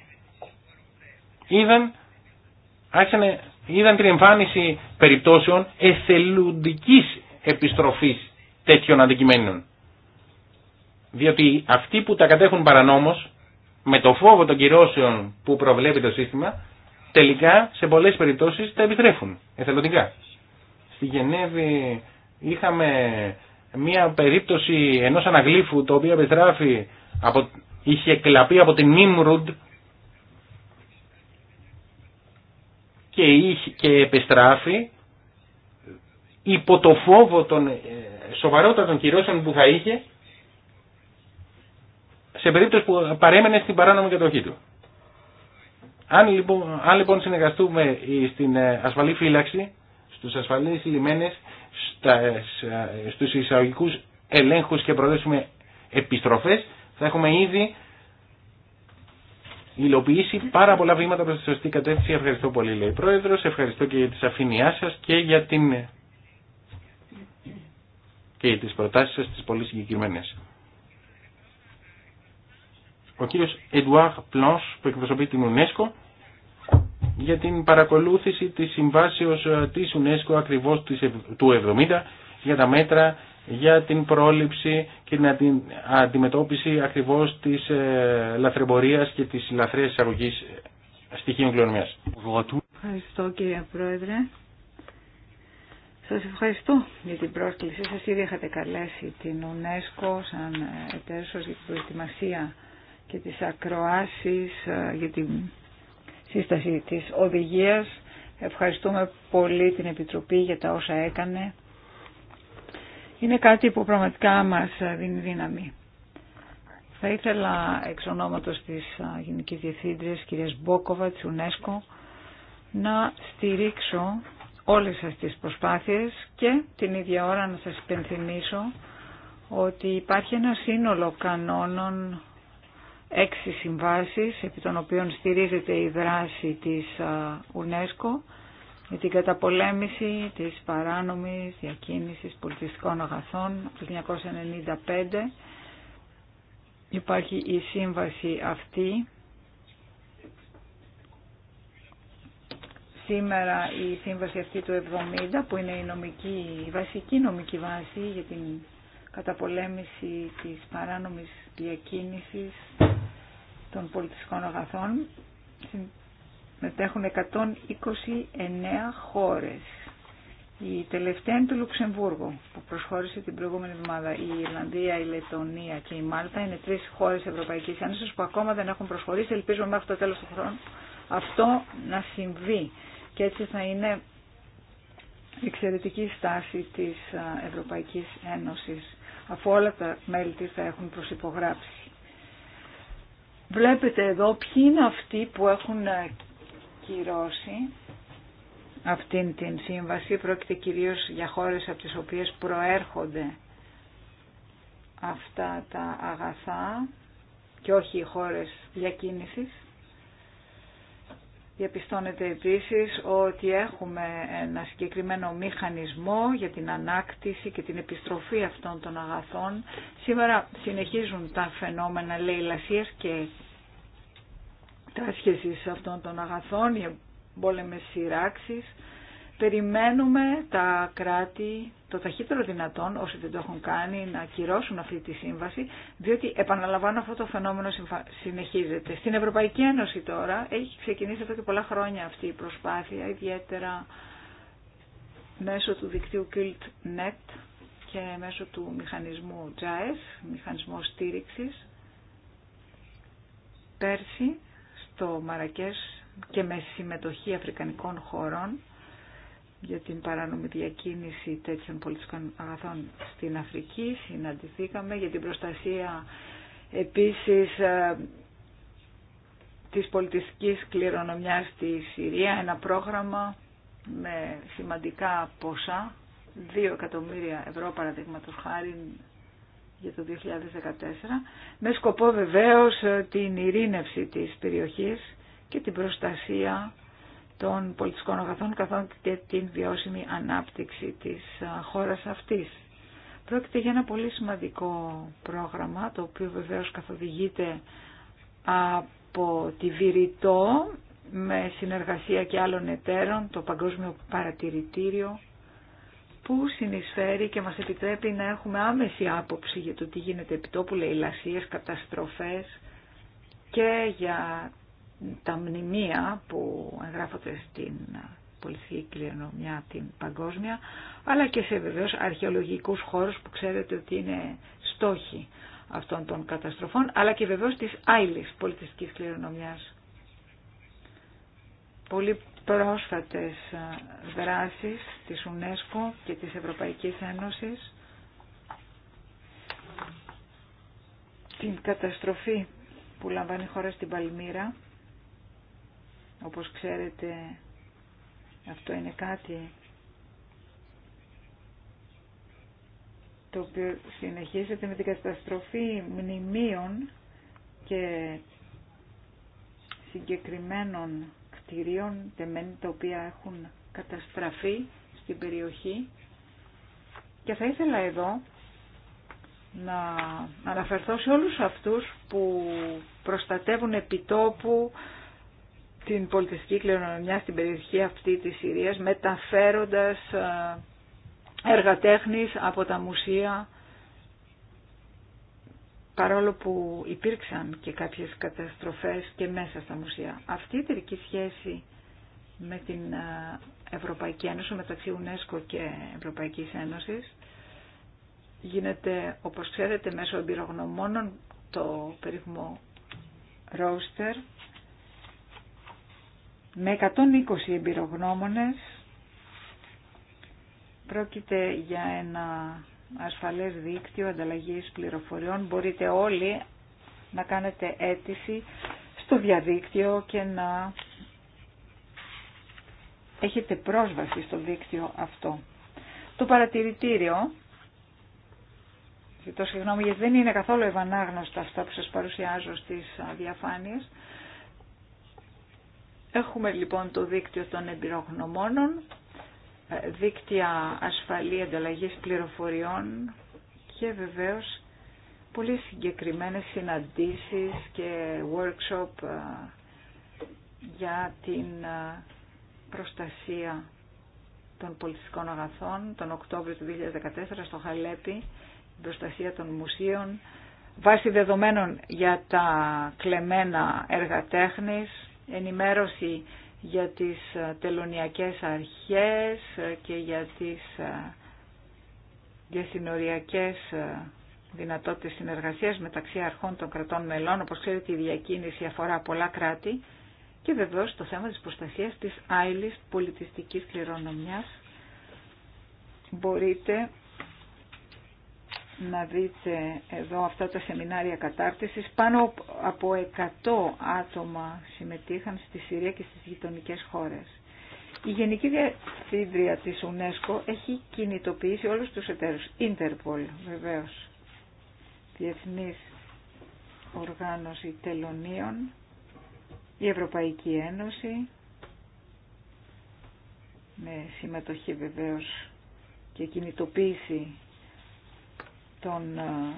S2: είδαν, είδαν την εμφάνιση περιπτώσεων εθελοντικής επιστροφής τέτοιων αντικειμένων. Διότι αυτοί που τα κατέχουν παρανόμως, με το φόβο των κυρώσεων που προβλέπει το σύστημα, τελικά σε πολλές περιπτώσεις τα επιτρέφουν εθελοντικά. Στη Γενέβη είχαμε μία περίπτωση ενός αναγλήφου το οποίο επιστράφει από είχε κλαπεί από την Νίμρουντ και, και επιστράφει υπό το φόβο των ε, σοβαρότατων κυρώσεων που θα είχε σε περίπτωση που παρέμενε στην παράνομη κατοχή του. Αν λοιπόν, αν λοιπόν συνεργαστούμε στην ε, ασφαλή φύλαξη, στους ασφαλείς λιμένες, στα, ε, στους εισαγωγικούς ελέγχους και προδέσουμε επιστροφές, θα έχουμε ήδη υλοποιήσει πάρα πολλά βήματα προς τη σωστή κατεύθυνση. Ευχαριστώ πολύ, λέει Πρόεδρος. Ευχαριστώ και για τη σαφήνειά σα και για την και για τις προτάσεις σας τις πολύ συγκεκριμένε. Ο κύριος Εντουάρ Πλάνς που εκπροσωπεί την UNESCO για την παρακολούθηση της συμβάσεως ε, της UNESCO ακριβώς του 70 για τα μέτρα για την πρόληψη και την αντιμετώπιση ακριβώς της ε, λαθρεμπορίας και της λαθρέας εισαγωγής στοιχείων κληρονομιάς.
S1: Ευχαριστώ κύριε Πρόεδρε. Σας ευχαριστώ για την πρόσκληση. Σας ήδη είχατε καλέσει την UNESCO σαν ε, εταίρσος για την προετοιμασία και τις ακροάσεις ε, για την σύσταση της οδηγίας. Ευχαριστούμε πολύ την Επιτροπή για τα όσα έκανε είναι κάτι που πραγματικά μας δίνει δύναμη. Θα ήθελα εξ ονόματος της Γενικής Διευθύντριας κυρίας Μπόκοβα της UNESCO να στηρίξω όλες σας τις προσπάθειες και την ίδια ώρα να σας υπενθυμίσω ότι υπάρχει ένα σύνολο κανόνων έξι συμβάσεις επί των οποίων στηρίζεται η δράση της UNESCO για την καταπολέμηση της παράνομης διακίνησης πολιτιστικών αγαθών το 1995. Υπάρχει η σύμβαση αυτή. Σήμερα η σύμβαση αυτή του 70 που είναι η, νομική, η βασική νομική βάση για την καταπολέμηση της παράνομης διακίνησης των πολιτιστικών αγαθών μετέχουν 129 χώρες. Η τελευταία είναι το Λουξεμβούργο που προσχώρησε την προηγούμενη εβδομάδα. Η Ιρλανδία, η Λετωνία και η Μάλτα είναι τρει χώρε Ευρωπαϊκή Ένωση που ακόμα δεν έχουν προσχωρήσει. Ελπίζουμε μέχρι το τέλο του χρόνου αυτό να συμβεί. Και έτσι θα είναι εξαιρετική στάση της Ευρωπαϊκής Ένωσης αφού όλα τα μέλη της θα έχουν προσυπογράψει. Βλέπετε εδώ ποιοι είναι αυτοί που έχουν κυρώσει αυτήν την σύμβαση. Πρόκειται κυρίως για χώρες από τις οποίες προέρχονται αυτά τα αγαθά και όχι οι χώρες διακίνησης. Διαπιστώνεται επίσης ότι έχουμε ένα συγκεκριμένο μηχανισμό για την ανάκτηση και την επιστροφή αυτών των αγαθών. Σήμερα συνεχίζουν τα φαινόμενα λαιλασίας και τα τάσχεσης αυτών των αγαθών, οι εμπόλεμες σειράξεις. Περιμένουμε τα κράτη το ταχύτερο δυνατόν, όσοι δεν το έχουν κάνει, να ακυρώσουν αυτή τη σύμβαση, διότι επαναλαμβάνω αυτό το φαινόμενο συνεχίζεται. Στην Ευρωπαϊκή Ένωση τώρα έχει ξεκινήσει εδώ και πολλά χρόνια αυτή η προσπάθεια, ιδιαίτερα μέσω του δικτύου KILT.net και μέσω του μηχανισμού JAES, μηχανισμό στήριξης. Πέρσι στο Μαρακές και με συμμετοχή αφρικανικών χωρών για την παράνομη διακίνηση τέτοιων πολιτικών αγαθών στην Αφρική. Συναντηθήκαμε για την προστασία επίσης ε, της πολιτιστικής κληρονομιάς στη Συρία, ένα πρόγραμμα με σημαντικά ποσά, 2 εκατομμύρια ευρώ παραδείγματος χάρη για το 2014 με σκοπό βεβαίως ε, την ειρήνευση της περιοχής και την προστασία των πολιτικών αγαθών καθόν και την βιώσιμη ανάπτυξη της ε, χώρας αυτής. Πρόκειται για ένα πολύ σημαντικό πρόγραμμα το οποίο βεβαίως καθοδηγείται από τη Βηρητό με συνεργασία και άλλων εταίρων, το Παγκόσμιο Παρατηρητήριο που συνεισφέρει και μας επιτρέπει να έχουμε άμεση άποψη για το τι γίνεται επί τόπου, λαϊλασίες, καταστροφές και για τα μνημεία που εγγράφονται στην πολιτική κληρονομιά την παγκόσμια, αλλά και σε βεβαίω αρχαιολογικούς χώρους που ξέρετε ότι είναι στόχοι αυτών των καταστροφών, αλλά και βεβαίως της άλλη πολιτιστικής κληρονομιάς. Πολύ πρόσφατες ε, δράσεις της UNESCO και της Ευρωπαϊκής Ένωσης την καταστροφή που λαμβάνει η χώρα στην Παλμύρα όπως ξέρετε αυτό είναι κάτι το οποίο συνεχίζεται με την καταστροφή μνημείων και συγκεκριμένων κτηρίων τεμέν τα οποία έχουν καταστραφεί στην περιοχή και θα ήθελα εδώ να αναφερθώ σε όλους αυτούς που προστατεύουν επιτόπου την πολιτιστική κληρονομιά στην περιοχή αυτή της Συρίας μεταφέροντας ε, έργα τέχνης από τα μουσεία παρόλο που υπήρξαν και κάποιες καταστροφές και μέσα στα μουσεία. Αυτή η εταιρική σχέση με την ε, Ευρωπαϊκή Ένωση, μεταξύ UNESCO και Ευρωπαϊκής Ένωσης, γίνεται, όπως ξέρετε, μέσω εμπειρογνωμόνων το περίφημο ρόστερ με 120 εμπειρογνώμονες πρόκειται για ένα ασφαλές δίκτυο ανταλλαγής πληροφοριών. Μπορείτε όλοι να κάνετε αίτηση στο διαδίκτυο και να έχετε πρόσβαση στο δίκτυο αυτό. Το παρατηρητήριο, ζητώ συγγνώμη γιατί δεν είναι καθόλου ευανάγνωστα αυτά που σας παρουσιάζω στις διαφάνειες, Έχουμε λοιπόν το δίκτυο των εμπειρογνωμόνων δίκτυα ασφαλή ανταλλαγής πληροφοριών και βεβαίως πολύ συγκεκριμένες συναντήσεις και workshop ε, για την ε, προστασία των πολιτιστικών αγαθών τον Οκτώβριο του 2014 στο Χαλέπι, προστασία των μουσείων, βάση δεδομένων για τα κλεμμένα έργα τέχνης, ενημέρωση για τις ε, τελωνιακές αρχές ε, και για τις ε, διασυνοριακές δυνατότητες συνεργασίας μεταξύ αρχών των κρατών μελών. Όπως ξέρετε η διακίνηση αφορά πολλά κράτη και βεβαίως το θέμα της προστασίας της άειλης πολιτιστικής κληρονομιάς μπορείτε να δείτε εδώ αυτά τα σεμινάρια κατάρτισης. Πάνω από 100 άτομα συμμετείχαν στη Συρία και στις γειτονικές χώρες. Η Γενική Διευθύντρια της UNESCO έχει κινητοποιήσει όλους τους εταίρους. Ιντερπολ βεβαίως, Διεθνής Οργάνωση Τελωνίων, η Ευρωπαϊκή Ένωση, με συμμετοχή βεβαίως και κινητοποίηση των ε,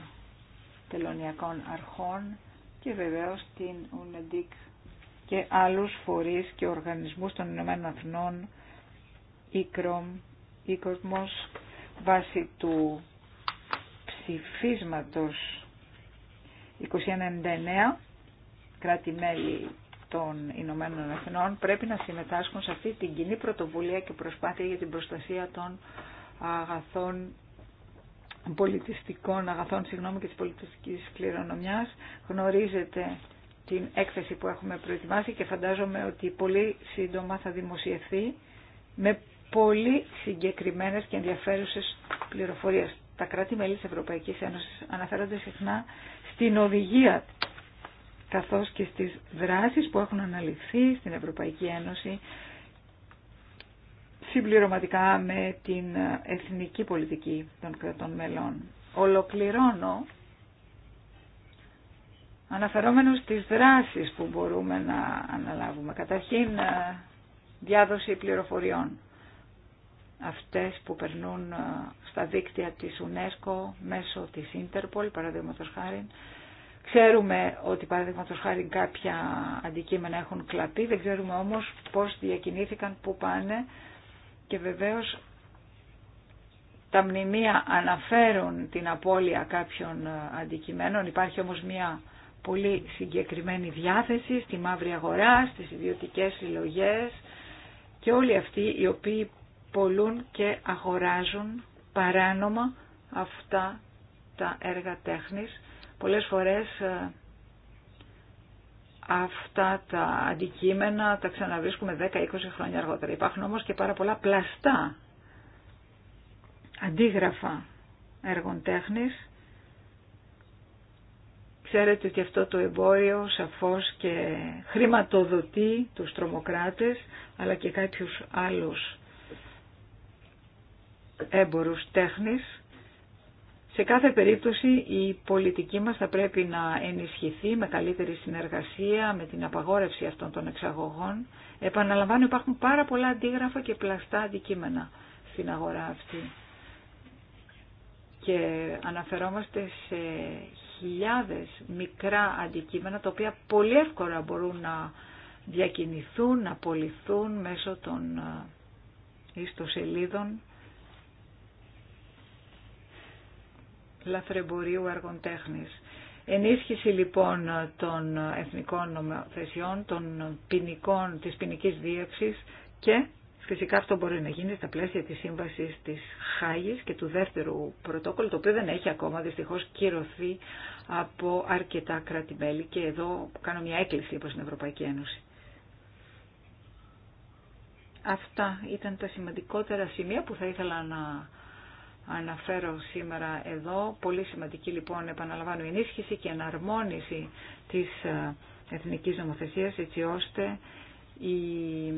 S1: τελωνιακών αρχών και βεβαίως την UNEDIC και άλλους φορείς και οργανισμούς των Ηνωμένων Αθηνών, ΙΚΡΟΜ, ΙΚΟΣΜΟΣ, βάσει του ψηφίσματος 2199, κράτη-μέλη των Ηνωμένων Εθνών πρέπει να συμμετάσχουν σε αυτή την κοινή πρωτοβουλία και προσπάθεια για την προστασία των αγαθών πολιτιστικών αγαθών συγγνώμη, και της πολιτιστικής κληρονομιάς. Γνωρίζετε την έκθεση που έχουμε προετοιμάσει και φαντάζομαι ότι πολύ σύντομα θα δημοσιευθεί με πολύ συγκεκριμένες και ενδιαφέρουσες πληροφορίες. Τα κράτη-μέλη της Ευρωπαϊκής Ένωσης αναφέρονται συχνά στην οδηγία καθώς και στις δράσεις που έχουν αναλυθεί στην Ευρωπαϊκή Ένωση συμπληρωματικά με την εθνική πολιτική των κρατών μελών. Ολοκληρώνω αναφερόμενος στις δράσεις που μπορούμε να αναλάβουμε. Καταρχήν ε, διάδοση πληροφοριών. Αυτές που περνούν ε, στα δίκτυα της UNESCO μέσω της Interpol, παραδείγματο χάρη, Ξέρουμε ότι παραδείγματο χάρη κάποια αντικείμενα έχουν κλαπεί, δεν ξέρουμε όμως πώς διακινήθηκαν, πού πάνε. Και βεβαίως τα μνημεία αναφέρουν την απώλεια κάποιων ε, αντικειμένων. Υπάρχει όμως μια πολύ συγκεκριμένη διάθεση στη μαύρη αγορά, στις ιδιωτικές συλλογέ και όλοι αυτοί οι οποίοι πολλούν και αγοράζουν παράνομα αυτά τα έργα τέχνης. Πολλές φορές ε, αυτά τα αντικείμενα τα ξαναβρίσκουμε 10-20 χρόνια αργότερα. Υπάρχουν όμως και πάρα πολλά πλαστά αντίγραφα έργων τέχνης. Ξέρετε ότι αυτό το εμπόριο σαφώς και χρηματοδοτεί τους τρομοκράτες αλλά και κάποιους άλλους έμπορους τέχνης σε κάθε περίπτωση η πολιτική μας θα πρέπει να ενισχυθεί με καλύτερη συνεργασία, με την απαγόρευση αυτών των εξαγωγών. Επαναλαμβάνω υπάρχουν πάρα πολλά αντίγραφα και πλαστά αντικείμενα στην αγορά αυτή. Και αναφερόμαστε σε χιλιάδες μικρά αντικείμενα τα οποία πολύ εύκολα μπορούν να διακινηθούν, να πολιθούν μέσω των ε, ιστοσελίδων λαθρεμπορίου έργων τέχνης. Ενίσχυση λοιπόν των εθνικών νομοθεσιών, των ποινικών, της ποινική δίωξης και φυσικά αυτό μπορεί να γίνει στα πλαίσια της σύμβασης της Χάγης και του δεύτερου πρωτόκολλου, το οποίο δεν έχει ακόμα δυστυχώς κυρωθεί από αρκετά κράτη-μέλη και εδώ κάνω μια έκκληση προς την Ευρωπαϊκή Ένωση. Αυτά ήταν τα σημαντικότερα σημεία που θα ήθελα να αναφέρω σήμερα εδώ. Πολύ σημαντική λοιπόν επαναλαμβάνω ενίσχυση και εναρμόνιση της ε, εθνικής νομοθεσίας έτσι ώστε η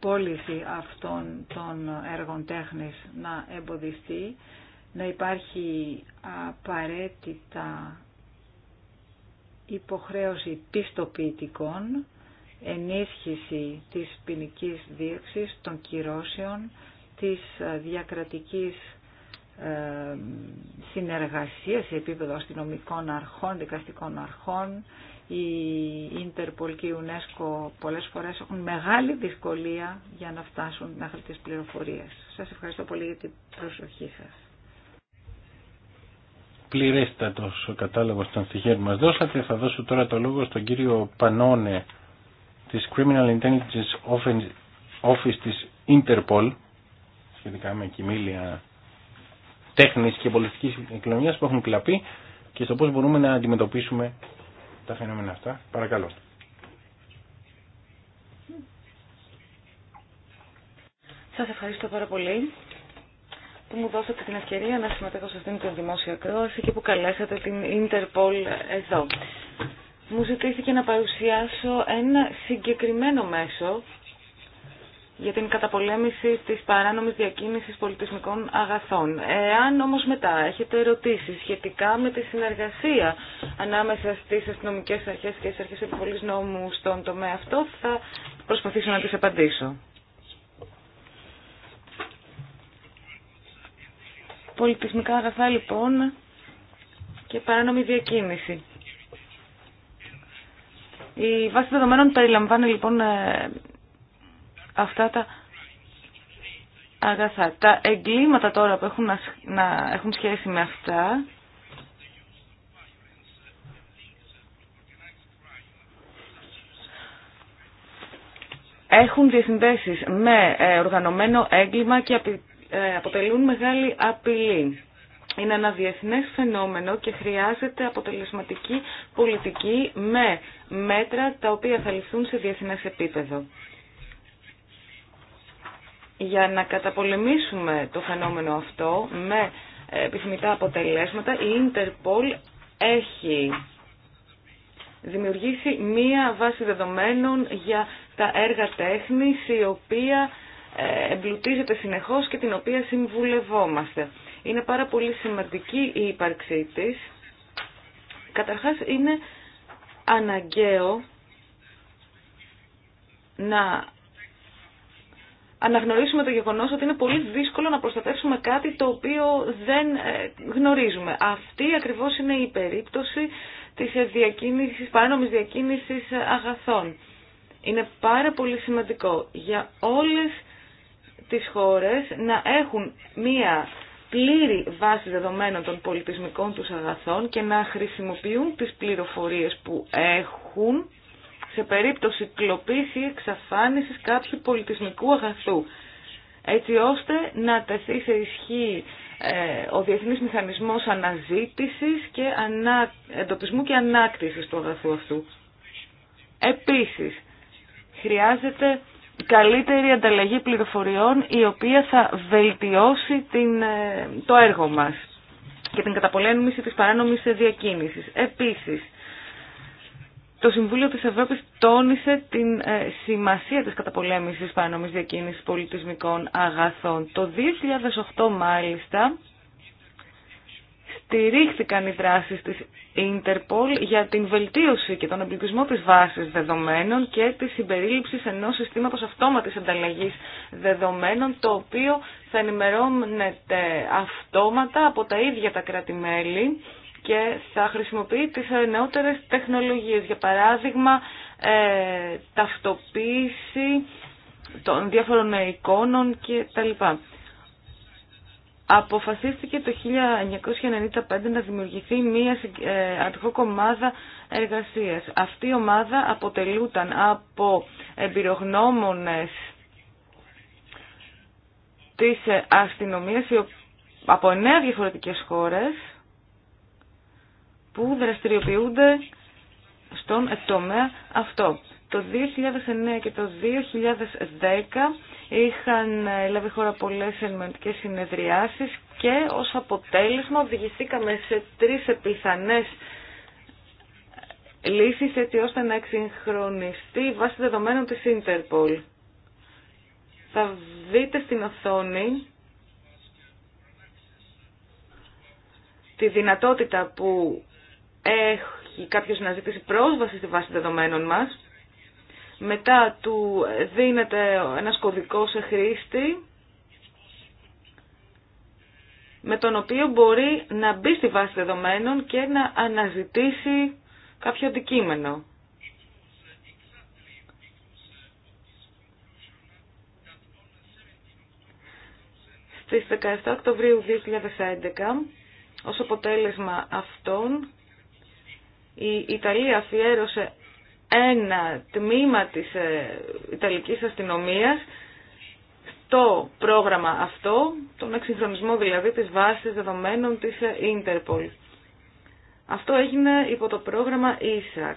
S1: πώληση αυτών των έργων τέχνης να εμποδιστεί, να υπάρχει απαραίτητα υποχρέωση πιστοποιητικών ενίσχυση της ποινική δίωξης, των κυρώσεων, της ε, διακρατικής ε, συνεργασίας σε επίπεδο αστυνομικών αρχών, δικαστικών αρχών. Η Ιντερπολ και η UNESCO πολλές φορές έχουν μεγάλη δυσκολία για να φτάσουν μέχρι τις πληροφορίες. Σας ευχαριστώ πολύ για την προσοχή σας.
S2: Πληρέστατος ο κατάλογος των στοιχείων μας δώσατε. Θα δώσω τώρα το λόγο στον κύριο Πανώνε της Criminal Intelligence Office της Interpol σχετικά με κοιμήλια τέχνης και πολιτικής εκλογίας που έχουν κλαπεί και στο πώς μπορούμε να αντιμετωπίσουμε τα φαινόμενα αυτά. Παρακαλώ.
S3: Σας ευχαριστώ πάρα πολύ που μου δώσατε την ευκαιρία να συμμετέχω σε αυτήν την δημόσια κρόαση και που καλέσατε την Interpol εδώ μου ζητήθηκε να παρουσιάσω ένα συγκεκριμένο μέσο για την καταπολέμηση της παράνομης διακίνησης πολιτισμικών αγαθών. Εάν όμως μετά έχετε ερωτήσεις σχετικά με τη συνεργασία ανάμεσα στις αστυνομικές αρχές και στις αρχές επιβολής νόμου στον τομέα αυτό, θα προσπαθήσω να τις απαντήσω. Πολιτισμικά αγαθά λοιπόν και παράνομη διακίνηση. Η βάση δεδομένων περιλαμβάνει λοιπόν ε, αυτά τα αγαθά. Τα εγκλήματα τώρα που έχουν, να, έχουν σχέση με αυτά έχουν διασυνδέσεις με ε, οργανωμένο έγκλημα και ε, αποτελούν μεγάλη απειλή είναι ένα διεθνές φαινόμενο και χρειάζεται αποτελεσματική πολιτική με μέτρα τα οποία θα ληφθούν σε διεθνές επίπεδο. Για να καταπολεμήσουμε το φαινόμενο αυτό με ε, επιθυμητά αποτελέσματα, η Interpol έχει δημιουργήσει μία βάση δεδομένων για τα έργα τέχνης η οποία ε, εμπλουτίζεται συνεχώς και την οποία συμβουλευόμαστε. Είναι πάρα πολύ σημαντική η ύπαρξή της. Καταρχάς είναι αναγκαίο να αναγνωρίσουμε το γεγονός ότι είναι πολύ δύσκολο να προστατεύσουμε κάτι το οποίο δεν ε, γνωρίζουμε. Αυτή ακριβώς είναι η περίπτωση της διακίνησης, παράνομης διακίνησης αγαθών. Είναι πάρα πολύ σημαντικό για όλες τις χώρες να έχουν μία πλήρη βάση δεδομένων των πολιτισμικών τους αγαθών και να χρησιμοποιούν τις πληροφορίες που έχουν σε περίπτωση κλοπής ή εξαφάνισης κάποιου πολιτισμικού αγαθού έτσι ώστε να τεθεί σε ισχύ ε, ο Διεθνής Μηχανισμός Αναζήτησης και ανα... εντοπισμού και ανάκτησης του αγαθού αυτού. Επίσης, χρειάζεται καλύτερη ανταλλαγή πληροφοριών η οποία θα βελτιώσει την, ε, το έργο μας και την καταπολέμηση της παράνομης διακίνησης. Επίσης, το Συμβούλιο της Ευρώπης τόνισε την ε, σημασία της καταπολέμησης παράνομης διακίνησης πολιτισμικών αγαθών. Το 2008 μάλιστα στηρίχθηκαν οι δράσει τη Interpol για την βελτίωση και τον εμπλουτισμό τη βάση δεδομένων και τη συμπερίληψη ενός συστήματο αυτόματης ανταλλαγής δεδομένων, το οποίο θα ενημερώνεται αυτόματα από τα ίδια τα κράτη-μέλη και θα χρησιμοποιεί τις νεότερες τεχνολογίες, για παράδειγμα ε, ταυτοποίηση των διάφορων εικόνων κτλ αποφασίστηκε το 1995 να δημιουργηθεί μία αρχικό ε, ομάδα εργασίας. Αυτή η ομάδα αποτελούταν από εμπειρογνώμονες της ε, αστυνομίας από εννέα διαφορετικές χώρες που δραστηριοποιούνται στον τομέα αυτό. Το 2009 και το 2010 Είχαν λάβει χώρα πολλές ενημερωτικές συνεδριάσεις και ως αποτέλεσμα οδηγηθήκαμε σε τρεις επιθανές λύσεις έτσι ώστε να εξυγχρονιστεί βάση δεδομένων της Interpol. Θα δείτε στην οθόνη τη δυνατότητα που έχει κάποιος να ζητήσει πρόσβαση στη βάση δεδομένων μας μετά του δίνεται ένας κωδικός σε χρήστη με τον οποίο μπορεί να μπει στη βάση δεδομένων και να αναζητήσει κάποιο αντικείμενο. Στις 17 Οκτωβρίου 2011, ως αποτέλεσμα αυτών, η Ιταλία αφιέρωσε ένα τμήμα της ε, Ιταλικής αστυνομίας στο πρόγραμμα αυτό, τον εξυγχρονισμό δηλαδή της βάσης δεδομένων της ε, Ίντερπολ. Αυτό έγινε υπό το πρόγραμμα ΙΣΑΚ.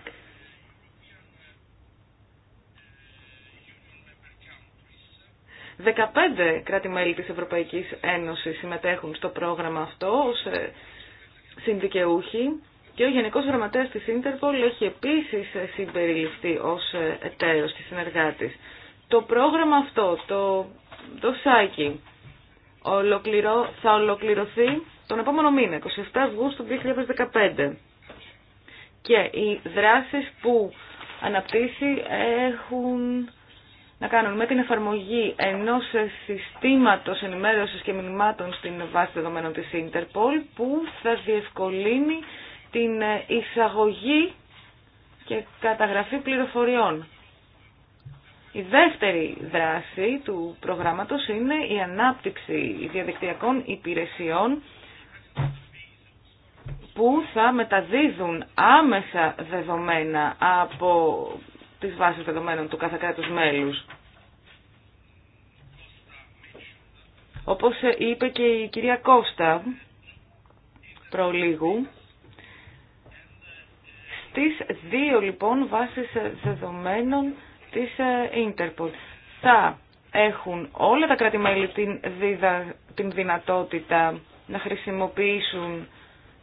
S3: Δεκαπέντε κράτη-μέλη της Ευρωπαϊκής Ένωσης συμμετέχουν στο πρόγραμμα αυτό ως ε, συνδικαιούχοι. Και ο Γενικό Γραμματέας της Ιντερπολ έχει επίσης συμπεριληφθεί ως εταίρος και συνεργάτης. Το πρόγραμμα αυτό, το, το ΣΑΚΙ, ολοκληρω, θα ολοκληρωθεί τον επόμενο μήνα, 27 Αυγούστου 2015. Και οι δράσεις που αναπτύσσει έχουν να κάνουν με την εφαρμογή ενός συστήματος ενημέρωσης και μηνυμάτων στην βάση δεδομένων της Interpol που θα διευκολύνει την εισαγωγή και καταγραφή πληροφοριών. Η δεύτερη δράση του προγράμματος είναι η ανάπτυξη διαδικτυακών υπηρεσιών που θα μεταδίδουν άμεσα δεδομένα από τις βάσεις δεδομένων του κάθε κράτους μέλους. Όπως είπε και η κυρία Κώστα προλίγου, Τις δύο λοιπόν βάσεις δεδομένων της ε, Interpol. Θα έχουν όλα τα κράτη-μέλη την, δυνατότητα να χρησιμοποιήσουν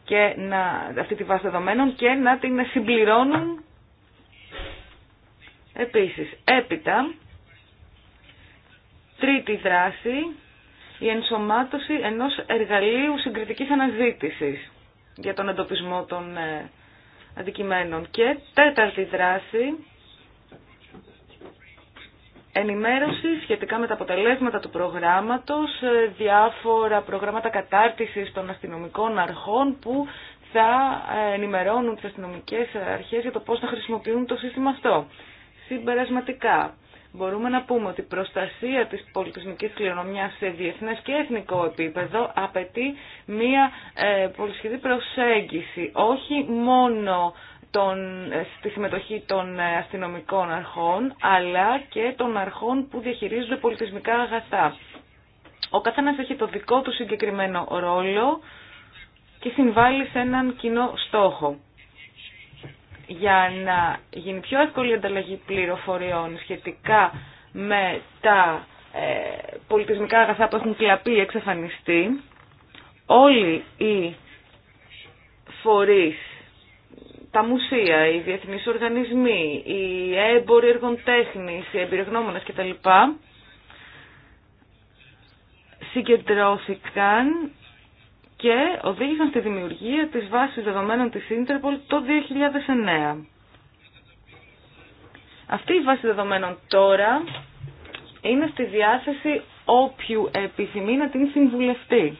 S3: και να, αυτή τη βάση δεδομένων και να την συμπληρώνουν επίσης. Έπειτα, τρίτη δράση, η ενσωμάτωση ενός εργαλείου συγκριτικής αναζήτησης για τον εντοπισμό των ε, αντικειμένων. Και τέταρτη δράση, ενημέρωση σχετικά με τα αποτελέσματα του προγράμματος, ε, διάφορα προγράμματα κατάρτισης των αστυνομικών αρχών που θα ε, ενημερώνουν τις αστυνομικές αρχές για το πώς θα χρησιμοποιούν το σύστημα αυτό. Συμπερασματικά, μπορούμε να πούμε ότι η προστασία της πολιτισμικής κληρονομιάς σε διεθνές και εθνικό επίπεδο απαιτεί μια ε, πολυσχεδή προσέγγιση, όχι μόνο τον, ε, στη συμμετοχή των ε, αστυνομικών αρχών, αλλά και των αρχών που διαχειρίζονται πολιτισμικά αγαθά. Ο καθένας έχει το δικό του συγκεκριμένο ρόλο και συμβάλλει σε έναν κοινό στόχο για να γίνει πιο εύκολη η ανταλλαγή πληροφοριών σχετικά με τα ε, πολιτισμικά αγαθά που έχουν κλαπεί ή εξαφανιστεί, όλοι οι φορείς, τα μουσεία, οι διεθνείς οργανισμοί, οι έμποροι έργων τέχνης, οι εμπειρογνώμονες κτλ. συγκεντρώθηκαν και οδήγησαν στη δημιουργία της βάσης δεδομένων της Interpol το 2009. Αυτή η βάση δεδομένων τώρα είναι στη διάθεση όποιου επιθυμεί να την συμβουλευτεί.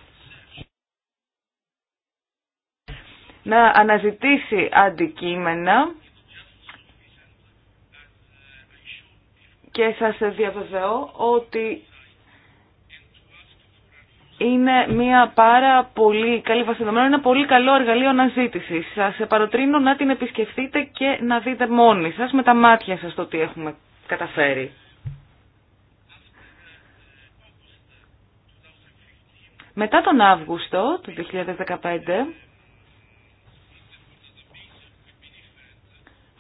S3: Να αναζητήσει αντικείμενα και σας διαβεβαιώ ότι είναι μια πάρα πολύ καλή βασιλεμένο, ένα πολύ καλό εργαλείο αναζήτηση. Σα παροτρύνω να την επισκεφτείτε και να δείτε μόνοι σα με τα μάτια σα το τι έχουμε καταφέρει. Μετά τον Αύγουστο του 2015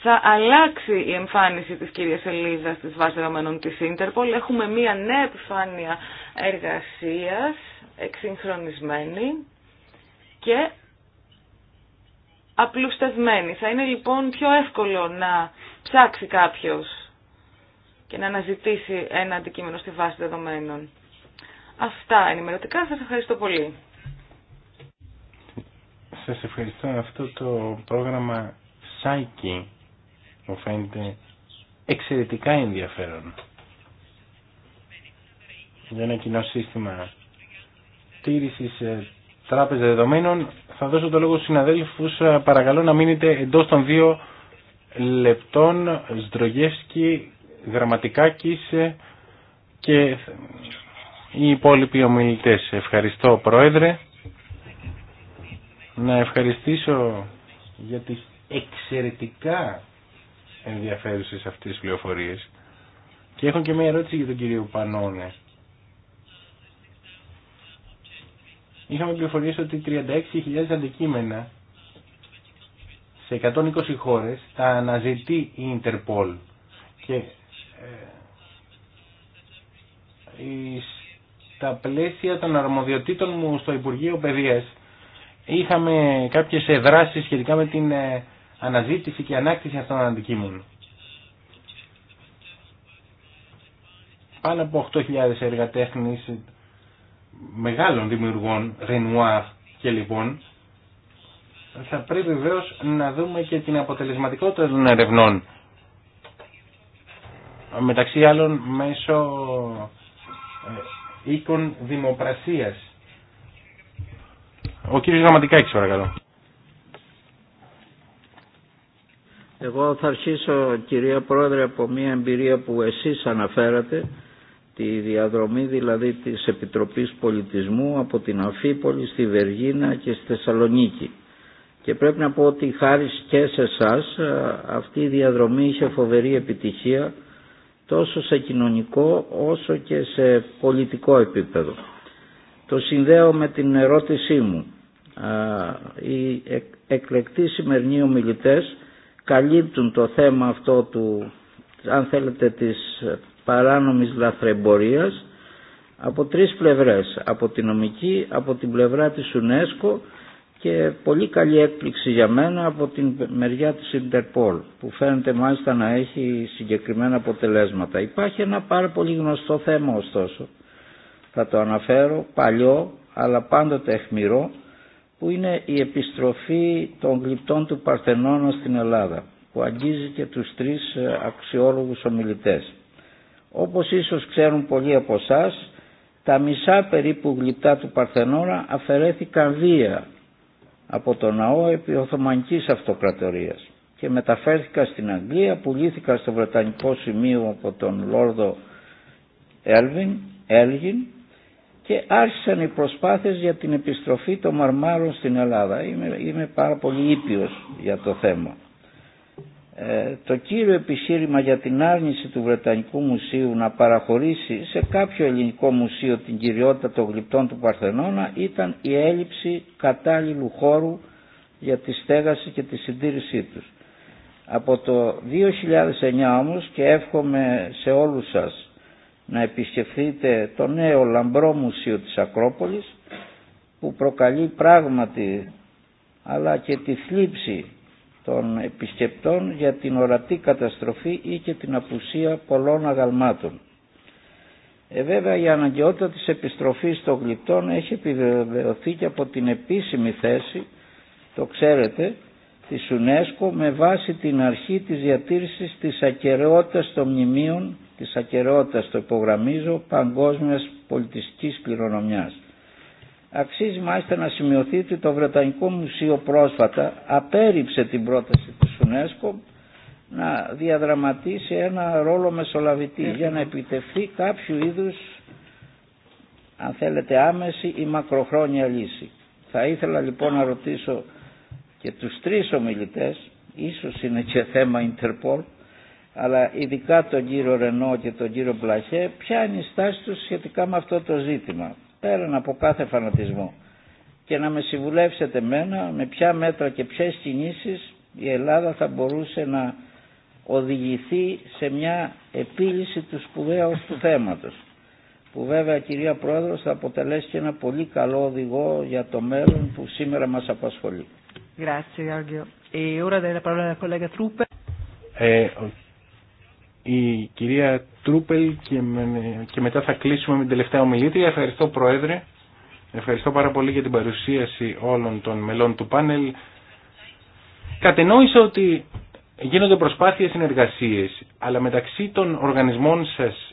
S3: θα αλλάξει η εμφάνιση της κυρίας Ελίζας της βάσης δεδομένων της Ίντερπολ. Έχουμε μία νέα επιφάνεια εργασίας εξυγχρονισμένη και απλουστευμένη. Θα είναι λοιπόν πιο εύκολο να ψάξει κάποιος και να αναζητήσει ένα αντικείμενο στη βάση δεδομένων. Αυτά ενημερωτικά. Σας ευχαριστώ πολύ.
S2: Σας ευχαριστώ. Αυτό το πρόγραμμα Psyche μου φαίνεται εξαιρετικά ενδιαφέρον. Για ένα κοινό σύστημα τήρησης ε, τράπεζα δεδομένων. Θα δώσω το λόγο στου συναδέλφου. Ε, παρακαλώ να μείνετε εντός των δύο λεπτών Σδρογεύσκη, Γραμματικάκης ε, και οι υπόλοιποι ομιλητέ. Ευχαριστώ Πρόεδρε. Να ευχαριστήσω για τι εξαιρετικά ενδιαφέρουσε αυτές τι πληροφορίε Και έχω και μια ερώτηση για τον κύριο Πανώνε. είχαμε πληροφορίες ότι 36.000 αντικείμενα σε 120 χώρες τα αναζητεί η Ιντερπολ και ε, στα πλαίσια των αρμοδιοτήτων μου στο Υπουργείο Παιδείας είχαμε κάποιες δράσεις σχετικά με την ε, αναζήτηση και ανάκτηση αυτών των αντικείμενων. Πάνω από 8.000 εργατέχνης μεγάλων δημιουργών, Renoir και λοιπόν, θα πρέπει βεβαίω να δούμε και την αποτελεσματικότητα των ερευνών. Μεταξύ άλλων μέσω ε,
S5: οίκων δημοπρασίας.
S2: Ο κύριος Γραμματικάκης παρακαλώ.
S5: Εγώ θα αρχίσω κυρία Πρόεδρε από μια εμπειρία που εσείς αναφέρατε τη διαδρομή δηλαδή της Επιτροπής Πολιτισμού από την Αφίπολη στη Βεργίνα και στη Θεσσαλονίκη. Και πρέπει να πω ότι χάρη και σε εσά ε, αυτή η διαδρομή είχε φοβερή επιτυχία τόσο σε κοινωνικό όσο και σε πολιτικό επίπεδο. Το συνδέω με την ερώτησή μου. Ε, οι εκλεκτοί σημερινοί ομιλητές καλύπτουν το θέμα αυτό του, αν θέλετε, της παράνομης λαθρεμπορίας από τρεις πλευρές, από την νομική, από την πλευρά της UNESCO και πολύ καλή έκπληξη για μένα από την μεριά της Interpol που φαίνεται μάλιστα να έχει συγκεκριμένα αποτελέσματα. Υπάρχει ένα πάρα πολύ γνωστό θέμα ωστόσο, θα το αναφέρω, παλιό αλλά πάντοτε εχμηρό που είναι η επιστροφή των γλυπτών του Παρθενώνα στην Ελλάδα που αγγίζει και τους τρεις ε, αξιόλογους ομιλητές. Όπως ίσως ξέρουν πολλοί από εσά, τα μισά περίπου γλυπτά του Παρθενώνα αφαιρέθηκαν βία από το ναό επί Οθωμανικής Αυτοκρατορίας και μεταφέρθηκαν στην Αγγλία, πουλήθηκαν στο Βρετανικό Σημείο από τον Λόρδο Έλβιν, Έλγιν και άρχισαν οι προσπάθειες για την επιστροφή των μαρμάρων στην Ελλάδα. Είμαι, είμαι πάρα πολύ ήπιος για το θέμα. Ε, το κύριο επιχείρημα για την άρνηση του Βρετανικού Μουσείου να παραχωρήσει σε κάποιο ελληνικό μουσείο την κυριότητα των γλυπτών του Παρθενώνα ήταν η έλλειψη κατάλληλου χώρου για τη στέγαση και τη συντήρησή τους. Από το 2009 όμως και εύχομαι σε όλους σας να επισκεφθείτε το νέο λαμπρό μουσείο της Ακρόπολης που προκαλεί πράγματι αλλά και τη θλίψη των επισκεπτών για την ορατή καταστροφή ή και την απουσία πολλών αγαλμάτων. Ε, βέβαια η αναγκαιότητα της επιστροφής των γλυπτών έχει επιβεβαιωθεί και από την επίσημη θέση, το ξέρετε, τη UNESCO με βάση την αρχή της διατήρησης της ακαιρεότητας των μνημείων, της ακαιρεότητας το υπογραμμίζω, παγκόσμιας πολιτιστικής κληρονομιάς. Αξίζει μάλιστα να σημειωθεί ότι το Βρετανικό Μουσείο πρόσφατα απέρριψε την πρόταση του UNESCO να διαδραματίσει ένα ρόλο μεσολαβητή ε, για να ε. επιτευχθεί κάποιο είδους αν θέλετε άμεση ή μακροχρόνια λύση. Θα ήθελα λοιπόν να ρωτήσω και τους τρεις ομιλητές, ίσως είναι και θέμα Ιντερπόλ, αλλά ειδικά τον κύριο Ρενό και τον κύριο Μπλαχέ, ποια είναι η στάση τους σχετικά με αυτό το ζήτημα πέραν από κάθε φανατισμό και να με συμβουλεύσετε μένα με ποια μέτρα και ποιες κινήσεις η Ελλάδα θα μπορούσε να οδηγηθεί σε μια επίλυση του σπουδαίου του θέματος που βέβαια κυρία Πρόεδρος θα αποτελέσει και ένα πολύ καλό οδηγό για το μέλλον που σήμερα μας απασχολεί. E ε,
S2: η κυρία Τρούπελ και, με, και μετά θα κλείσουμε με την τελευταία ομιλήτρια. Ευχαριστώ Πρόεδρε, ευχαριστώ πάρα πολύ για την παρουσίαση όλων των μελών του πάνελ. Κατενόησα ότι γίνονται προσπάθειες συνεργασίες, αλλά μεταξύ των οργανισμών σας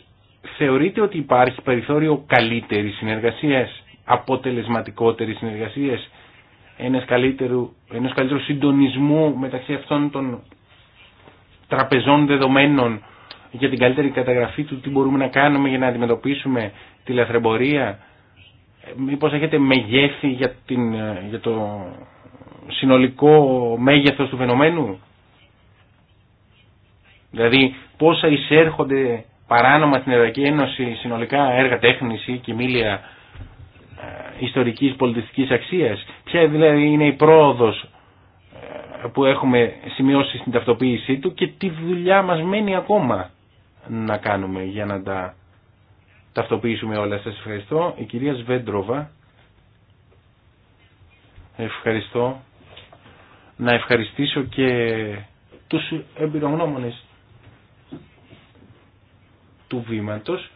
S2: θεωρείτε ότι υπάρχει περιθώριο καλύτερης συνεργασίας, αποτελεσματικότερης συνεργασίας, ένας, ένας καλύτερου συντονισμού μεταξύ αυτών των τραπεζών δεδομένων για την καλύτερη καταγραφή του τι μπορούμε να κάνουμε για να αντιμετωπίσουμε τη λαθρεμπορία. Μήπως έχετε μεγέθη για, την, για το συνολικό μέγεθος του φαινομένου. Δηλαδή πόσα εισέρχονται παράνομα στην Ευρωπαϊκή Ένωση συνολικά έργα τέχνης ή κοιμήλια ε, ιστορικής πολιτιστικής αξίας. Ποια δηλαδή είναι και μίλια ιστορικης πολιτιστικης αξιας ποια δηλαδη ειναι η προοδος ε, που έχουμε σημειώσει στην ταυτοποίησή του και τι δουλειά μας μένει ακόμα να κάνουμε για να τα ταυτοποιήσουμε όλα. Σας ευχαριστώ. Η κυρία Σβέντροβα. Ευχαριστώ. Να ευχαριστήσω και τους εμπειρογνώμονες του βήματος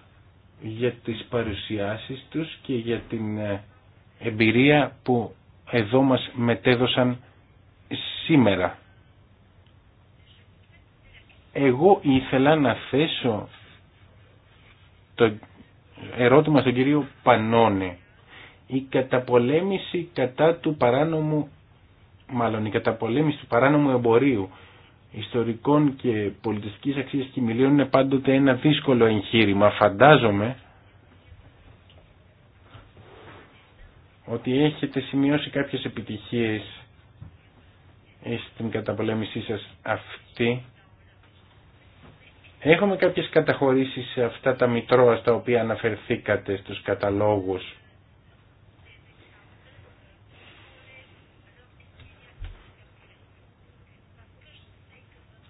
S2: για τις παρουσιάσεις τους και για την εμπειρία που εδώ μας μετέδωσαν σήμερα. Εγώ ήθελα να θέσω το ερώτημα στον κύριο Πανώνε. Η καταπολέμηση κατά του παράνομου, μάλλον η καταπολέμηση του παράνομου εμπορίου ιστορικών και πολιτιστικής αξίας κοιμηλίων είναι πάντοτε ένα δύσκολο εγχείρημα. Φαντάζομαι ότι έχετε σημειώσει κάποιες επιτυχίες στην καταπολέμησή σας αυτή Έχουμε κάποιες καταχωρήσεις σε αυτά τα μητρώα στα οποία αναφερθήκατε στους καταλόγους.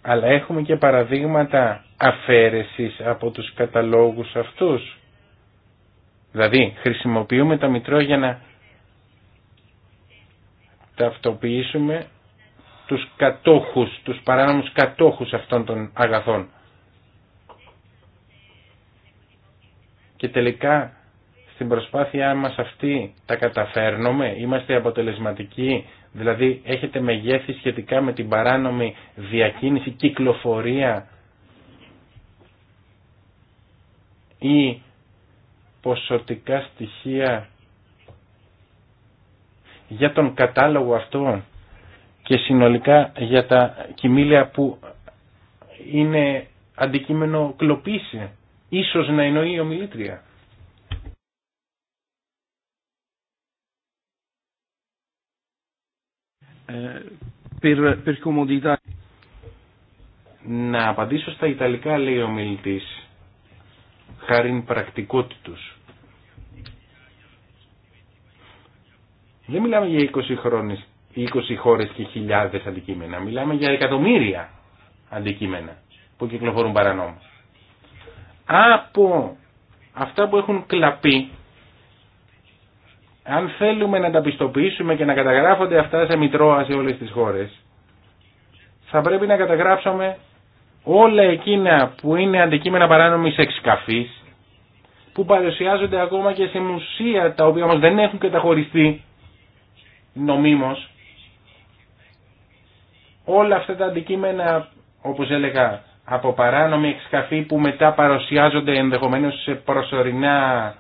S2: Αλλά έχουμε και παραδείγματα αφαίρεσης από τους καταλόγους αυτούς. Δηλαδή χρησιμοποιούμε τα μητρώα για να ταυτοποιήσουμε τους κατόχους, τους παράνομους κατόχους αυτών των αγαθών. και τελικά στην προσπάθειά μας αυτή τα καταφέρνουμε, είμαστε αποτελεσματικοί, δηλαδή έχετε μεγέθη σχετικά με την παράνομη διακίνηση, κυκλοφορία ή ποσοτικά στοιχεία για τον κατάλογο αυτό και συνολικά για τα κοιμήλια που είναι αντικείμενο κλοπής Ίσως να εννοεί η ομιλήτρια. Ε, να απαντήσω στα Ιταλικά λέει ο μιλητής χάριν πρακτικότητους. Δεν μιλάμε για 20, χρόνες, 20 χώρες και χιλιάδες αντικείμενα. Μιλάμε για εκατομμύρια αντικείμενα που κυκλοφορούν παρανόμως από αυτά που έχουν κλαπεί αν θέλουμε να τα πιστοποιήσουμε και να καταγράφονται αυτά σε μητρώα σε όλες τις χώρες θα πρέπει να καταγράψουμε όλα εκείνα που είναι αντικείμενα παράνομης εξκαφής που παρουσιάζονται ακόμα και σε μουσεία τα οποία όμως δεν έχουν καταχωριστεί νομίμως όλα αυτά τα αντικείμενα όπως έλεγα από παράνομη εξκαφή που μετά παρουσιάζονται ενδεχομένως σε προσωρινά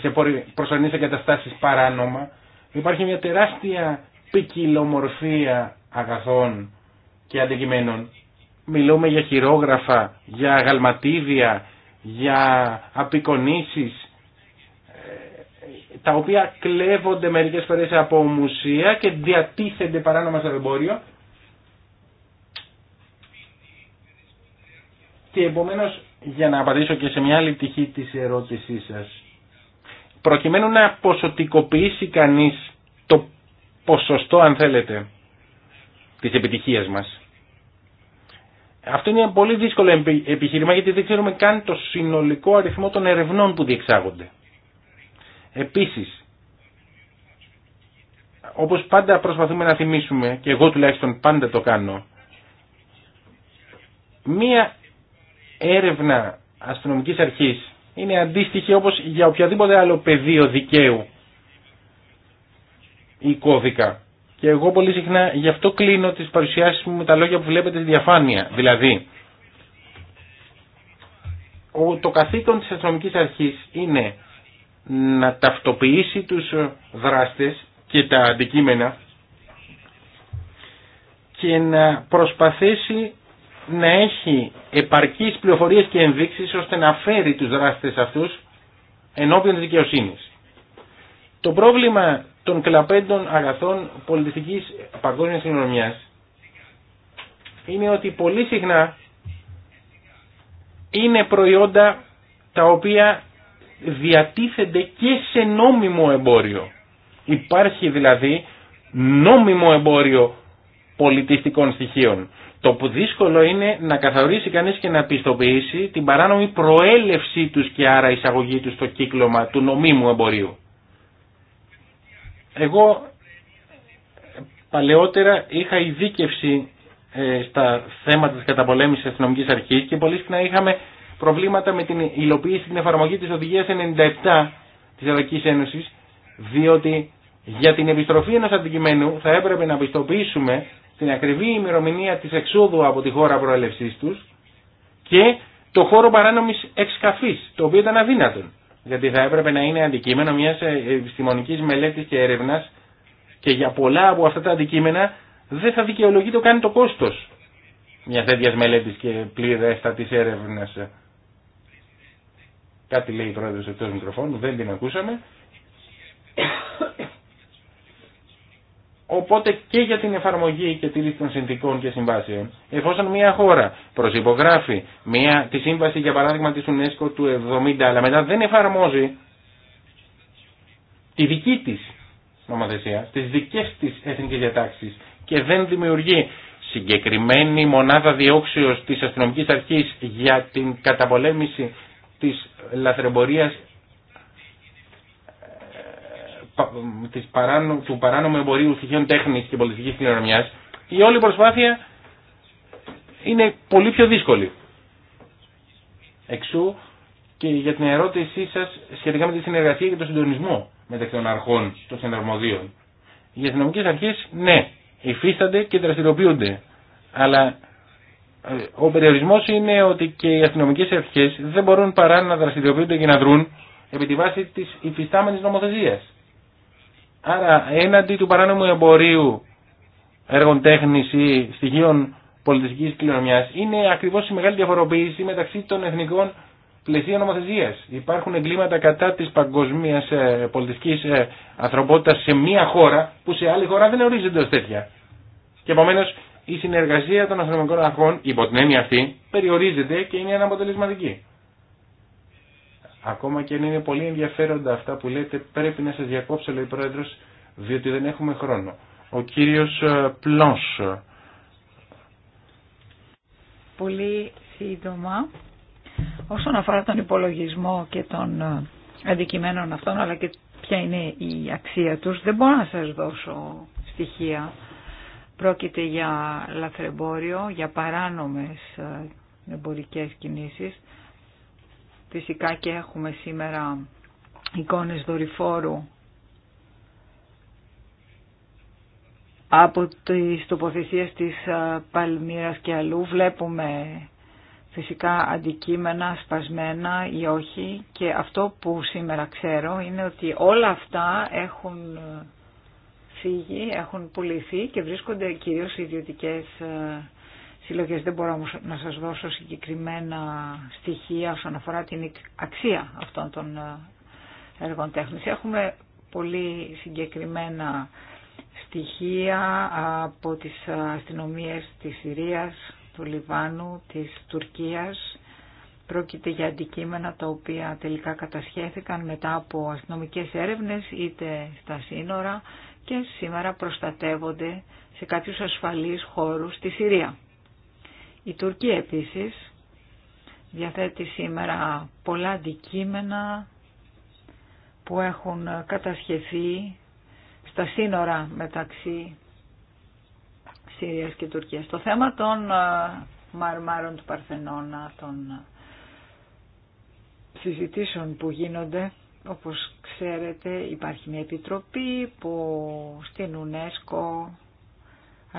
S2: σε προσωρινές εγκαταστάσεις παράνομα υπάρχει μια τεράστια ποικιλομορφία αγαθών και αντικειμένων μιλούμε για χειρόγραφα για αγαλματίδια για απεικονίσεις
S4: ε,
S2: τα οποία κλέβονται μερικές φορές από μουσεία και διατίθενται παράνομα στο εμπόριο Και επομένω για να απαντήσω και σε μια άλλη πτυχή της ερώτησής σας, προκειμένου να ποσοτικοποιήσει κανείς το ποσοστό, αν θέλετε, της επιτυχίας μας, αυτό είναι ένα πολύ δύσκολο επιχείρημα γιατί δεν ξέρουμε καν το συνολικό αριθμό των ερευνών που διεξάγονται. Επίσης, όπως πάντα προσπαθούμε να θυμίσουμε, και εγώ τουλάχιστον πάντα το κάνω, μία έρευνα αστυνομικής αρχής είναι αντίστοιχη όπως για οποιαδήποτε άλλο πεδίο δικαίου ή κώδικα. Και εγώ πολύ συχνά γι' αυτό κλείνω τις παρουσιάσεις μου με τα λόγια που βλέπετε στη διαφάνεια. Δηλαδή, το καθήκον της αστυνομικής αρχής είναι να ταυτοποιήσει τους δράστες και τα αντικείμενα και να προσπαθήσει να έχει επαρκείς πληροφορίες και ενδείξεις ώστε να φέρει τους δράστες αυτούς ενώπιον της δικαιοσύνης. Το πρόβλημα των κλαπέντων αγαθών πολιτιστικής παγκόσμιας κληρονομιάς είναι ότι πολύ συχνά είναι προϊόντα τα οποία διατίθενται και σε νόμιμο εμπόριο. Υπάρχει δηλαδή νόμιμο εμπόριο πολιτιστικών στοιχείων. Το που δύσκολο είναι να καθορίσει κανείς και να πιστοποιήσει την παράνομη προέλευσή τους και άρα εισαγωγή τους στο κύκλωμα του νομίμου εμπορίου. Εγώ παλαιότερα είχα ειδίκευση ε, στα θέματα της καταπολέμησης της αστυνομικής αρχής και πολύ συχνά είχαμε προβλήματα με την υλοποίηση την εφαρμογή της οδηγίας 97 της Ευρωπαϊκής Ένωσης διότι για την επιστροφή ενός αντικειμένου θα έπρεπε να πιστοποιήσουμε την ακριβή ημερομηνία της εξόδου από τη χώρα προέλευσής τους και το χώρο παράνομης εξκαφής, το οποίο ήταν αδύνατον. Γιατί θα έπρεπε να είναι αντικείμενο μιας ε, επιστημονικής μελέτης και έρευνας και για πολλά από αυτά τα αντικείμενα δεν θα δικαιολογεί το κάνει το κόστος μια τέτοια μελέτης και πλήρεστατης έρευνας. Κάτι λέει η πρόεδρος εκτός μικροφώνου, δεν την ακούσαμε. Οπότε και για την εφαρμογή και τη λύση των συνθήκων και συμβάσεων, εφόσον μια χώρα προσυπογράφει μια, τη σύμβαση για παράδειγμα της UNESCO του 70, αλλά μετά δεν εφαρμόζει τη δική της νομοθεσία, τις δικές της εθνικές διατάξεις και δεν δημιουργεί συγκεκριμένη μονάδα διώξεως της αστυνομικής αρχής για την καταπολέμηση της λαθρεμπορίας της παράνο, του παράνομου εμπορίου στοιχείων τέχνης και πολιτικής κληρονομιάς, η όλη προσπάθεια είναι πολύ πιο δύσκολη. Εξού και για την ερώτησή σας σχετικά με τη συνεργασία και τον συντονισμό μεταξύ των αρχών των συναρμοδίων. Οι αστυνομικές αρχές, ναι, υφίστανται και δραστηριοποιούνται. Αλλά ε, ο περιορισμός είναι ότι και οι αστυνομικέ αρχές δεν μπορούν παρά να δραστηριοποιούνται και να δρουν επί τη βάση της υφιστάμενης νομοθεσίας. Άρα έναντι του παράνομου εμπορίου έργων τέχνης ή στοιχείων πολιτιστικής κληρονομιάς είναι ακριβώς η μεγάλη διαφοροποίηση μεταξύ των εθνικών πλαισίων νομοθεσία. Υπάρχουν εγκλήματα κατά της παγκοσμίας ε, πολιτιστικής ε, ανθρωπότητας σε μία χώρα που σε άλλη χώρα δεν ορίζονται ως τέτοια. Και επομένω η συνεργασία των αστυνομικών αρχών υπό την έννοια αυτή περιορίζεται και είναι αναποτελεσματική. Ακόμα και αν είναι πολύ ενδιαφέροντα αυτά που λέτε, πρέπει να σα διακόψω, λέει ο Πρόεδρος, διότι δεν έχουμε χρόνο. Ο κύριος ε,
S1: Πλό. Πολύ σύντομα. Όσον αφορά τον υπολογισμό και των ε, αντικειμένων αυτών, αλλά και ποια είναι η αξία τους, δεν μπορώ να σας δώσω στοιχεία. Πρόκειται για λαθρεμπόριο, για παράνομες ε, εμπορικές κινήσεις. Φυσικά και έχουμε σήμερα εικόνες δορυφόρου από τις τοποθεσίες της ε, Παλμύρας και αλλού βλέπουμε φυσικά αντικείμενα σπασμένα ή όχι και αυτό που σήμερα ξέρω είναι ότι όλα αυτά έχουν ε, φύγει, έχουν πουληθεί και βρίσκονται κυρίως ιδιωτικές ε, συλλογές. Δεν μπορώ όμως να σας δώσω συγκεκριμένα στοιχεία όσον αφορά την αξία αυτών των ε, έργων τέχνης. Έχουμε πολύ συγκεκριμένα στοιχεία από τις αστυνομίες της Συρίας, του Λιβάνου, της Τουρκίας. Πρόκειται για αντικείμενα τα οποία τελικά κατασχέθηκαν μετά από αστυνομικές έρευνες είτε στα σύνορα και σήμερα προστατεύονται σε κάποιους ασφαλείς χώρους στη Συρία. Η Τουρκία επίσης διαθέτει σήμερα πολλά αντικείμενα που έχουν κατασχεθεί στα σύνορα μεταξύ Συρίας και Τουρκίας. Το θέμα των ε, μαρμάρων του Παρθενώνα, των ε, συζητήσεων που γίνονται, όπως ξέρετε υπάρχει μια επιτροπή που στην UNESCO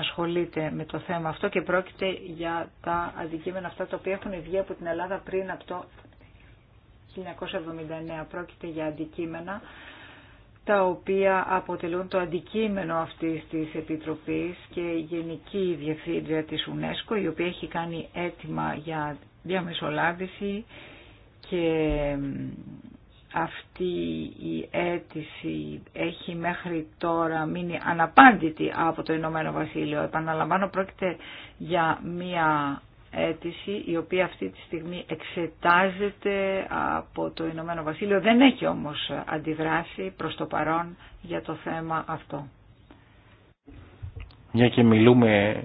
S1: ασχολείται με το θέμα αυτό και πρόκειται για τα αντικείμενα αυτά τα οποία έχουν βγει από την Ελλάδα πριν από το 1979. Πρόκειται για αντικείμενα τα οποία αποτελούν το αντικείμενο αυτής της Επιτροπής και η Γενική Διευθύντρια της UNESCO η οποία έχει κάνει έτοιμα για διαμεσολάβηση και αυτή η αίτηση έχει μέχρι τώρα μείνει αναπάντητη από το Ηνωμένο Βασίλειο. Επαναλαμβάνω πρόκειται για μία αίτηση η οποία αυτή τη στιγμή εξετάζεται από το Ηνωμένο Βασίλειο. Δεν έχει όμως αντιδράσει προς το παρόν για το θέμα αυτό.
S2: Μια και μιλούμε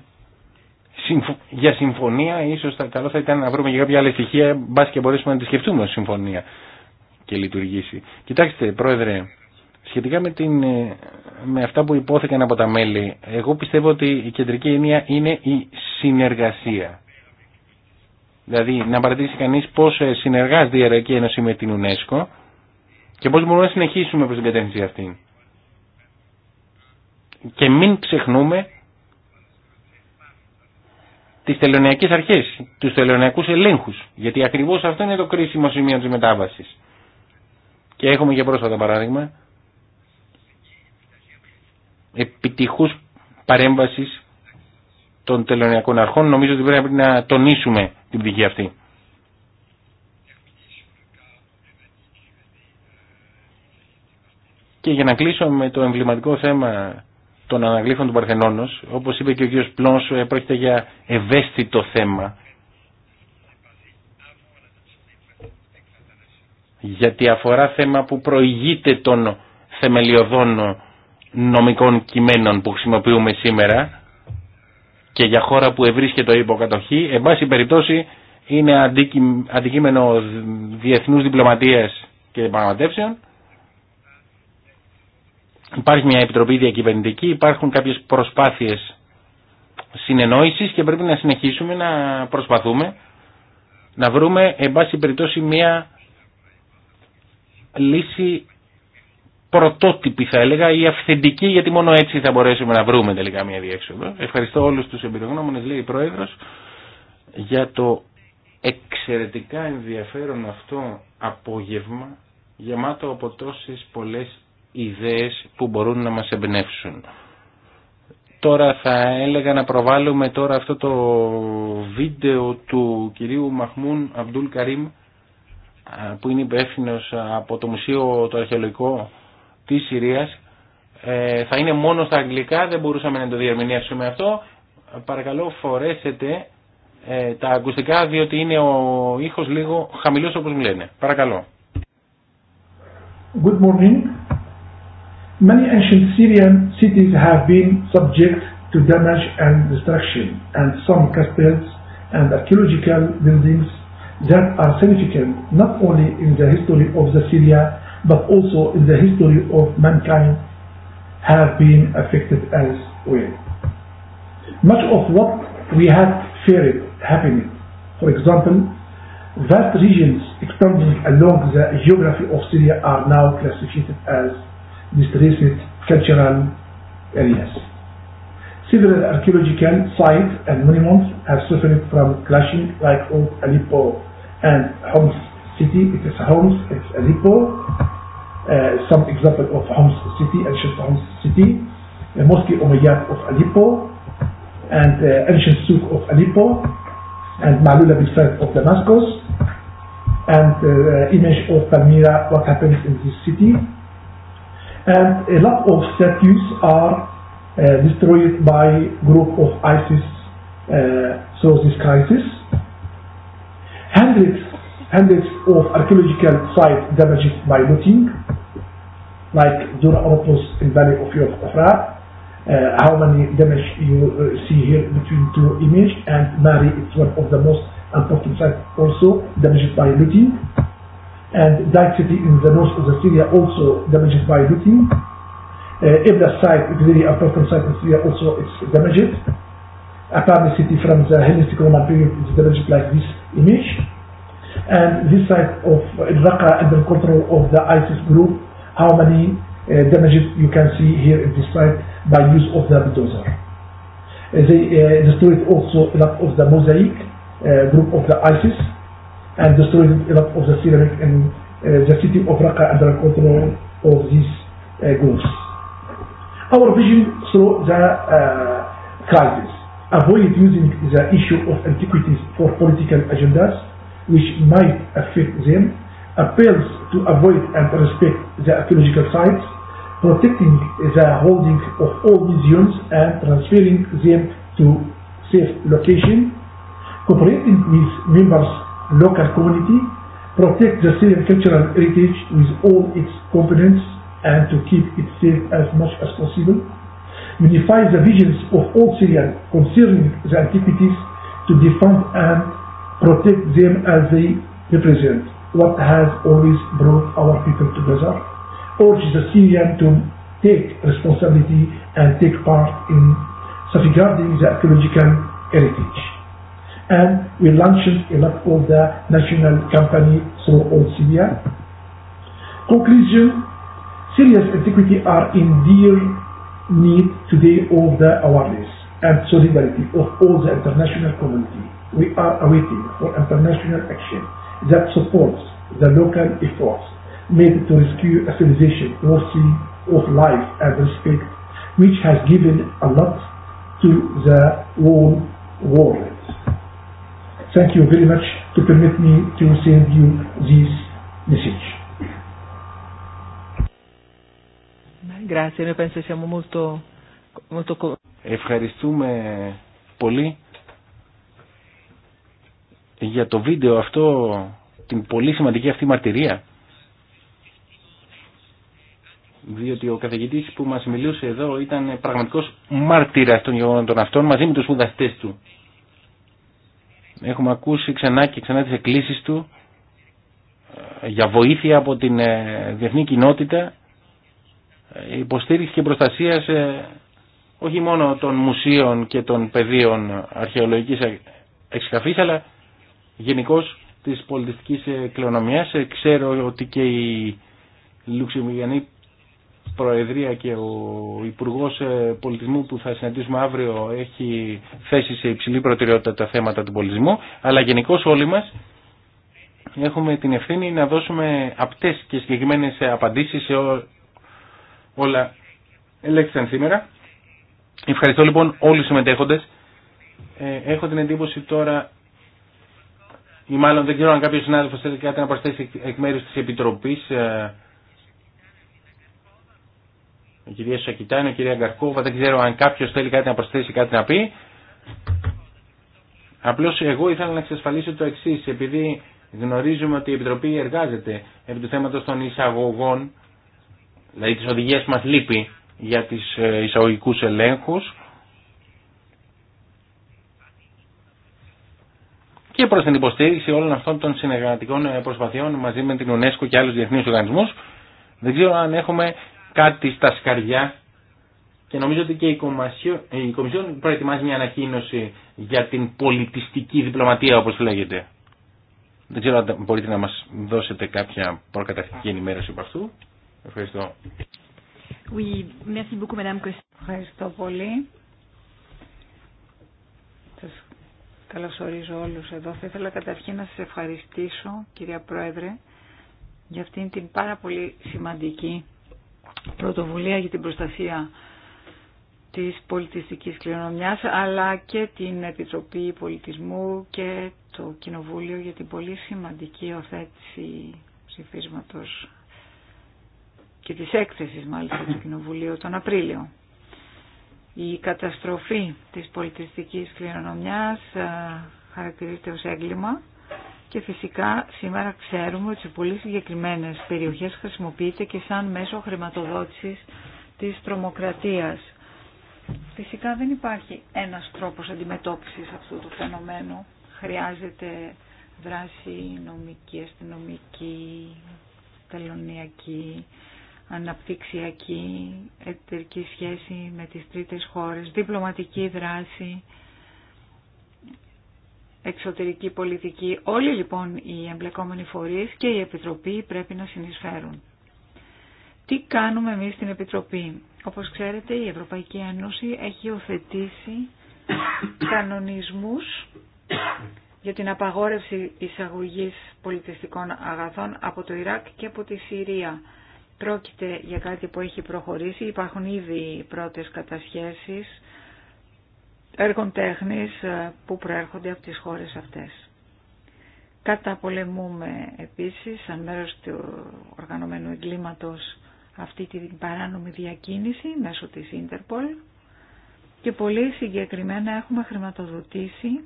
S2: για συμφωνία, ίσως καλό θα ήταν να βρούμε και κάποια άλλη στοιχεία, μπας και μπορέσουμε να τη σκεφτούμε ως συμφωνία και λειτουργήσει. Κοιτάξτε, Πρόεδρε, σχετικά με, την, ε, με αυτά που υπόθηκαν από τα μέλη, εγώ πιστεύω ότι η κεντρική έννοια είναι η συνεργασία. Δηλαδή, να παρατηρήσει κανείς πώς ε, συνεργάζεται η Ένωση με την UNESCO και πώς μπορούμε να συνεχίσουμε προς την κατεύθυνση αυτή. Και μην ξεχνούμε τις τελωνιακές αρχές, τους τελωνιακούς ελέγχους, γιατί ακριβώς αυτό είναι το κρίσιμο σημείο της μετάβασης. Και έχουμε και πρόσφατα παράδειγμα επιτυχούς παρέμβασης των τελωνιακών αρχών. Νομίζω ότι πρέπει να τονίσουμε την πτυχή αυτή. Και για να κλείσω με το εμβληματικό θέμα των αναγλήφων του Παρθενώνος, όπως είπε και ο κ. Πλόνσο, ε, πρόκειται για ευαίσθητο θέμα γιατί αφορά θέμα που προηγείται των θεμελιωδών νομικών κειμένων που χρησιμοποιούμε σήμερα και για χώρα που ευρίσκεται υποκατοχή, εν πάση περιπτώσει είναι αντικείμενο διεθνούς διπλωματίας και διαπραγματεύσεων. Υπάρχει μια επιτροπή διακυβερνητική, υπάρχουν κάποιες προσπάθειες συνεννόησης και πρέπει να συνεχίσουμε να προσπαθούμε να βρούμε, εν πάση περιπτώσει, μια λύση πρωτότυπη θα έλεγα ή αυθεντική γιατί μόνο έτσι θα μπορέσουμε να βρούμε τελικά μια διέξοδο. Ευχαριστώ όλους τους εμπειρογνώμονες λέει η Πρόεδρος για το εξαιρετικά ενδιαφέρον αυτό απόγευμα γεμάτο από τόσες πολλές ιδέες που μπορούν να μας εμπνεύσουν. Τώρα θα έλεγα να προβάλλουμε τώρα αυτό το βίντεο του κυρίου Μαχμούν Αμπτούλ Καρίμ που είναι υπεύθυνο ε, από το Μουσείο το Αρχαιολογικό της Συρίας ε, θα είναι μόνο στα αγγλικά, δεν μπορούσαμε να το διερμηνεύσουμε αυτό. Παρακαλώ φορέσετε ε, τα ακουστικά διότι είναι ο ήχος λίγο χαμηλός όπως μου λένε. Παρακαλώ.
S4: Good morning. Many ancient Syrian cities have been subject to damage and destruction and some castles and archaeological buildings that are significant not only in the history of the Syria but also in the history of mankind have been affected as well. Much of what we had feared happening, for example, vast regions extending along the geography of Syria are now classified as distressed cultural areas. Several archaeological sites and monuments have suffered from clashing like old Aleppo and Homs city, it is Homs, it's Aleppo, uh, some example of Homs city, ancient Homs city, mosque mostly of Aleppo, and uh, ancient souk of Aleppo, and Malula beside of Damascus, and uh, image of Palmyra, what happens in this city. And a lot of statues are destroyed by group of ISIS, uh, so this crisis hundreds, hundreds of archaeological sites damaged by looting, like Dura Oropos in Valley of Yofra, uh, how many damage you see here between two images? and Mari is one of the most important sites also damaged by looting, and Dyke City in the north of the Syria also damaged by looting. Uh, the site, a very important site in Syria also is damaged a city from the Hellenistic Roman period is like this image. And this side of Raqqa under control of the ISIS group, how many uh, damages you can see here in this side by use of the bulldozer. they destroyed also a lot of the mosaic group of the ISIS and destroyed a lot of the ceramic and uh, the city of Raqqa under control of these uh, groups. Our vision through the uh, crisis avoid using the issue of antiquities for political agendas which might affect them, appeals to avoid and respect the archaeological sites, protecting the holding of all museums and transferring them to safe location, cooperating with members local community, protect the Syrian cultural heritage with all its components and to keep it safe as much as possible, we defy the visions of all Syrians concerning the antiquities to defend and protect them as they represent what has always brought our people together, urge the Syrian to take responsibility and take part in safeguarding the archaeological heritage. And we launched a lot of the national company through all Syria. Conclusion, Syria's antiquity are in dear need today of the awareness and solidarity of all the international community. We are awaiting for international action that supports the local efforts made to rescue a civilization worthy of life and respect, which has given a lot to the whole world. Thank you very much to permit me to send you this message.
S2: Ευχαριστούμε πολύ για το βίντεο αυτό, την πολύ σημαντική αυτή μαρτυρία. Διότι ο καθηγητής που μας μιλούσε εδώ ήταν πραγματικός μάρτυρας των γεγονότων αυτών μαζί με τους σπουδαστές του. Έχουμε ακούσει ξανά και ξανά τις εκκλήσεις του ε, για βοήθεια από την ε, διεθνή κοινότητα υποστήριξη και προστασία σε, όχι μόνο των μουσείων και των πεδίων αρχαιολογικής ε, εξκαφής αλλά γενικώ της πολιτιστικής κληρονομιάς. Ε, ξέρω ότι και η Λουξεμβουργιανή Προεδρία και ο Υπουργός ε, Πολιτισμού που θα συναντήσουμε αύριο έχει θέσει σε υψηλή προτεραιότητα τα θέματα του πολιτισμού αλλά γενικώ όλοι μας έχουμε την ευθύνη να δώσουμε απτές και συγκεκριμένες απαντήσεις σε όλα ελέγχθησαν σήμερα. Ευχαριστώ λοιπόν όλους τους συμμετέχοντες. Ε, έχω την εντύπωση τώρα, ή μάλλον δεν ξέρω αν κάποιος συνάδελφος θέλει κάτι να προσθέσει εκ μέρους της Επιτροπής. Ε, η κυρία Σακητάνη, η κυρία Γκαρκόβα, δεν ξέρω αν κάποιος θέλει κάτι να προσθέσει, κάτι να πει. Απλώς εγώ ήθελα να εξασφαλίσω το εξή, επειδή γνωρίζουμε ότι η Επιτροπή εργάζεται επί του θέματος των εισαγωγών δηλαδή της οδηγίας μας λείπει για τις ε, εισαγωγικούς ελέγχους και προς την υποστήριξη όλων αυτών των συνεργατικών ε, προσπαθειών μαζί με την UNESCO και άλλους διεθνείς οργανισμούς. Δεν ξέρω αν έχουμε κάτι στα σκαριά και νομίζω ότι και η Κομισιόν προετοιμάζει μια ανακοίνωση για την πολιτιστική διπλωματία όπως λέγεται. Δεν ξέρω αν μπορείτε να μας δώσετε κάποια προκαταρχική ενημέρωση από αυτού. Ευχαριστώ.
S1: Oui, Ευχαριστώ πολύ. Σα καλωσορίζω όλους εδώ. Θα ήθελα καταρχήν να σας ευχαριστήσω, κυρία Πρόεδρε, για αυτήν την πάρα πολύ σημαντική πρωτοβουλία για την προστασία της πολιτιστικής κληρονομιάς, αλλά και την Επιτροπή Πολιτισμού και το Κοινοβούλιο για την πολύ σημαντική οθέτηση ψηφίσματος και της έκθεσης μάλιστα του Κοινοβουλίου τον Απρίλιο. Η καταστροφή της πολιτιστικής κληρονομιάς ε, χαρακτηρίζεται ως έγκλημα και φυσικά σήμερα ξέρουμε ότι σε πολύ συγκεκριμένες περιοχές χρησιμοποιείται και σαν μέσο χρηματοδότησης της τρομοκρατίας. Φυσικά δεν υπάρχει ένας τρόπος αντιμετώπισης αυτού του φαινομένου. Χρειάζεται δράση νομική, αστυνομική, τελωνιακή, αναπτυξιακή εταιρική σχέση με τις τρίτες χώρες, διπλωματική δράση, εξωτερική πολιτική. Όλοι λοιπόν οι εμπλεκόμενοι φορείς και η Επιτροπή πρέπει να συνεισφέρουν. Τι κάνουμε εμείς στην Επιτροπή. Όπως ξέρετε η Ευρωπαϊκή Ένωση έχει οθετήσει κανονισμούς για την απαγόρευση εισαγωγής πολιτιστικών αγαθών από το Ιράκ και από τη Συρία. Πρόκειται για κάτι που έχει προχωρήσει, υπάρχουν ήδη πρώτες κατασχέσεις έργων τέχνης ε, που προέρχονται από τις χώρες αυτές. Καταπολεμούμε επίσης, σαν μέρος του οργανωμένου εγκλήματος, αυτή την παράνομη διακίνηση μέσω της Ίντερπολ και πολύ συγκεκριμένα έχουμε χρηματοδοτήσει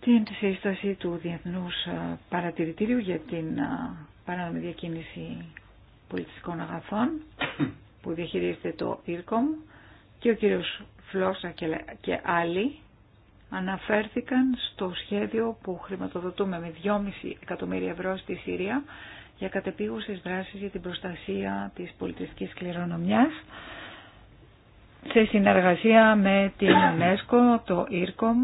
S1: την σύσταση του Διεθνούς ε, Παρατηρητήριου για την ε, παράνομη διακίνηση πολιτιστικών αγαθών που διαχειρίζεται το ΙΡΚΟΜ και ο κύριος Φλώσσα και άλλοι αναφέρθηκαν στο σχέδιο που χρηματοδοτούμε με 2,5 εκατομμύρια ευρώ στη Συρία για κατεπίγουσες δράσεις για την προστασία της πολιτιστικής κληρονομιάς σε συνεργασία με την UNESCO, το ΙΡΚΟΜ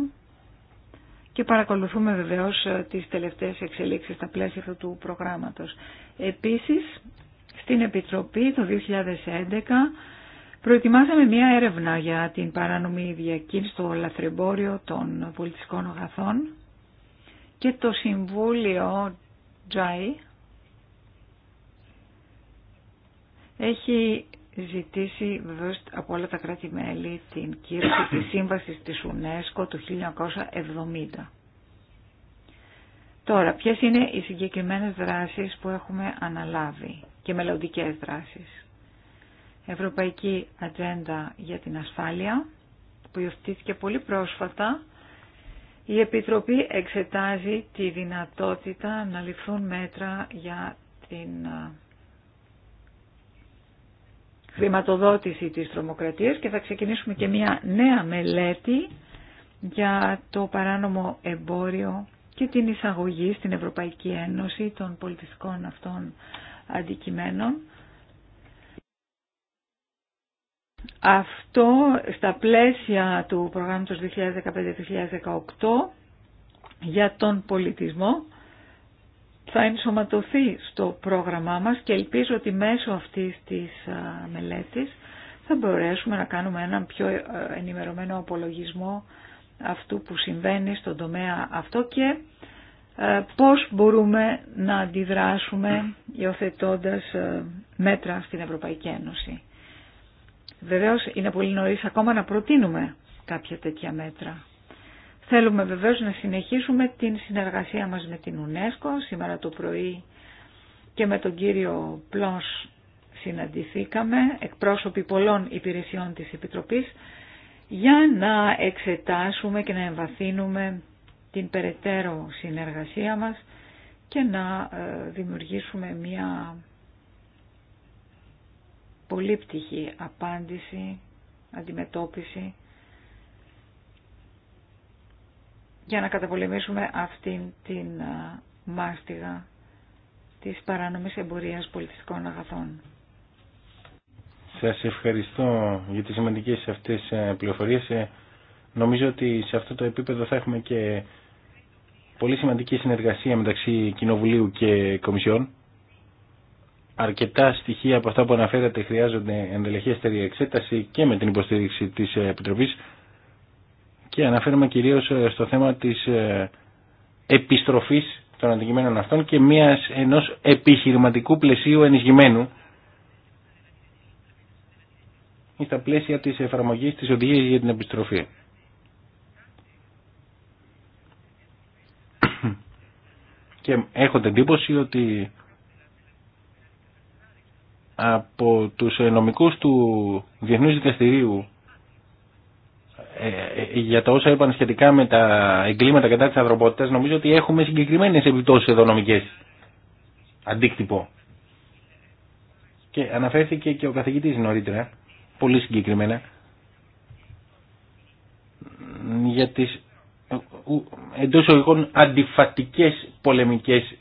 S1: και παρακολουθούμε βεβαίως ε, τις τελευταίες εξελίξεις στα πλαίσια αυτού του προγράμματος. Επίσης, στην Επιτροπή το 2011 προετοιμάσαμε μία έρευνα για την παράνομη διακίνηση στο λαθρεμπόριο των πολιτιστικών αγαθών και το Συμβούλιο Τζάι έχει ζητήσει βεβαίω από όλα τα κράτη-μέλη την κύρωση της σύμβασης της UNESCO το 1970. Τώρα, ποιες είναι οι συγκεκριμένες δράσεις που έχουμε αναλάβει και μελλοντικέ δράσεις. Ευρωπαϊκή Ατζέντα για την Ασφάλεια, που υιοθετήθηκε πολύ πρόσφατα, η Επιτροπή εξετάζει τη δυνατότητα να ληφθούν μέτρα για την χρηματοδότηση της τρομοκρατίας και θα ξεκινήσουμε και μια νέα μελέτη για το παράνομο εμπόριο και την εισαγωγή στην Ευρωπαϊκή Ένωση των πολιτιστικών αυτών αντικειμένων. Αυτό στα πλαίσια του προγράμματος 2015-2018 για τον πολιτισμό θα ενσωματωθεί στο πρόγραμμά μας και ελπίζω ότι μέσω αυτής της μελέτης θα μπορέσουμε να κάνουμε έναν πιο ε, ενημερωμένο απολογισμό αυτού που συμβαίνει στον τομέα αυτό και ε, πώς μπορούμε να αντιδράσουμε υιοθετώντα ε, μέτρα στην Ευρωπαϊκή Ένωση. Βεβαίως είναι πολύ νωρίς ακόμα να προτείνουμε κάποια τέτοια μέτρα. Θέλουμε βεβαίως να συνεχίσουμε την συνεργασία μας με την UNESCO. Σήμερα το πρωί και με τον κύριο Πλόνς συναντηθήκαμε, εκπρόσωποι πολλών υπηρεσιών της Επιτροπής, για να εξετάσουμε και να εμβαθύνουμε την περαιτέρω συνεργασία μας και να ε, δημιουργήσουμε μια πολύπτυχη απάντηση, αντιμετώπιση για να καταπολεμήσουμε αυτήν την μάστιγα της παράνομης εμπορίας πολιτιστικών αγαθών.
S2: Σας ευχαριστώ για τις σημαντικές αυτές ε, πληροφορίες. Ε, νομίζω ότι σε αυτό το επίπεδο θα έχουμε και πολύ σημαντική συνεργασία μεταξύ Κοινοβουλίου και Κομισιόν. Αρκετά στοιχεία από αυτά που αναφέρατε χρειάζονται ενδελεχέστερη εξέταση και με την υποστήριξη της Επιτροπής και αναφέρομαι κυρίως ε, στο θέμα της ε, επιστροφής των αντικειμένων αυτών και μιας, ενός επιχειρηματικού πλαισίου ενισχυμένου στα πλαίσια της εφαρμογής της οδηγίας για την επιστροφή. Και έχω την εντύπωση ότι από τους νομικούς του Διεθνούς Δικαστηρίου ε, ε, για τα όσα είπαν σχετικά με τα εγκλήματα κατά της ανθρωπότητας νομίζω ότι έχουμε συγκεκριμένες επιπτώσεις οικονομικές αντίκτυπο και αναφέρθηκε και ο καθηγητής νωρίτερα πολύ συγκεκριμένα για τις ε, εντός οικών αντιφατικές πολεμικές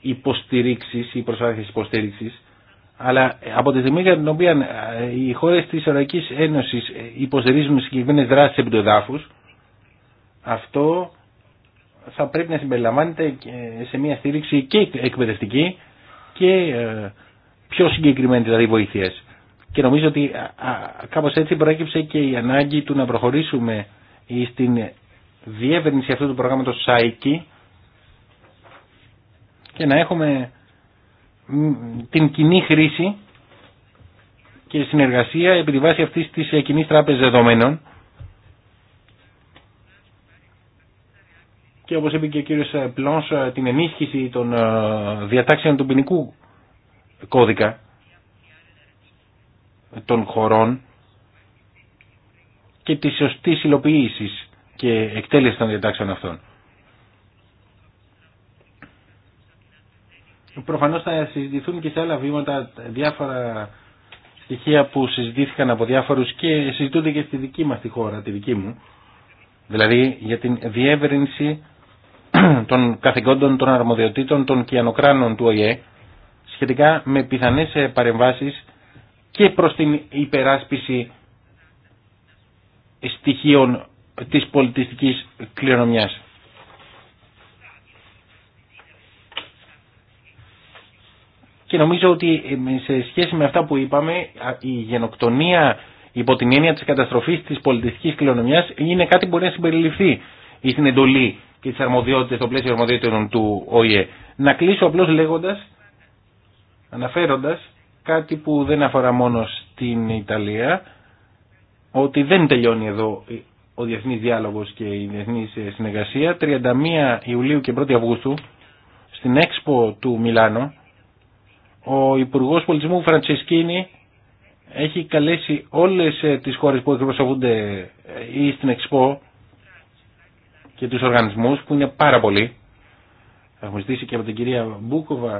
S2: υποστηρίξεις ή προσπάθειες υποστήριξης αλλά από τη στιγμή για την οποία ε, οι χώρε τη Ευρωπαϊκή Ένωση ε, υποστηρίζουν συγκεκριμένε δράσει επί του εδάφου, αυτό θα πρέπει να συμπεριλαμβάνεται σε μια στήριξη και εκπαιδευτική και ε, πιο συγκεκριμένη δηλαδή βοήθειες. Και νομίζω ότι κάπω έτσι προέκυψε και η ανάγκη του να προχωρήσουμε στην διεύρυνση αυτού του προγράμματο ΣΑΙΚΙ και να έχουμε την κοινή χρήση και συνεργασία επί τη βάση αυτής της ε, κοινή τράπεζα δεδομένων. Και όπως είπε και ο κύριος ε, Πλόνς, ε, την ενίσχυση των διατάξεων του ποινικού κώδικα των χωρών και της σωστή υλοποίησης και εκτέλεση των διατάξεων αυτών. Προφανώς θα συζητηθούν και σε άλλα βήματα διάφορα στοιχεία που συζητήθηκαν από διάφορους και συζητούνται και στη δική μας τη χώρα, τη δική μου. Δηλαδή για την διεύρυνση των καθηγόντων των αρμοδιοτήτων των κυανοκράνων του ΟΗΕ σχετικά με πιθανές παρεμβάσεις και προς την υπεράσπιση στοιχείων της πολιτιστικής κληρονομιάς. και νομίζω ότι ε, σε σχέση με αυτά που είπαμε η γενοκτονία υπό την έννοια της καταστροφής της πολιτιστικής κληρονομιάς είναι κάτι που μπορεί να συμπεριληφθεί στην εντολή και τις αρμοδιότητες στο πλαίσιο αρμοδιότητων του ΟΗΕ. Να κλείσω απλώς λέγοντας, αναφέροντας κάτι που δεν αφορά μόνο στην Ιταλία ότι δεν τελειώνει εδώ ο διεθνής διάλογος και η Διεθνή ε, συνεργασία. 31 Ιουλίου και 1 Αυγούστου στην έξπο του Μιλάνο ο Υπουργός Πολιτισμού Φραντσισκίνη έχει καλέσει όλες ε, τις χώρες που εκπροσωπούνται ε, ή στην ΕΞΠΟ και τους οργανισμούς που είναι πάρα πολλοί. Έχουμε ζητήσει και από την κυρία Μπούκοβα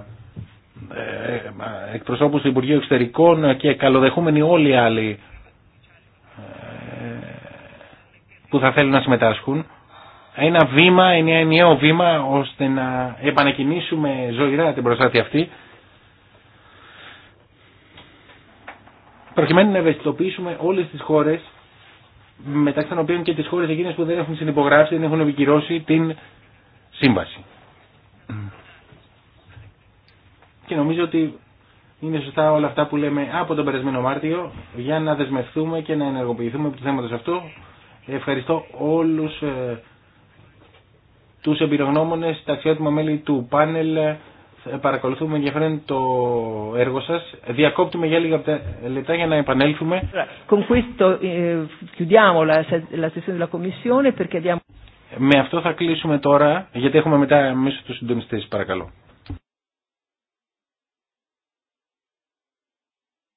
S2: ε, εκπροσώπους του Υπουργείου Εξωτερικών και καλοδεχούμενοι όλοι οι άλλοι που θα θέλουν να συμμετάσχουν. Ένα βήμα, ένα ενιαίο βήμα ώστε να επανακινήσουμε ζωηρά την προστάτη αυτή προκειμένου να ευαισθητοποιήσουμε όλες τις χώρες μεταξύ των οποίων και τις χώρες εκείνε που δεν έχουν συνυπογράψει, δεν έχουν επικυρώσει την σύμβαση. Και νομίζω ότι είναι σωστά όλα αυτά που λέμε από τον περασμένο Μάρτιο για να δεσμευτούμε και να ενεργοποιηθούμε από το θέμα αυτό. Ευχαριστώ όλους ε, τους εμπειρογνώμονες, τα αξιότιμα μέλη του πάνελ, παρακολουθούμε ενδιαφέρον το έργο σα. Διακόπτουμε για λίγα λεπτά για να επανέλθουμε. Με αυτό θα κλείσουμε τώρα, γιατί έχουμε μετά μέσω του συντονιστέ. παρακαλώ.